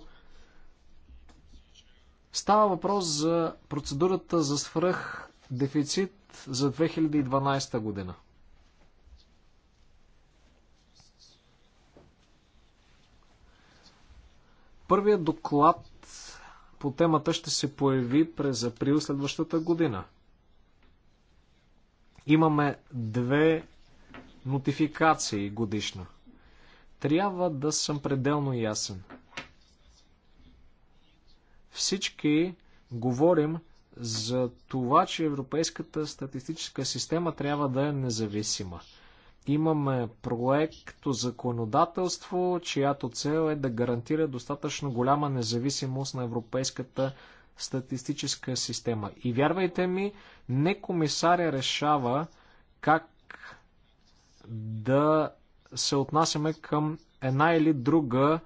става въпрос за процедурата за свръх дефицит за 2012 година. Първият доклад по темата ще се появи през април следващата година. Имаме две нотификации годишно. Трябва да съм пределно ясен. Всички говорим за това, че Европейската статистическа система трябва да е независима. Имаме проекто законодателство, чиято цел е да гарантира достатъчно голяма независимост на Европейската статистическа система. И вярвайте ми, не комисаря решава как да се отнасяме към една или друга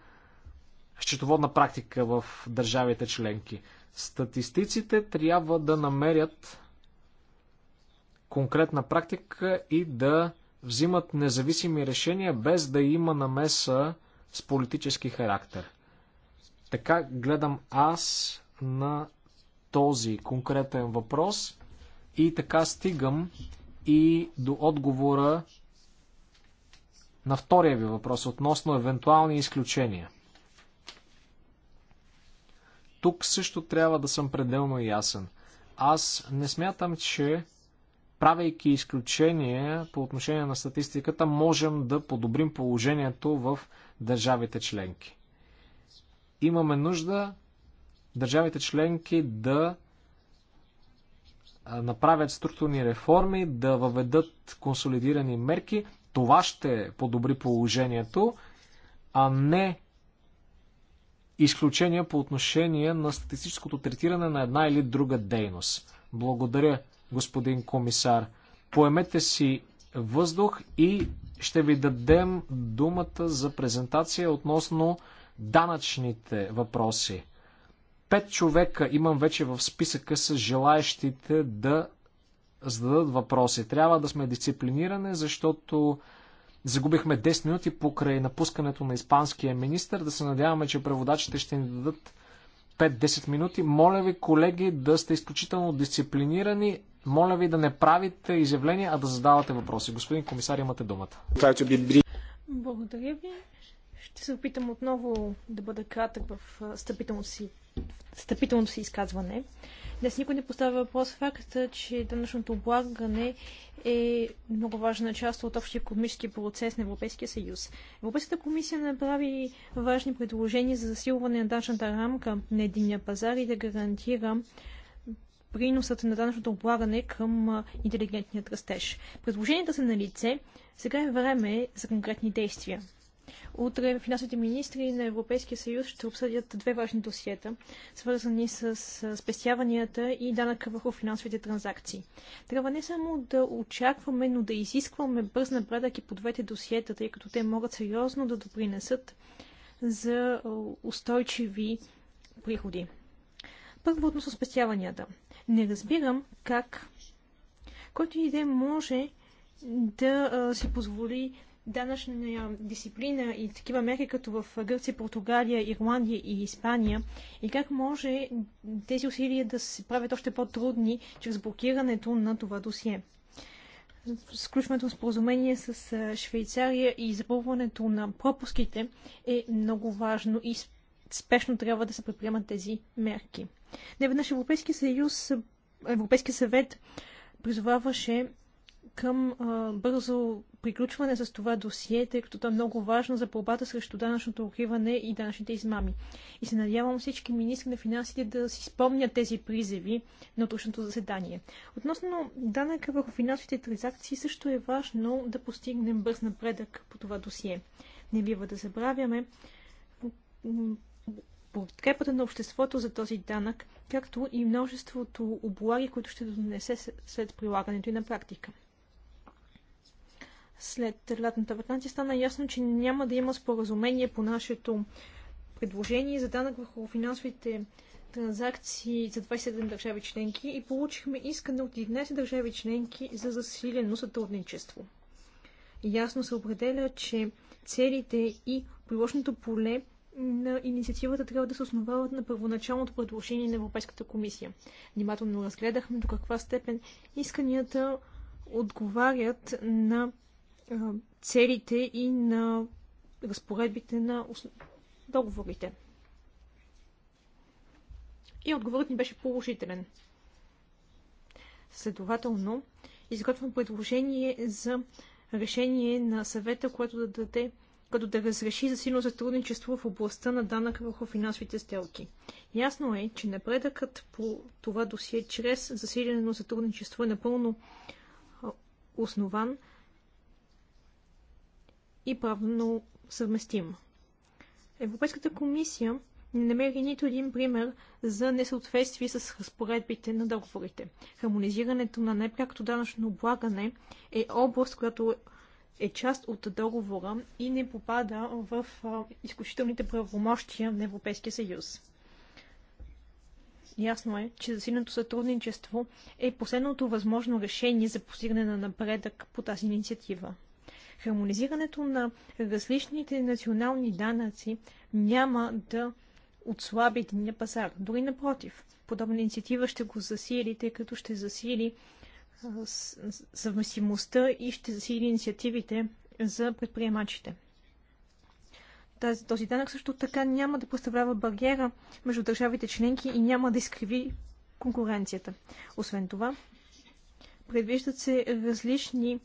счетоводна практика в държавите членки. Статистиците трябва да намерят конкретна практика и да взимат независими решения, без да има намеса с политически характер. Така гледам аз на този конкретен въпрос и така стигам и до отговора на втория ви въпрос относно евентуални изключения. Тук също трябва да съм пределно ясен. Аз не смятам, че правейки изключение по отношение на статистиката, можем да подобрим положението в държавите членки. Имаме нужда държавите членки да направят структурни реформи, да въведат консолидирани мерки. Това ще подобри положението, а не изключения по отношение на статистическото третиране на една или друга дейност. Благодаря господин комисар. Поемете си въздух и ще ви дадем думата за презентация относно данъчните въпроси. Пет човека имам вече в списъка с желаящите да зададат въпроси. Трябва да сме дисциплинирани, защото загубихме 10 минути покрай напускането на испанския министр. Да се надяваме, че преводачите ще ни дадат 5-10 минути. Моля ви, колеги, да сте изключително дисциплинирани. Моля ви да не правите изявления, а да задавате въпроси. Господин комисар, имате думата. Благодаря ви. Ще се опитам отново да бъда кратък в стъпителното си, си изказване. Днес никой не поставя въпрос факта, е, че данъчното облагане е много важна част от общия економически процес на Европейския съюз. Европейската комисия направи важни предложения за засилване на данъчната рамка на единния пазар и да гарантира приносът на данъчното облагане към интелигентният растеж. Предложенията са на лице, сега е време за конкретни действия. Утре финансовите министри на Европейския съюз ще обсъдят две важни досиета, свързани с спестяванията и данъка върху финансовите транзакции. Трябва не само да очакваме, но да изискваме бърз напредък и по двете досиета, тъй като те могат сериозно да допринесат за устойчиви приходи. Първо относно спестяванията. Не разбирам как който и да е, може да а, си позволи данъчна дисциплина и такива мерки, като в Гърция, Португалия, Ирландия и Испания, и как може тези усилия да се правят още по-трудни чрез блокирането на това досие. Сключването на споразумение с Швейцария и запълването на пропуските е много важно и спешно трябва да се предприемат тези мерки. Не веднъж Европейския съюз, Европейския съвет призоваваше към а, бързо приключване с това досие, тъй като то е много важно за борбата срещу данъчното укриване и данъчните измами. И се надявам всички министри на финансите да си спомнят тези призеви на точното заседание. Относно данъка върху финансовите транзакции също е важно да постигнем бърз напредък по това досие. Не бива да забравяме подкрепата на обществото за този данък, както и множеството облаги, които ще донесе след прилагането и на практика. След лятната вакансия стана ясно, че няма да има споразумение по нашето предложение за данък върху финансовите транзакции за 27 държави членки и получихме искане от 11 държави членки за засилено сътрудничество. Ясно се определя, че целите и приложното поле на инициативата трябва да се основават на първоначалното предложение на Европейската комисия. Внимателно разгледахме до каква степен исканията отговарят на целите и на разпоредбите на договорите. И отговорът ни беше положителен. Следователно, изготвям предложение за решение на съвета, което да даде като да разреши засилено сътрудничество в областта на данък върху финансовите сделки. Ясно е, че напредъкът по това досие чрез засилено сътрудничество е напълно основан и правно съвместим. Европейската комисия не намери нито един пример за несъответствие с разпоредбите на договорите. Хармонизирането на непрякото данъчно облагане е област, която е част от договора и не попада в изключителните правомощия на Европейския съюз. Ясно е, че засиленото сътрудничество е последното възможно решение за постигане на напредък по тази инициатива. Хармонизирането на различните национални данъци няма да отслаби единния пазар. Дори напротив, подобна инициатива ще го засили, тъй като ще засили съвместимостта и ще засили инициативите за предприемачите. Тази, този данък също така няма да представлява бариера между държавите членки и няма да изкриви конкуренцията. Освен това, предвиждат се различни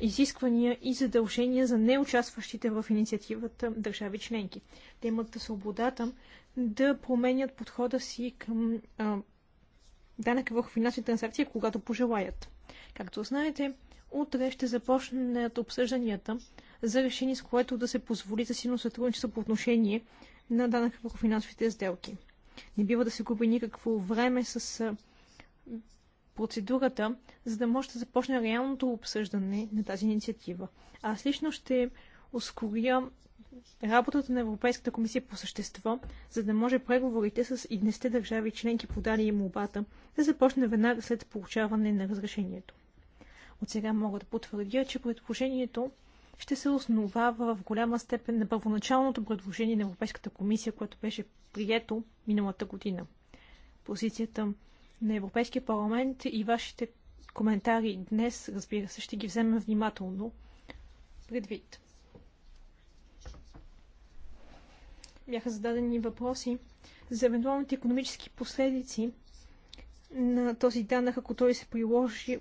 изисквания и задължения за неучастващите в инициативата държави членки. Те имат свободата да променят подхода си към а, данък върху финансови транзакции, когато пожелаят. Както знаете, утре ще започнат обсъжданията за решение, с което да се позволи за силно сътрудничество по отношение на данък върху финансовите сделки. Не бива да се губи никакво време с процедурата, за да може да започне реалното обсъждане на тази инициатива. Аз лично ще ускоря работата на Европейската комисия по същество, за да може преговорите с 11 държави членки подали обата да започне веднага след получаване на разрешението. От сега мога да потвърдя, че предложението ще се основава в голяма степен на първоначалното предложение на Европейската комисия, което беше прието миналата година. Позицията на Европейския парламент и вашите коментари днес, разбира се, ще ги вземем внимателно предвид. бяха зададени въпроси за евентуалните економически последици на този данък, ако той се приложи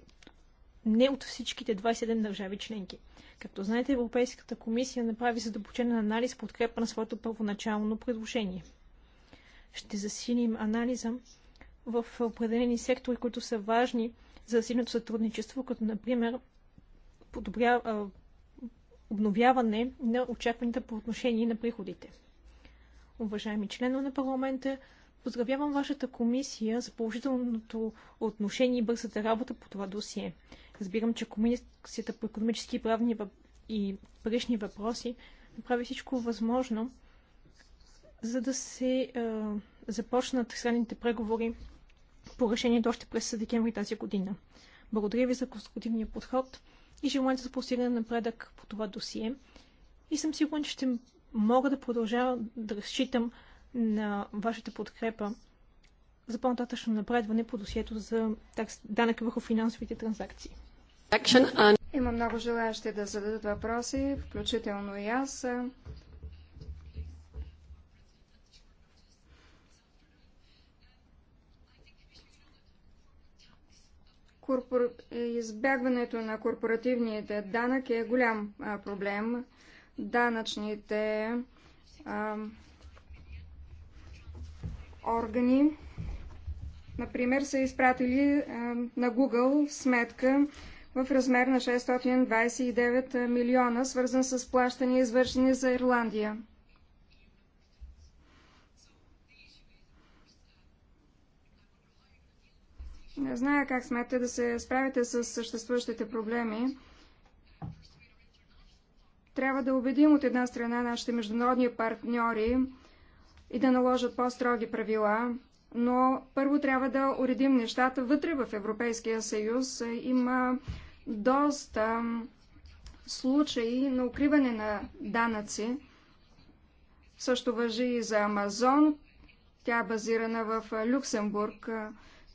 не от всичките 27 държави членки. Както знаете, Европейската комисия направи задълбочен анализ подкрепа на своето първоначално предложение. Ще засилим анализа в определени сектори, които са важни за засиленото сътрудничество, като например подобря, обновяване на очакваните по отношение на приходите уважаеми членове на парламента. Поздравявам вашата комисия за положителното отношение и бързата работа по това досие. Разбирам, че комисията по економически и правни въп... и парични въпроси направи всичко възможно, за да се е, започнат средните преговори по решението още през декември тази година. Благодаря ви за конструктивния подход и желанието за постигане на напредък по това досие. И съм сигурен, че ще мога да продължавам да разчитам на вашата подкрепа за по-нататъчно напредване по досието за данък върху финансовите транзакции. Има много желаящи да зададат въпроси, включително и аз. Корпор... Избягването на корпоративните данък е голям проблем данъчните а, органи, например, са изпратили а, на Google сметка в размер на 629 милиона, свързан с плащания, извършени за Ирландия. Не зная как смете да се справите с съществуващите проблеми. Трябва да убедим от една страна нашите международни партньори и да наложат по-строги правила, но първо трябва да уредим нещата вътре в Европейския съюз. Има доста случаи на укриване на данъци. Също въжи и за Амазон. Тя е базирана в Люксембург.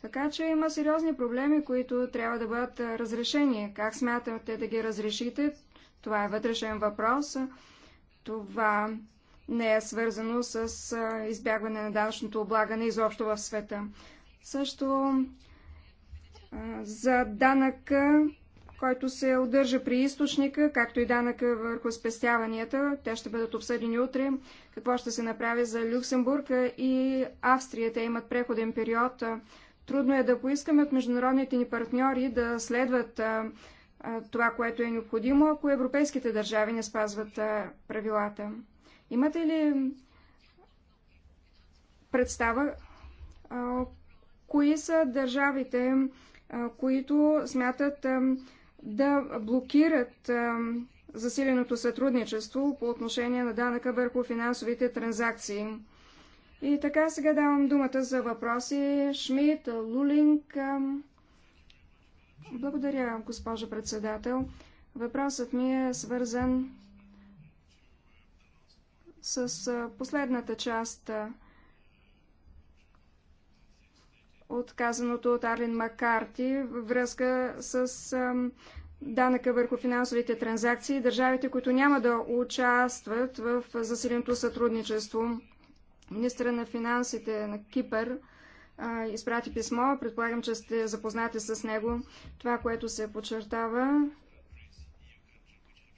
Така че има сериозни проблеми, които трябва да бъдат разрешени. Как смятате да ги разрешите? Това е вътрешен въпрос. Това не е свързано с избягване на данъчното облагане изобщо в света. Също за данъка, който се удържа при източника, както и данъка върху спестяванията. Те ще бъдат обсъдени утре. Какво ще се направи за Люксембург и Австрия? Те имат преходен период. Трудно е да поискаме от международните ни партньори да следват това, което е необходимо, ако европейските държави не спазват правилата. Имате ли представа кои са държавите, които смятат да блокират засиленото сътрудничество по отношение на данъка върху финансовите транзакции. И така сега давам думата за въпроси. Шмидт, Лулинг, благодаря, госпожо председател. Въпросът ми е свързан с последната част от казаното от Арлин Маккарти във връзка с данъка върху финансовите транзакции и държавите, които няма да участват в засиленото сътрудничество. Министра на финансите на Кипър изпрати писмо. Предполагам, че сте запознати с него. Това, което се подчертава,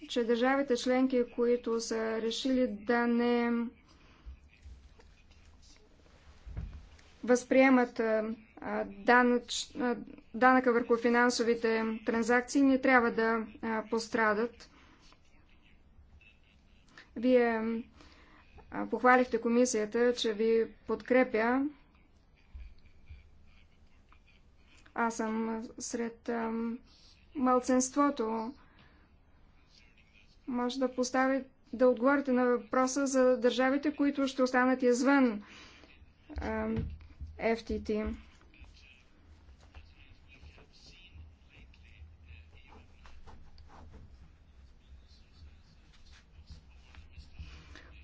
че държавите членки, които са решили да не възприемат данъч, данъка върху финансовите транзакции, не трябва да пострадат. Вие похвалихте комисията, че ви подкрепя Аз съм сред мълценството. Може да поставите да отговорите на въпроса за държавите, които ще останат извън FTT.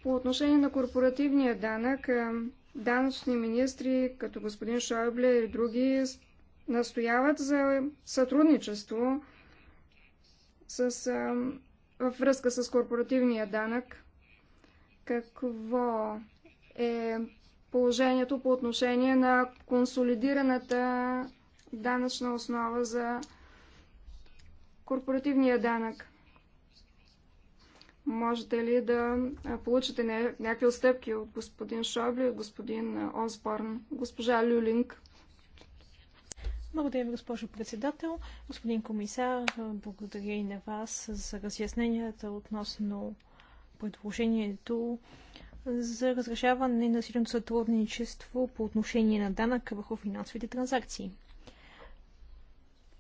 По отношение на корпоративния данък, данъчни министри, като господин Шойбле и други, настояват за сътрудничество с, а, във връзка с корпоративния данък. Какво е положението по отношение на консолидираната данъчна основа за корпоративния данък? Можете ли да получите някакви отстъпки от господин Шобли, от господин Осборн, госпожа Люлинг? Благодаря ви, госпожо председател. Господин комисар, благодаря и на вас за разясненията относно предложението за разрешаване на силното сътрудничество по отношение на данъка върху финансовите транзакции.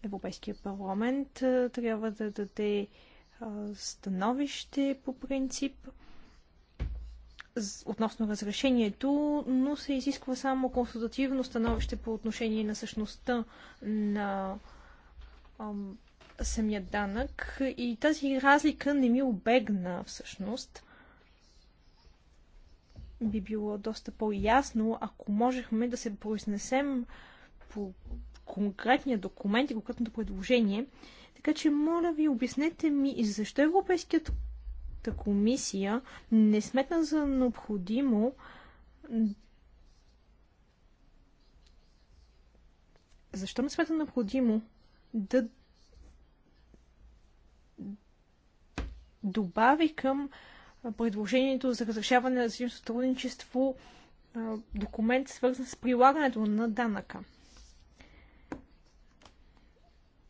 Европейския парламент трябва да даде становище по принцип относно разрешението, но се изисква само консултативно становище по отношение на същността на ам, самия данък. И тази разлика не ми обегна всъщност. Би било доста по-ясно, ако можехме да се произнесем по конкретния документ и конкретното предложение. Така че, моля ви, обяснете ми и защо Европейският комисия, не сметна за необходимо защо не смята необходимо да добави към предложението за разрешаване на сътрудничество документ, свързан с прилагането на данъка.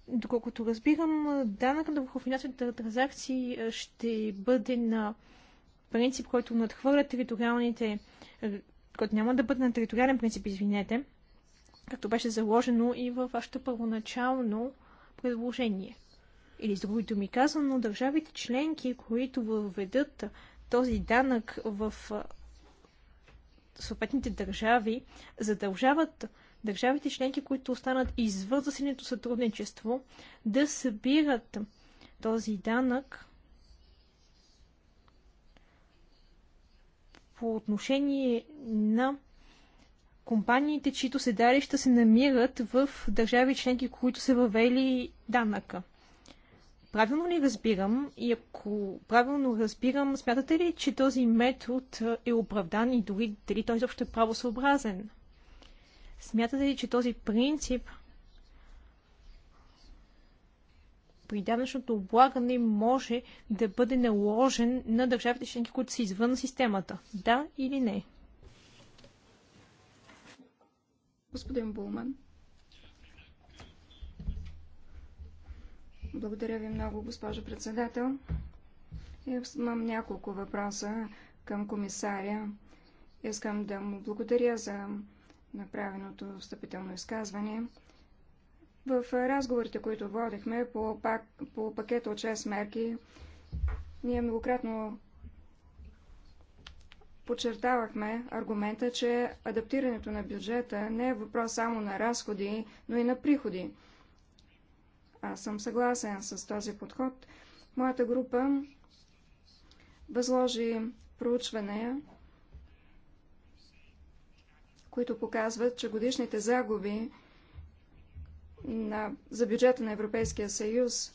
Доколкото разбирам, данък на върху финансовите транзакции ще бъде на принцип, който надхвърля териториалните, който няма да бъде на териториален принцип, извинете, както беше заложено и във вашето първоначално предложение. Или с други думи казано, държавите членки, които въведат този данък в съответните държави, задължават държавите членки, които останат извън засиленото сътрудничество, да събират този данък по отношение на компаниите, чието седалища се намират в държави членки, които са въвели данъка. Правилно ли разбирам? И ако правилно разбирам, смятате ли, че този метод е оправдан и дори дали той изобщо е правосъобразен? Смятате ли, че този принцип при данъчното облагане може да бъде наложен на държавите членки, които са извън системата? Да или не? Господин Булман. Благодаря ви много, госпожо председател. Е, имам няколко въпроса към комисаря. Искам да му благодаря за направеното встъпително изказване. В разговорите, които водихме по, пак, по пакета от 6 мерки, ние многократно подчертавахме аргумента, че адаптирането на бюджета не е въпрос само на разходи, но и на приходи. Аз съм съгласен с този подход. Моята група възложи проучване които показват, че годишните загуби на, за бюджета на Европейския съюз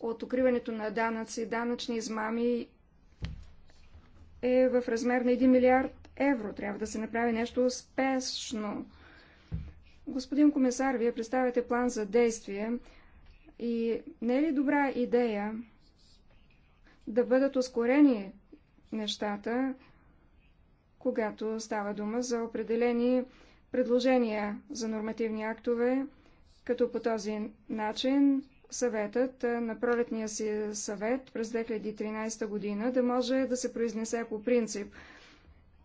от укриването на данъци, данъчни измами е в размер на 1 милиард евро. Трябва да се направи нещо спешно. Господин комисар, вие представяте план за действие и не е ли добра идея да бъдат ускорени нещата, когато става дума за определени предложения за нормативни актове, като по този начин съветът на пролетния си съвет през 2013 година да може да се произнесе по принцип,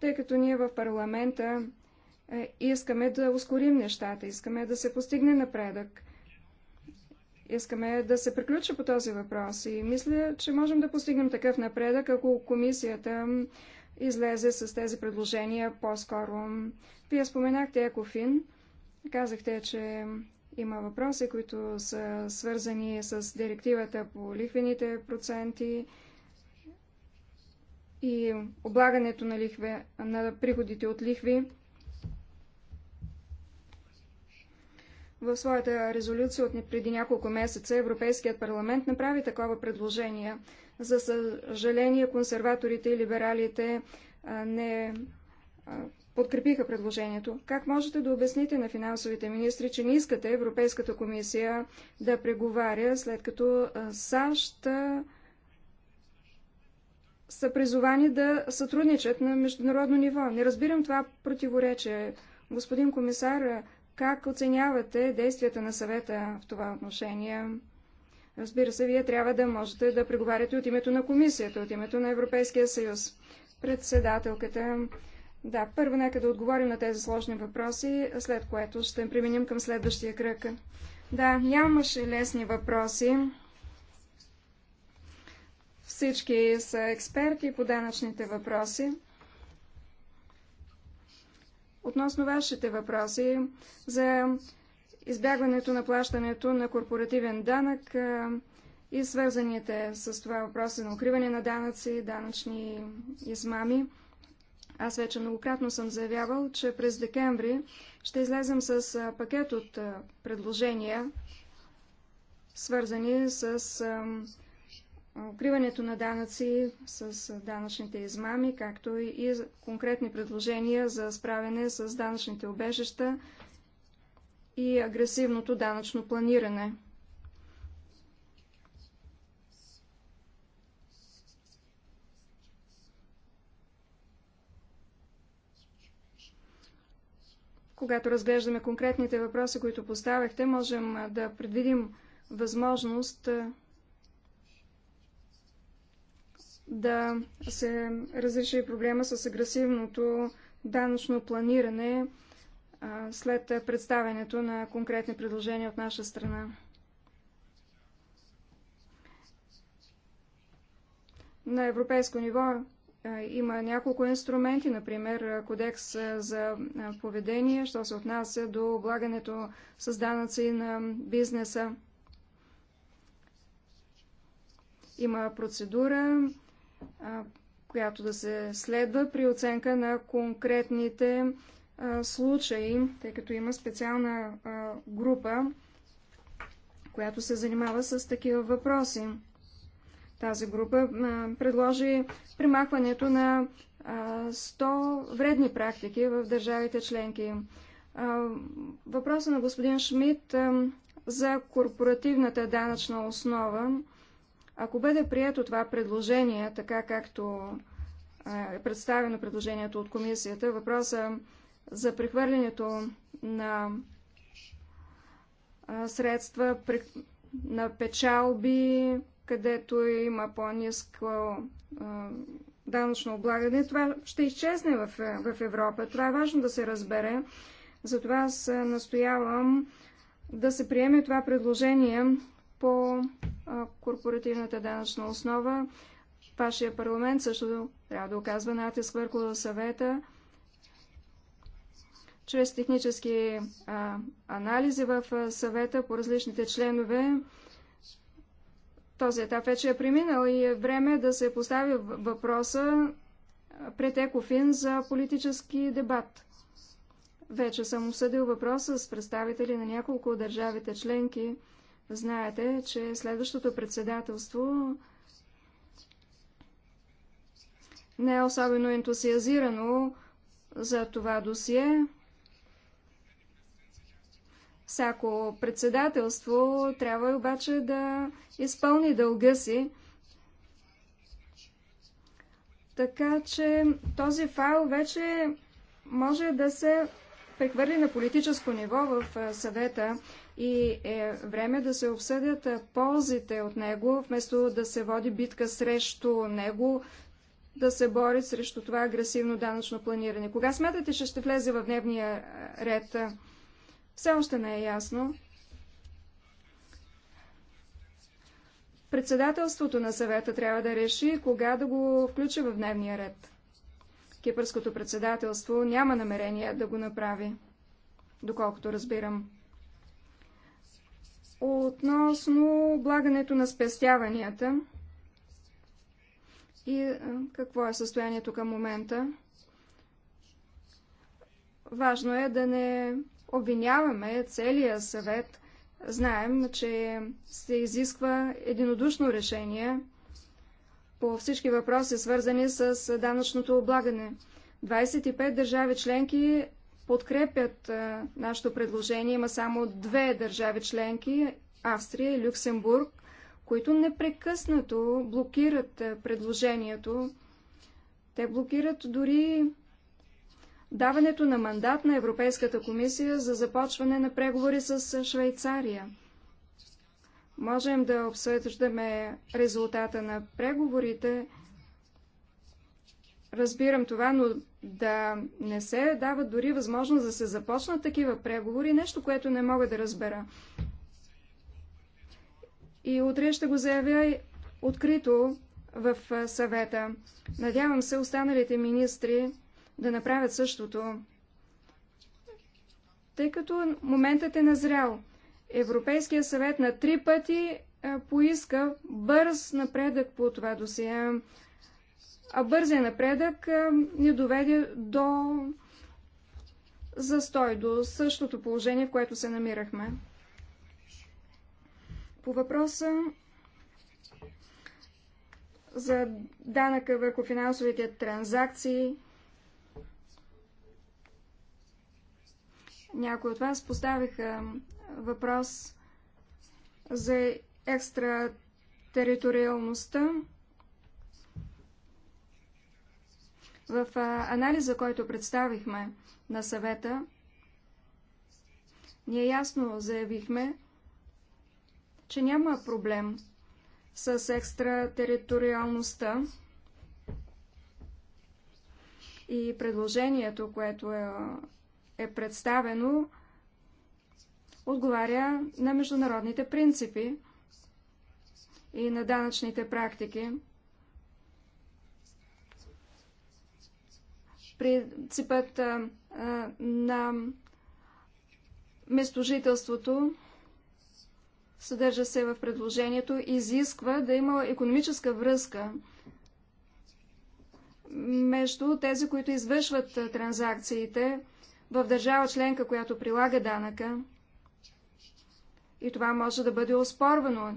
тъй като ние в парламента искаме да ускорим нещата, искаме да се постигне напредък. Искаме да се приключи по този въпрос и мисля, че можем да постигнем такъв напредък, ако комисията излезе с тези предложения по-скоро. Вие споменахте Екофин. Казахте, че има въпроси, които са свързани с директивата по лихвените проценти и облагането на, лихве, на приходите от лихви. В своята резолюция от преди няколко месеца Европейският парламент направи такова предложение – за съжаление, консерваторите и либералите не подкрепиха предложението. Как можете да обясните на финансовите министри, че не искате Европейската комисия да преговаря, след като САЩ са призовани да сътрудничат на международно ниво? Не разбирам това противоречие. Господин комисар, как оценявате действията на съвета в това отношение? Разбира се, вие трябва да можете да преговаряте от името на комисията, от името на Европейския съюз. Председателката. Да, първо нека да отговорим на тези сложни въпроси, след което ще преминем към следващия кръг. Да, нямаше лесни въпроси. Всички са експерти по данъчните въпроси. Относно вашите въпроси за избягването на плащането на корпоративен данък и свързаните с това въпроси на укриване на данъци, данъчни измами. Аз вече многократно съм заявявал, че през декември ще излезем с пакет от предложения, свързани с укриването на данъци, с данъчните измами, както и конкретни предложения за справяне с данъчните обежища, и агресивното данъчно планиране. Когато разглеждаме конкретните въпроси, които поставяхте, можем да предвидим възможност да се разреши проблема с агресивното данъчно планиране след представянето на конкретни предложения от наша страна. На европейско ниво има няколко инструменти, например кодекс за поведение, що се отнася до облагането с данъци на бизнеса. Има процедура, която да се следва при оценка на конкретните случаи, тъй като има специална група, която се занимава с такива въпроси. Тази група предложи примахването на 100 вредни практики в държавите членки. Въпросът на господин Шмидт за корпоративната данъчна основа, ако бъде прието това предложение, така както е представено предложението от комисията, въпроса за прехвърлянето на средства на печалби, където има по-низко данъчно облагане. Това ще изчезне в, в Европа. Това е важно да се разбере. Затова аз настоявам да се приеме това предложение по корпоративната данъчна основа. Вашия парламент също трябва да оказва натиск върху съвета чрез технически а, анализи в а, съвета по различните членове. Този етап вече е преминал и е време да се постави въпроса пред Екофин за политически дебат. Вече съм осъдил въпроса с представители на няколко от държавите членки. Знаете, че следващото председателство не е особено ентусиазирано за това досие. Всяко председателство трябва обаче да изпълни дълга си. Така че този файл вече може да се прехвърли на политическо ниво в съвета и е време да се обсъдят ползите от него, вместо да се води битка срещу него, да се бори срещу това агресивно данъчно планиране. Кога смятате, че ще влезе в дневния ред? все още не е ясно. Председателството на съвета трябва да реши кога да го включи в дневния ред. Кипърското председателство няма намерение да го направи, доколкото разбирам. Относно облагането на спестяванията и е, какво е състоянието към момента, важно е да не обвиняваме целия съвет. Знаем, че се изисква единодушно решение по всички въпроси, свързани с данъчното облагане. 25 държави членки подкрепят нашето предложение. Има само две държави членки Австрия и Люксембург, които непрекъснато блокират предложението. Те блокират дори даването на мандат на Европейската комисия за започване на преговори с Швейцария. Можем да обсъждаме резултата на преговорите. Разбирам това, но да не се дава дори възможност да се започнат такива преговори, нещо, което не мога да разбера. И утре ще го заявя открито в съвета. Надявам се останалите министри да направят същото, тъй като моментът е назрял. Европейския съвет на три пъти поиска бърз напредък по това досие, а бързия напредък ни доведе до застой, до същото положение, в което се намирахме. По въпроса за данъка върху финансовите транзакции, Някои от вас поставиха въпрос за екстратериториалността. В анализа, който представихме на съвета, ние ясно заявихме, че няма проблем с екстратериториалността и предложението, което е е представено, отговаря на международните принципи и на данъчните практики. Принципът а, а, на местожителството съдържа се в предложението, изисква да има економическа връзка между тези, които извършват транзакциите, в държава членка, която прилага данъка. И това може да бъде оспорвано.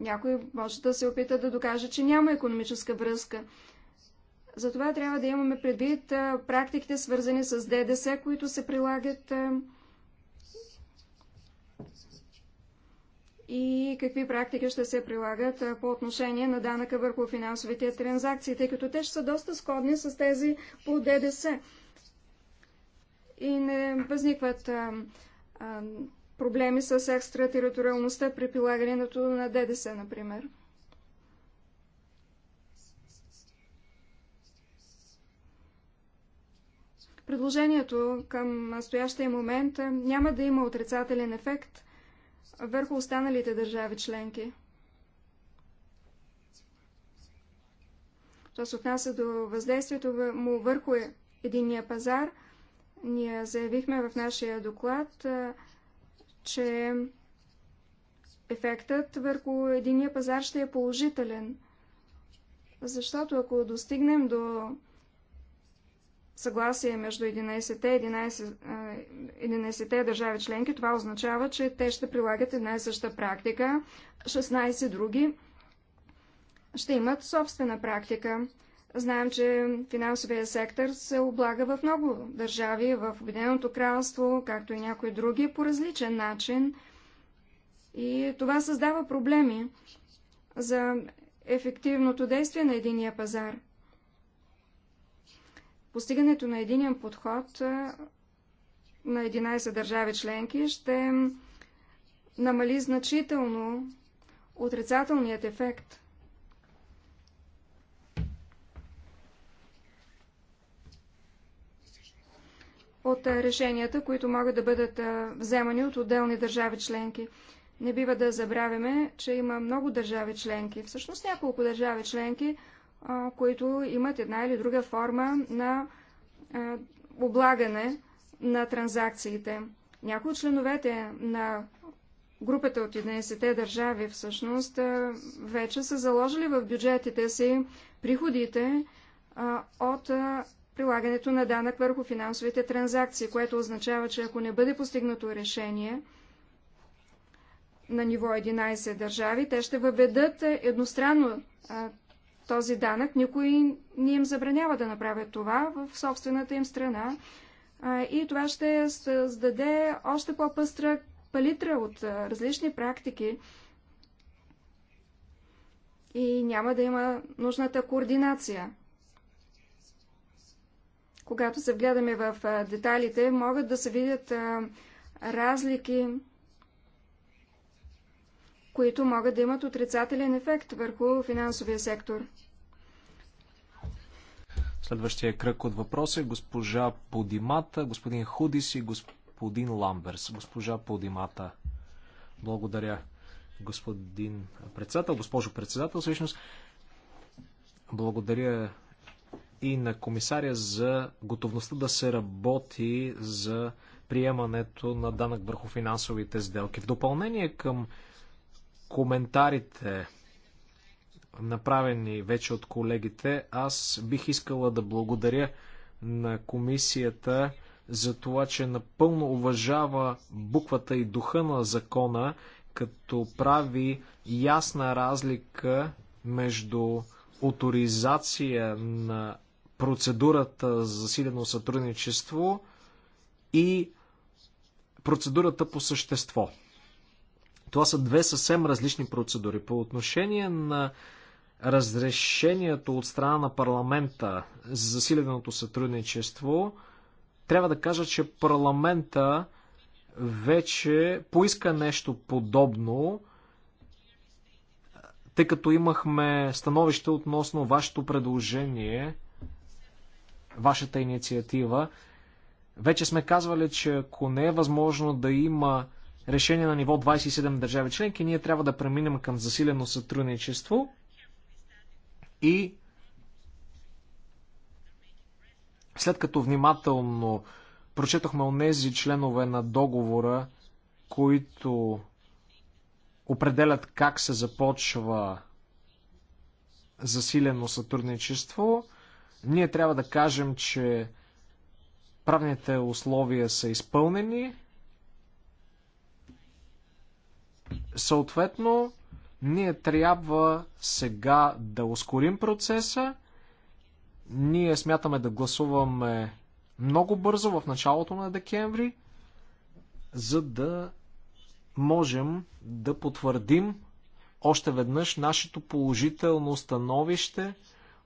Някой може да се опита да докаже, че няма економическа връзка. Затова трябва да имаме предвид практиките, свързани с ДДС, които се прилагат и какви практики ще се прилагат по отношение на данъка върху финансовите транзакции, тъй като те ще са доста сходни с тези по ДДС и не възникват а, а, проблеми с екстратериториалността при прилагането на ДДС, например. Предложението към настоящия момент няма да има отрицателен ефект върху останалите държави членки. Това се отнася до въздействието му върху единния пазар – ние заявихме в нашия доклад, че ефектът върху единия пазар ще е положителен. Защото ако достигнем до съгласие между 11-те 11, 11 държави членки, това означава, че те ще прилагат една и съща практика, 16 други ще имат собствена практика. Знаем, че финансовия сектор се облага в много държави, в Обединеното кралство, както и някои други, по различен начин. И това създава проблеми за ефективното действие на единия пазар. Постигането на единен подход на 11 държави членки ще намали значително отрицателният ефект от решенията, които могат да бъдат вземани от отделни държави членки. Не бива да забравяме, че има много държави членки, всъщност няколко държави членки, които имат една или друга форма на облагане на транзакциите. Някои от членовете на групата от 11-те държави всъщност вече са заложили в бюджетите си приходите от прилагането на данък върху финансовите транзакции, което означава, че ако не бъде постигнато решение на ниво 11 държави, те ще въведат е, едностранно а, този данък. Никой не им забранява да направят това в собствената им страна. А, и това ще създаде още по-пъстра палитра от а, различни практики и няма да има нужната координация. Когато се вгледаме в детайлите, могат да се видят разлики, които могат да имат отрицателен ефект върху финансовия сектор. Следващия кръг от въпроси е госпожа Подимата, господин Худис и господин Ламберс. Госпожа Подимата. Благодаря, господин председател, госпожо председател, всъщност. Благодаря и на комисаря за готовността да се работи за приемането на данък върху финансовите сделки. В допълнение към коментарите, направени вече от колегите, аз бих искала да благодаря на комисията за това, че напълно уважава буквата и духа на закона, като прави ясна разлика между авторизация на процедурата за засилено сътрудничество и процедурата по същество. Това са две съвсем различни процедури. По отношение на разрешението от страна на парламента за засиленото сътрудничество, трябва да кажа, че парламента вече поиска нещо подобно, тъй като имахме становище относно вашето предложение – вашата инициатива. Вече сме казвали, че ако не е възможно да има решение на ниво 27 държави членки, ние трябва да преминем към засилено сътрудничество и след като внимателно прочетохме онези членове на договора, които определят как се започва засилено сътрудничество, ние трябва да кажем, че правните условия са изпълнени. Съответно, ние трябва сега да ускорим процеса. Ние смятаме да гласуваме много бързо в началото на декември, за да можем да потвърдим още веднъж нашето положително становище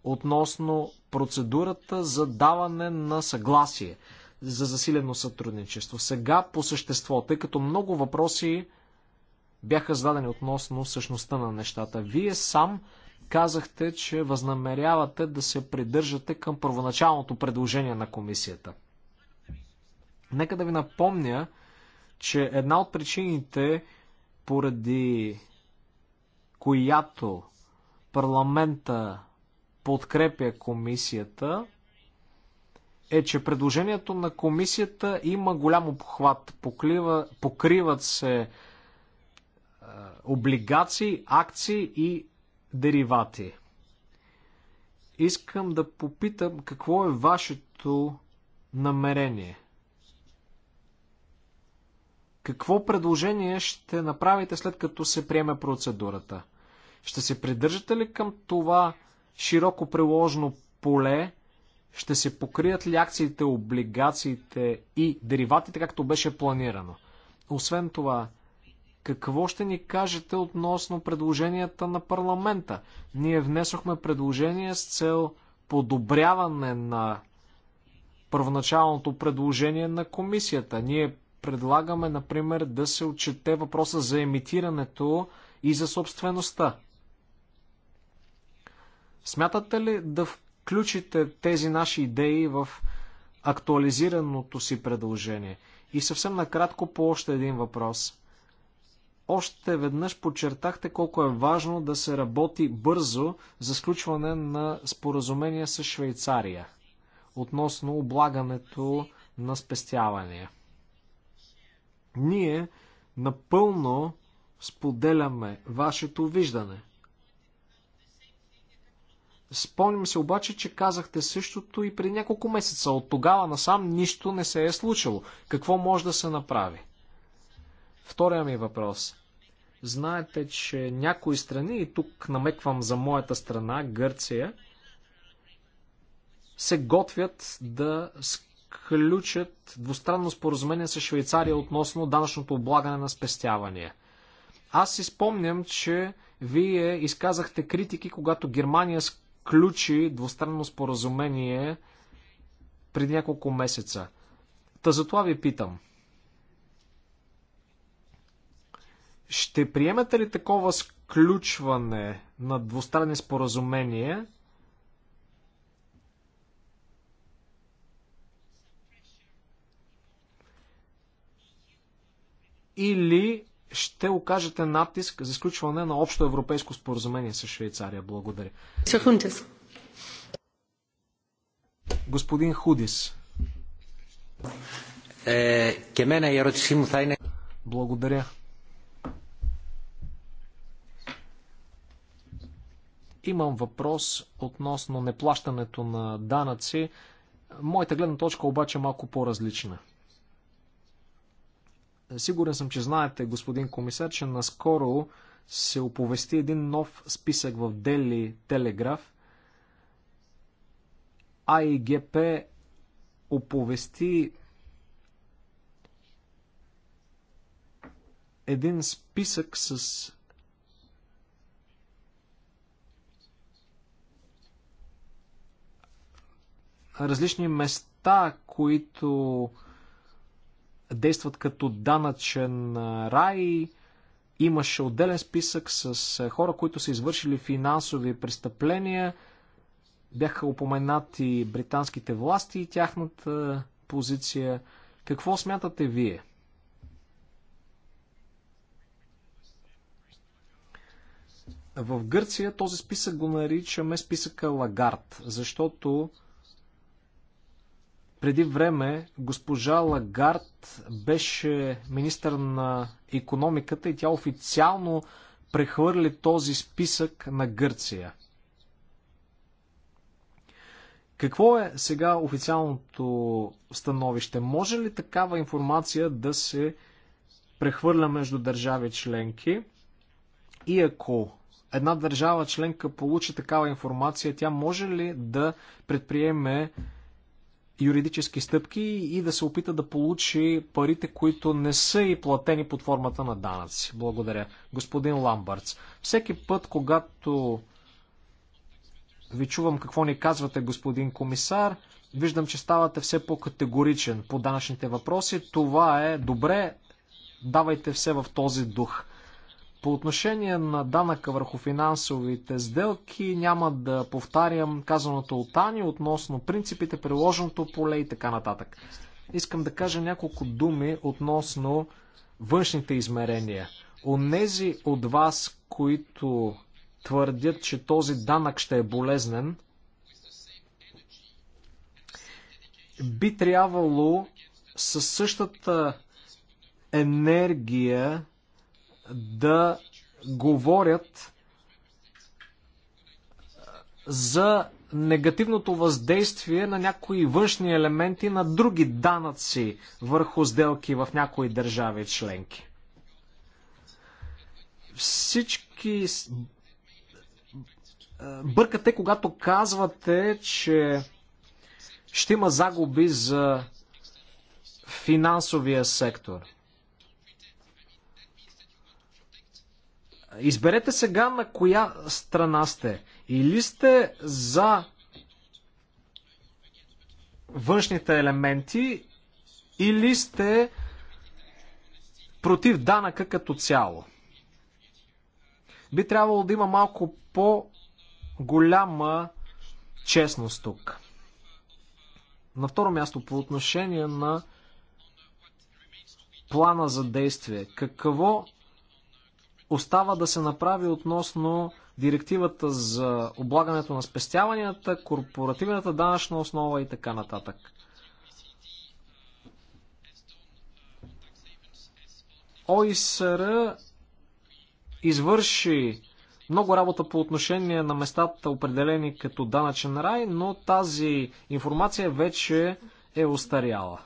относно процедурата за даване на съгласие за засилено сътрудничество. Сега по същество, тъй като много въпроси бяха зададени относно същността на нещата. Вие сам казахте, че възнамерявате да се придържате към първоначалното предложение на комисията. Нека да ви напомня, че една от причините, поради която парламента подкрепя комисията е, че предложението на комисията има голям обхват. Поклива, покриват се е, облигации, акции и деривати. Искам да попитам какво е вашето намерение. Какво предложение ще направите след като се приеме процедурата? Ще се придържате ли към това широко приложено поле, ще се покрият ли акциите, облигациите и дериватите, както беше планирано? Освен това, какво ще ни кажете относно предложенията на парламента? Ние внесохме предложение с цел подобряване на първоначалното предложение на комисията. Ние предлагаме, например, да се отчете въпроса за емитирането и за собствеността. Смятате ли да включите тези наши идеи в актуализираното си предложение? И съвсем накратко по още един въпрос. Още веднъж подчертахте колко е важно да се работи бързо за сключване на споразумение с Швейцария относно облагането на спестявания. Ние напълно споделяме вашето виждане – Спомням се обаче, че казахте същото и преди няколко месеца. От тогава насам нищо не се е случило. Какво може да се направи? Втория ми въпрос. Знаете, че някои страни, и тук намеквам за моята страна, Гърция, се готвят да сключат двустранно споразумение с Швейцария относно данъчното облагане на спестявания. Аз си спомням, че вие изказахте критики, когато Германия сключи двустранно споразумение преди няколко месеца. Та затова ви питам. Ще приемете ли такова сключване на двустранни споразумения или ще окажете натиск за изключване на общо европейско споразумение с Швейцария? Благодаря. Господин Худис. Е, Благодаря. Имам въпрос относно неплащането на данъци. Моята гледна точка обаче е малко по-различна. Сигурен съм, че знаете, господин комисар, че наскоро се оповести един нов списък в Дели Телеграф. АИГП оповести един списък с различни места, които действат като данъчен рай. Имаше отделен списък с хора, които са извършили финансови престъпления. Бяха упоменати британските власти и тяхната позиция. Какво смятате вие? В Гърция този списък го наричаме списъка Лагард, защото преди време госпожа Лагард беше министър на економиката и тя официално прехвърли този списък на Гърция. Какво е сега официалното становище? Може ли такава информация да се прехвърля между държави членки? И ако една държава членка получи такава информация, тя може ли да предприеме юридически стъпки и да се опита да получи парите, които не са и платени под формата на данъци. Благодаря. Господин Ламбърц, всеки път, когато ви чувам какво ни казвате, господин комисар, виждам, че ставате все по-категоричен по данъчните въпроси. Това е добре, давайте все в този дух. По отношение на данъка върху финансовите сделки няма да повтарям казаното от Ани относно принципите, приложеното поле и така нататък. Искам да кажа няколко думи относно външните измерения. Онези от вас, които твърдят, че този данък ще е болезнен, би трябвало със същата енергия да говорят за негативното въздействие на някои външни елементи на други данъци върху сделки в някои държави членки. Всички бъркате, когато казвате, че ще има загуби за финансовия сектор – Изберете сега на коя страна сте. Или сте за външните елементи, или сте против данъка като цяло. Би трябвало да има малко по-голяма честност тук. На второ място, по отношение на плана за действие. Какво остава да се направи относно директивата за облагането на спестяванията, корпоративната данъчна основа и така нататък. ОИСР извърши много работа по отношение на местата, определени като данъчен рай, но тази информация вече е устаряла.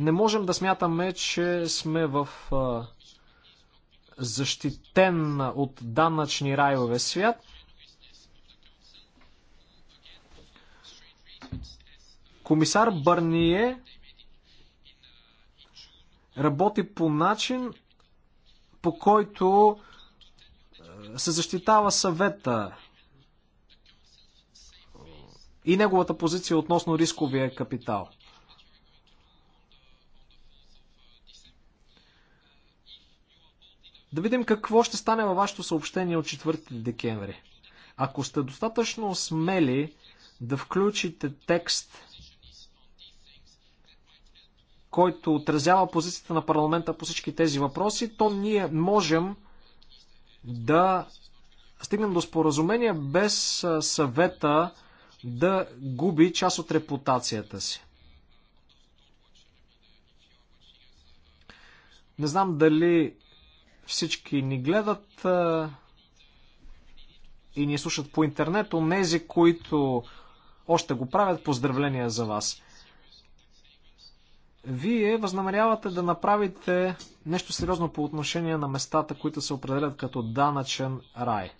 Не можем да смятаме, че сме в защитен от данъчни райове свят. Комисар Бърние работи по начин, по който е, се защитава съвета и неговата позиция относно рисковия капитал. Да видим какво ще стане във вашето съобщение от 4 декември. Ако сте достатъчно смели да включите текст, който отразява позицията на парламента по всички тези въпроси, то ние можем да стигнем до споразумение без съвета да губи част от репутацията си. Не знам дали всички ни гледат и ни слушат по интернет. Онези, които още го правят, поздравления за вас. Вие възнамерявате да направите нещо сериозно по отношение на местата, които се определят като данъчен рай.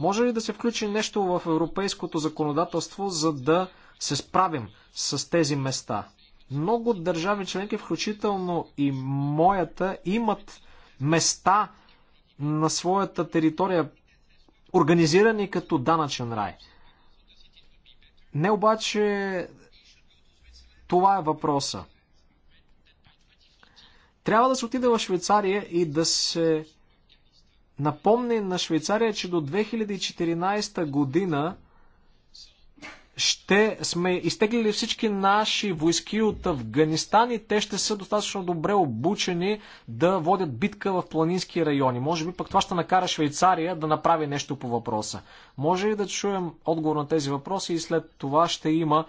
Може ли да се включи нещо в европейското законодателство, за да се справим с тези места? Много държави членки, включително и моята, имат места на своята територия, организирани като данъчен рай. Не обаче това е въпроса. Трябва да се отиде в Швейцария и да се напомни на Швейцария, че до 2014 година ще сме изтеглили всички наши войски от Афганистан и те ще са достатъчно добре обучени да водят битка в планински райони. Може би пък това ще накара Швейцария да направи нещо по въпроса. Може ли да чуем отговор на тези въпроси и след това ще има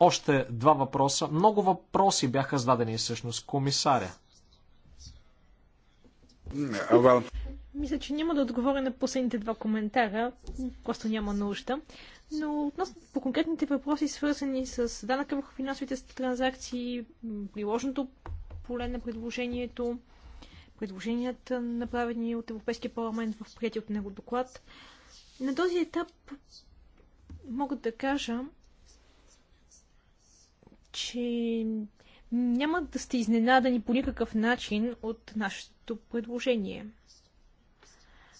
още два въпроса. Много въпроси бяха зададени всъщност. Комисаря. Мисля, че няма да отговоря на последните два коментара. Просто няма нужда. Но относно по конкретните въпроси, свързани с данъка върху финансовите транзакции, приложното поле на предложението, предложенията, направени от Европейския парламент в приятел от него доклад, на този етап мога да кажа, че няма да сте изненадани по никакъв начин от нашето предложение.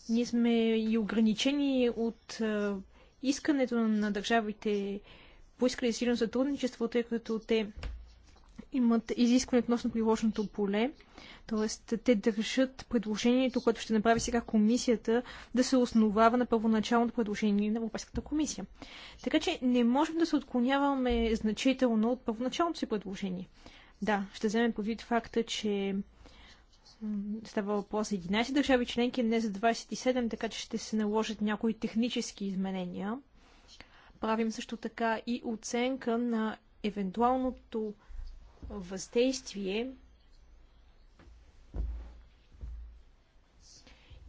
Ние сме и ограничени от искането на държавите поискали силно сътрудничество, тъй като те имат изискване относно приложното поле, т.е. те държат предложението, което ще направи сега комисията, да се основава на първоначалното предложение на Европейската комисия. Така че не можем да се отклоняваме значително от първоначалното си предложение. Да, ще вземем предвид факта, че Става въпрос за 11 държави членки, не за 27, така че ще се наложат някои технически изменения. Правим също така и оценка на евентуалното въздействие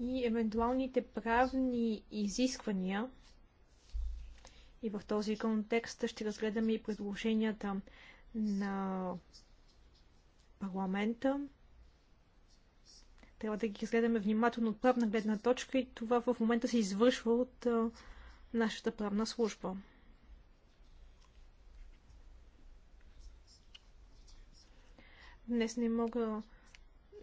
и евентуалните правни изисквания. И в този контекст ще разгледаме и предложенията на парламента трябва да ги разгледаме внимателно от правна гледна точка и това в момента се извършва от нашата правна служба. Днес не мога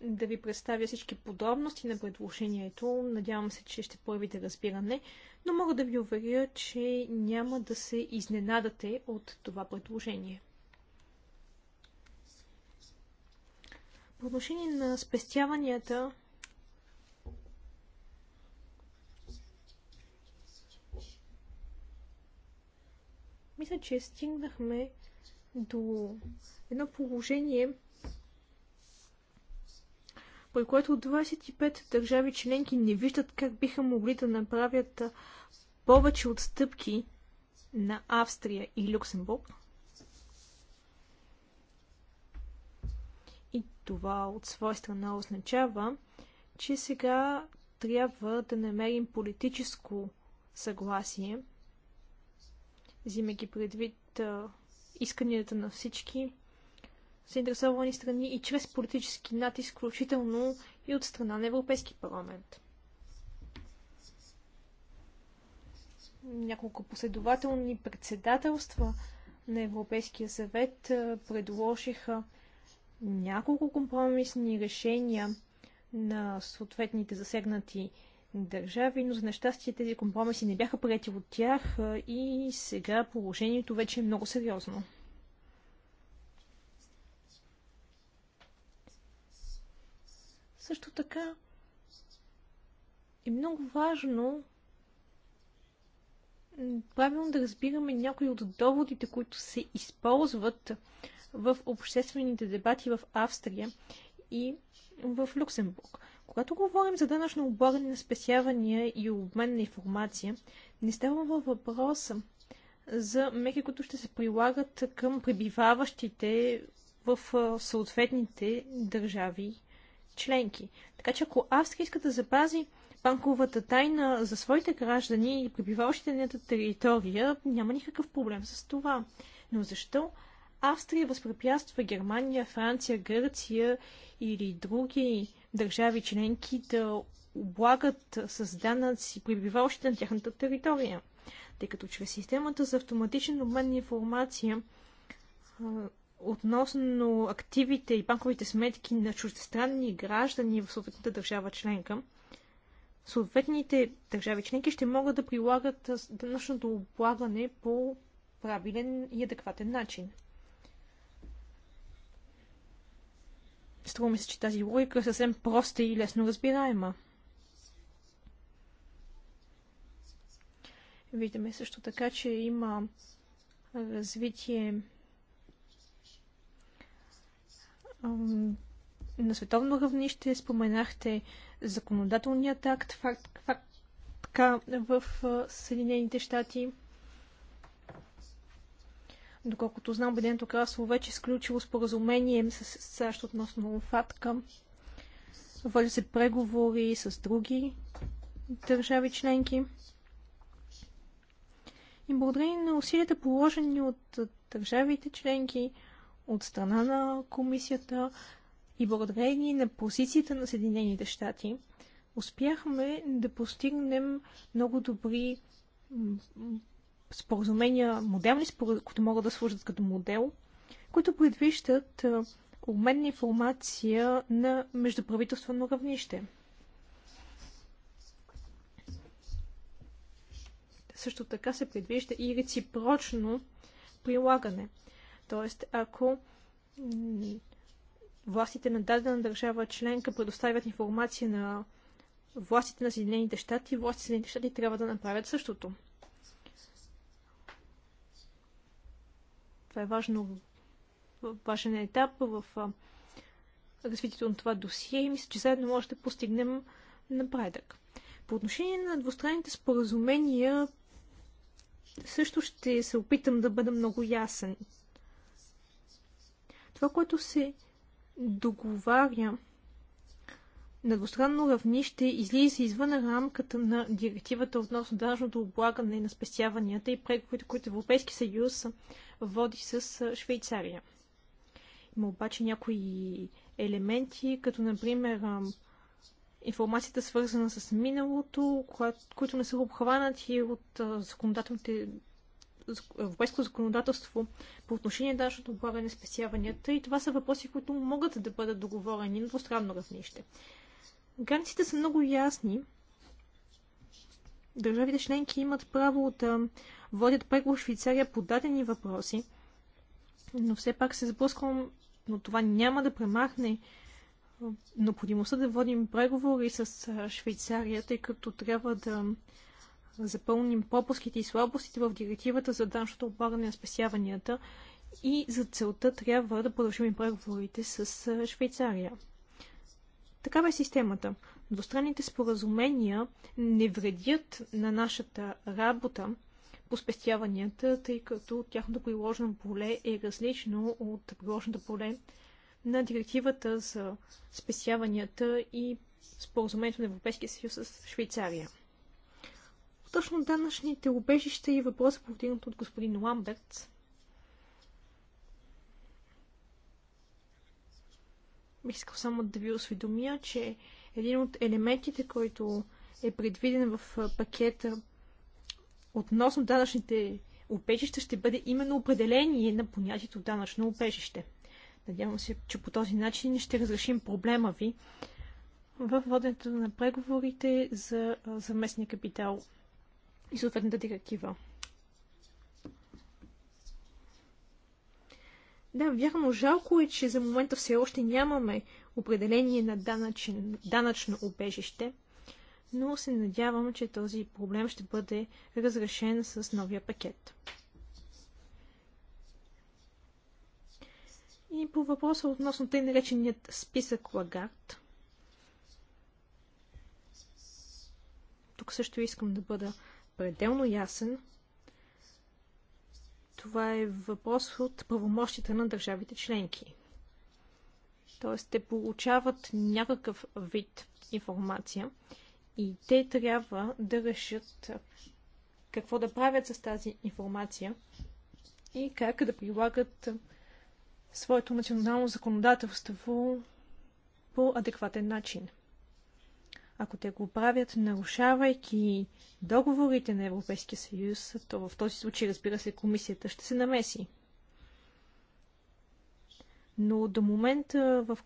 да ви представя всички подробности на предложението. Надявам се, че ще появите разбиране, но мога да ви уверя, че няма да се изненадате от това предложение. По отношение на спестяванията, мисля, че стигнахме до едно положение, при което 25 държави членки не виждат как биха могли да направят повече отстъпки на Австрия и Люксембург. Това от своя страна означава, че сега трябва да намерим политическо съгласие, взимайки предвид исканията на всички заинтересовани страни и чрез политически натиск, включително и от страна на Европейски парламент. Няколко последователни председателства на Европейския съвет предложиха няколко компромисни решения на съответните засегнати държави, но за нещастие тези компромиси не бяха прияти от тях и сега положението вече е много сериозно. Също така е много важно правилно да разбираме някои от доводите, които се използват в обществените дебати в Австрия и в Люксембург. Когато говорим за данъчно облагане на спесявания и обмен на информация, не става във въпроса за меки, които ще се прилагат към пребиваващите в съответните държави членки. Така че ако Австрия иска да запази банковата тайна за своите граждани и пребиваващите на територия, няма никакъв проблем с това. Но защо Австрия възпрепятства Германия, Франция, Гърция или други държави членки да облагат с данъци прибиваващите на тяхната територия. Тъй като чрез системата за автоматичен обмен на информация относно активите и банковите сметки на чуждестранни граждани в съответната държава членка, съответните държави членки ще могат да прилагат данъчното облагане по правилен и адекватен начин. Струва ми се, че тази логика е съвсем проста и лесно разбираема. Виждаме също така, че има развитие на световно равнище. Споменахте законодателният акт, факт, факт така в Съединените щати. Доколкото знам, Обединеното кралство вече изключило е споразумение с САЩ относно ФАТКА. Води се преговори с други държави членки. И благодарение на усилията положени от държавите членки, от страна на комисията и благодарение на позицията на Съединените щати, успяхме да постигнем много добри споразумения, моделни споразумения, които могат да служат като модел, които предвиждат обмен на информация на междуправителствено равнище. Също така се предвижда и реципрочно прилагане. Тоест, ако властите на дадена държава членка предоставят информация на властите на Съединените щати, властите на Съединените щати трябва да направят същото. Това е важно, важен етап в развитието на това досие и мисля, че заедно може да постигнем напредък. По отношение на двустранните споразумения, също ще се опитам да бъда много ясен. Това, което се договаря на двустранно равнище излиза извън рамката на директивата относно данъчното облагане на спестяванията и преговорите, които Европейски съюз води с Швейцария. Има обаче някои елементи, като например информацията свързана с миналото, които не са обхванати от законодателните европейско законодателство по отношение на данъчното облагане на спесяванията и това са въпроси, които могат да бъдат договорени на двустранно равнище. Границите са много ясни. Държавите членки имат право да водят преговор Швейцария по дадени въпроси, но все пак се сблъсквам, но това няма да премахне необходимостта да водим преговори с Швейцария, тъй като трябва да запълним пропуските и слабостите в директивата за данщото облагане на спасяванията и за целта трябва да продължим преговорите с Швейцария. Такава е системата. Двустранните споразумения не вредят на нашата работа по спестяванията, тъй като тяхното приложено поле е различно от приложеното поле на директивата за спестяванията и споразумението на Европейския съюз с Швейцария. Точно данъчните убежища и въпроса, повдигнат от господин Ламберт, Бих искал само да ви осведомя, че един от елементите, който е предвиден в пакета относно данъчните опечища, ще бъде именно определение на понятието данъчно опечище. Надявам се, че по този начин ще разрешим проблема ви в воденето на преговорите за заместния капитал и съответната директива. Да, вярно, жалко е, че за момента все още нямаме определение на данъчен, данъчно убежище, но се надявам, че този проблем ще бъде разрешен с новия пакет. И по въпроса относно тъй нареченият списък Лагард. Тук също искам да бъда пределно ясен. Това е въпрос от правомощите на държавите членки. Тоест, те получават някакъв вид информация и те трябва да решат какво да правят с тази информация и как да прилагат своето национално законодателство по адекватен начин. Ако те го правят, нарушавайки договорите на Европейския съюз, то в този случай, разбира се, комисията ще се намеси. Но до момента, в,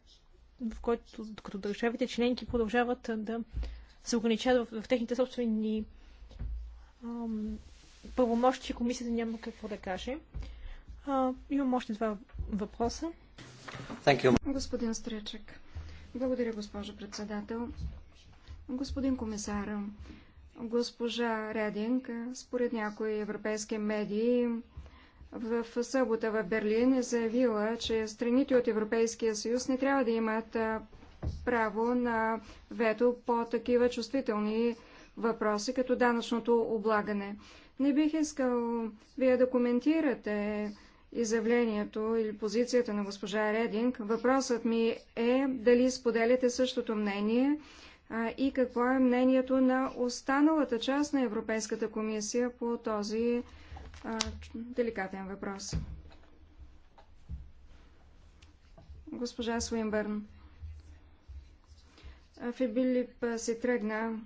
в който докато държавите членки продължават да се ограничават в, в техните собствени ам, правомощи, комисията няма какво да каже. А, имам още два въпроса. Господин Стречек. Благодаря, госпожо председател. Господин комисар, госпожа Рединг, според някои европейски медии, в събота в Берлин е заявила, че страните от Европейския съюз не трябва да имат право на вето по такива чувствителни въпроси, като данъчното облагане. Не бих искал вие да коментирате изявлението или позицията на госпожа Рединг. Въпросът ми е дали споделяте същото мнение и какво е мнението на останалата част на Европейската комисия по този деликатен въпрос. Госпожа Суинбърн. Фибилип се тръгна.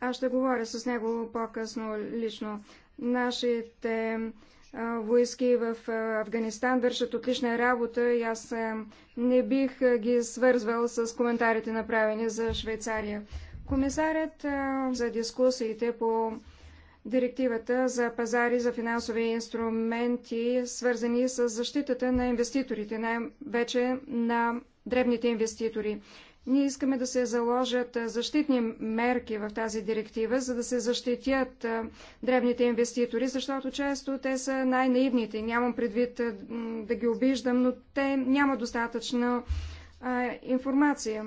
Аз ще говоря с него по-късно лично. Нашите войски в Афганистан вършат отлична работа и аз не бих ги свързвал с коментарите направени за Швейцария. Комисарят за дискусиите по директивата за пазари за финансови инструменти, свързани с защитата на инвеститорите, най-вече на дребните инвеститори. Ние искаме да се заложат защитни мерки в тази директива, за да се защитят древните инвеститори, защото често те са най-наивните. Нямам предвид да ги обиждам, но те няма достатъчна информация.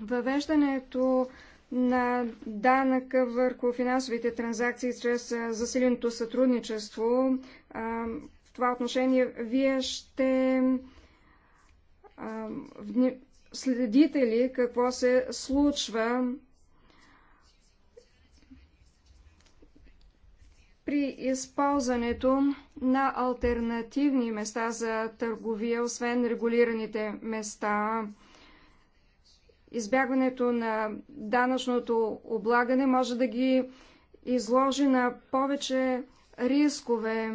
Въвеждането на данъка върху финансовите транзакции чрез засиленото сътрудничество. В това отношение вие ще следите ли какво се случва при използването на альтернативни места за търговия, освен регулираните места? Избягването на данъчното облагане може да ги изложи на повече рискове.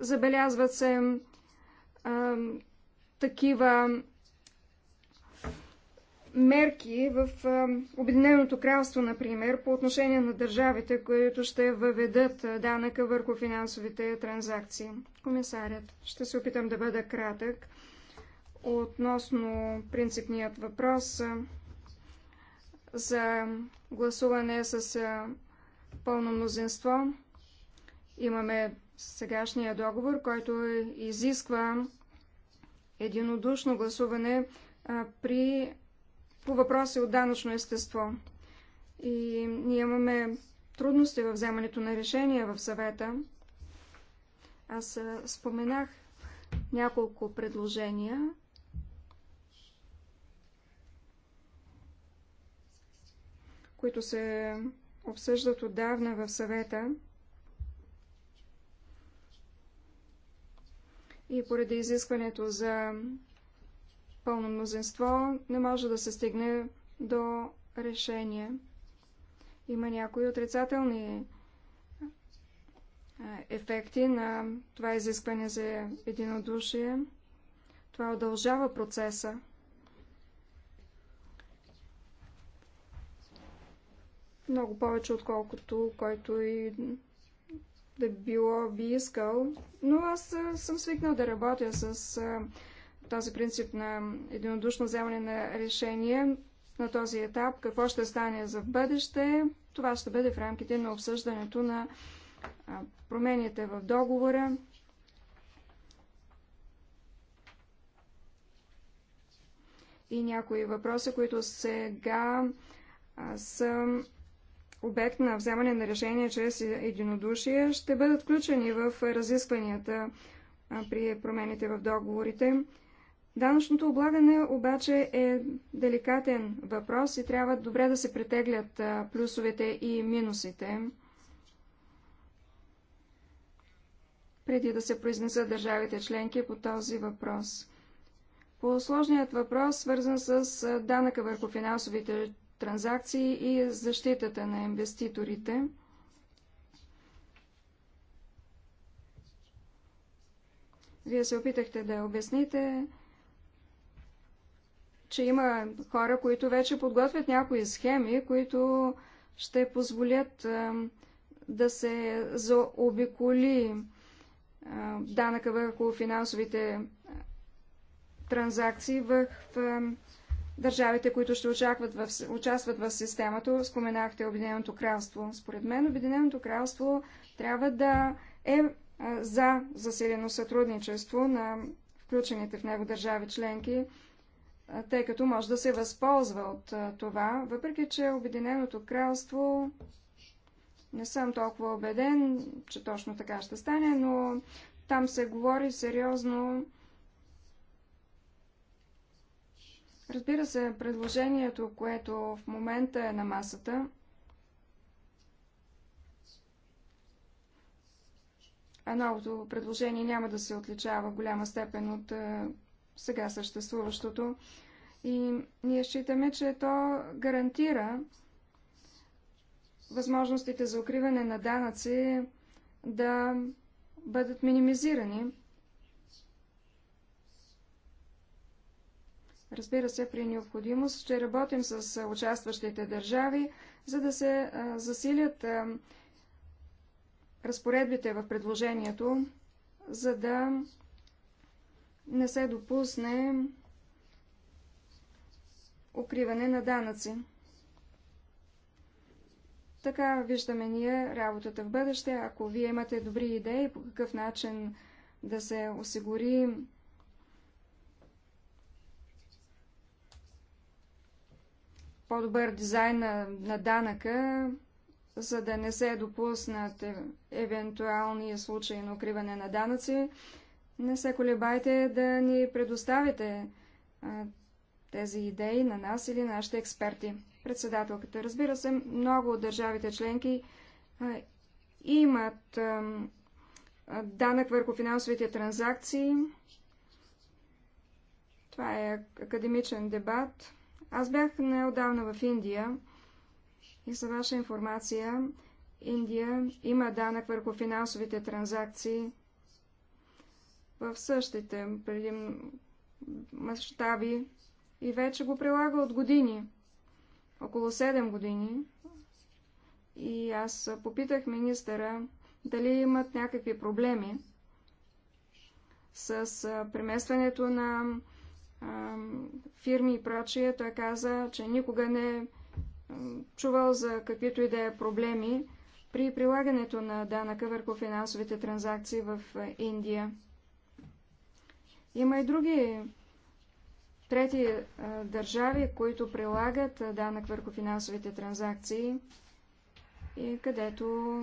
Забелязват се а, такива мерки в а, Обединеното кралство, например, по отношение на държавите, които ще въведат данъка върху финансовите транзакции. Комисарят, ще се опитам да бъда кратък относно принципният въпрос за гласуване с пълно мнозинство. Имаме сегашния договор, който изисква единодушно гласуване а, при, по въпроси от данъчно естество. И ние имаме трудности в вземането на решения в съвета. Аз споменах няколко предложения. които се обсъждат отдавна в съвета. и поради изискването за пълно мнозинство не може да се стигне до решение. Има някои отрицателни ефекти на това изискване за единодушие. Това удължава процеса. Много повече, отколкото който и да било би искал, но аз съм свикнал да работя с този принцип на единодушно вземане на решение на този етап. Какво ще стане за бъдеще? Това ще бъде в рамките на обсъждането на промените в договора. И някои въпроси, които сега са обект на вземане на решение чрез единодушие, ще бъдат включени в разискванията при промените в договорите. Данъчното облагане обаче е деликатен въпрос и трябва добре да се претеглят плюсовете и минусите. преди да се произнесат държавите членки по този въпрос. По сложният въпрос, свързан с данъка върху финансовите транзакции и защитата на инвеститорите. Вие се опитахте да обясните, че има хора, които вече подготвят някои схеми, които ще позволят да се заобиколи данъка върху финансовите транзакции в държавите, които ще очакват в, участват в системата. Споменахте Обединеното кралство. Според мен Обединеното кралство трябва да е за засилено сътрудничество на включените в него държави членки, тъй като може да се възползва от това, въпреки че Обединеното кралство не съм толкова убеден, че точно така ще стане, но там се говори сериозно Разбира се, предложението, което в момента е на масата, а новото предложение няма да се отличава в голяма степен от е, сега съществуващото. И ние считаме, че то гарантира възможностите за укриване на данъци да бъдат минимизирани. Разбира се, при необходимост ще работим с участващите държави, за да се засилят разпоредбите в предложението, за да не се допусне укриване на данъци. Така виждаме ние работата в бъдеще. Ако вие имате добри идеи по какъв начин да се осигури по-добър дизайн на, на данъка, за да не се допуснат е, евентуални случаи на укриване на данъци, не се колебайте да ни предоставите а, тези идеи на нас или нашите експерти. Председателката, разбира се, много от държавите членки а, имат а, данък върху финансовите транзакции. Това е академичен дебат. Аз бях неодавна в Индия и за ваша информация, Индия има данък върху финансовите транзакции в същите преди мащаби и вече го прилага от години, около 7 години. И аз попитах министъра дали имат някакви проблеми с преместването на фирми и прочие, той каза, че никога не е чувал за каквито и да е проблеми при прилагането на данъка върху финансовите транзакции в Индия. Има и други трети държави, които прилагат данък върху финансовите транзакции и където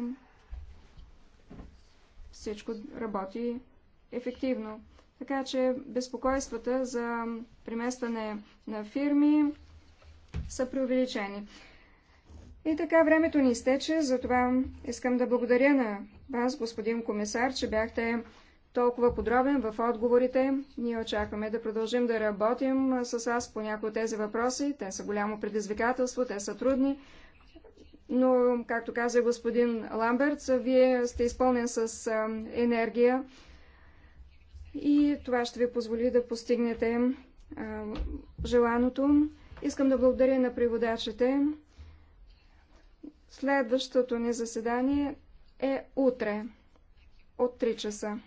всичко работи ефективно. Така че безпокойствата за приместване на фирми са преувеличени. И така времето ни изтече, затова искам да благодаря на вас, господин комисар, че бяхте толкова подробен в отговорите. Ние очакваме да продължим да работим с вас по някои от тези въпроси. Те са голямо предизвикателство, те са трудни. Но, както каза господин Ламберт, вие сте изпълнен с енергия и това ще ви позволи да постигнете а, желаното. Искам да благодаря на преводачите. Следващото ни заседание е утре от 3 часа.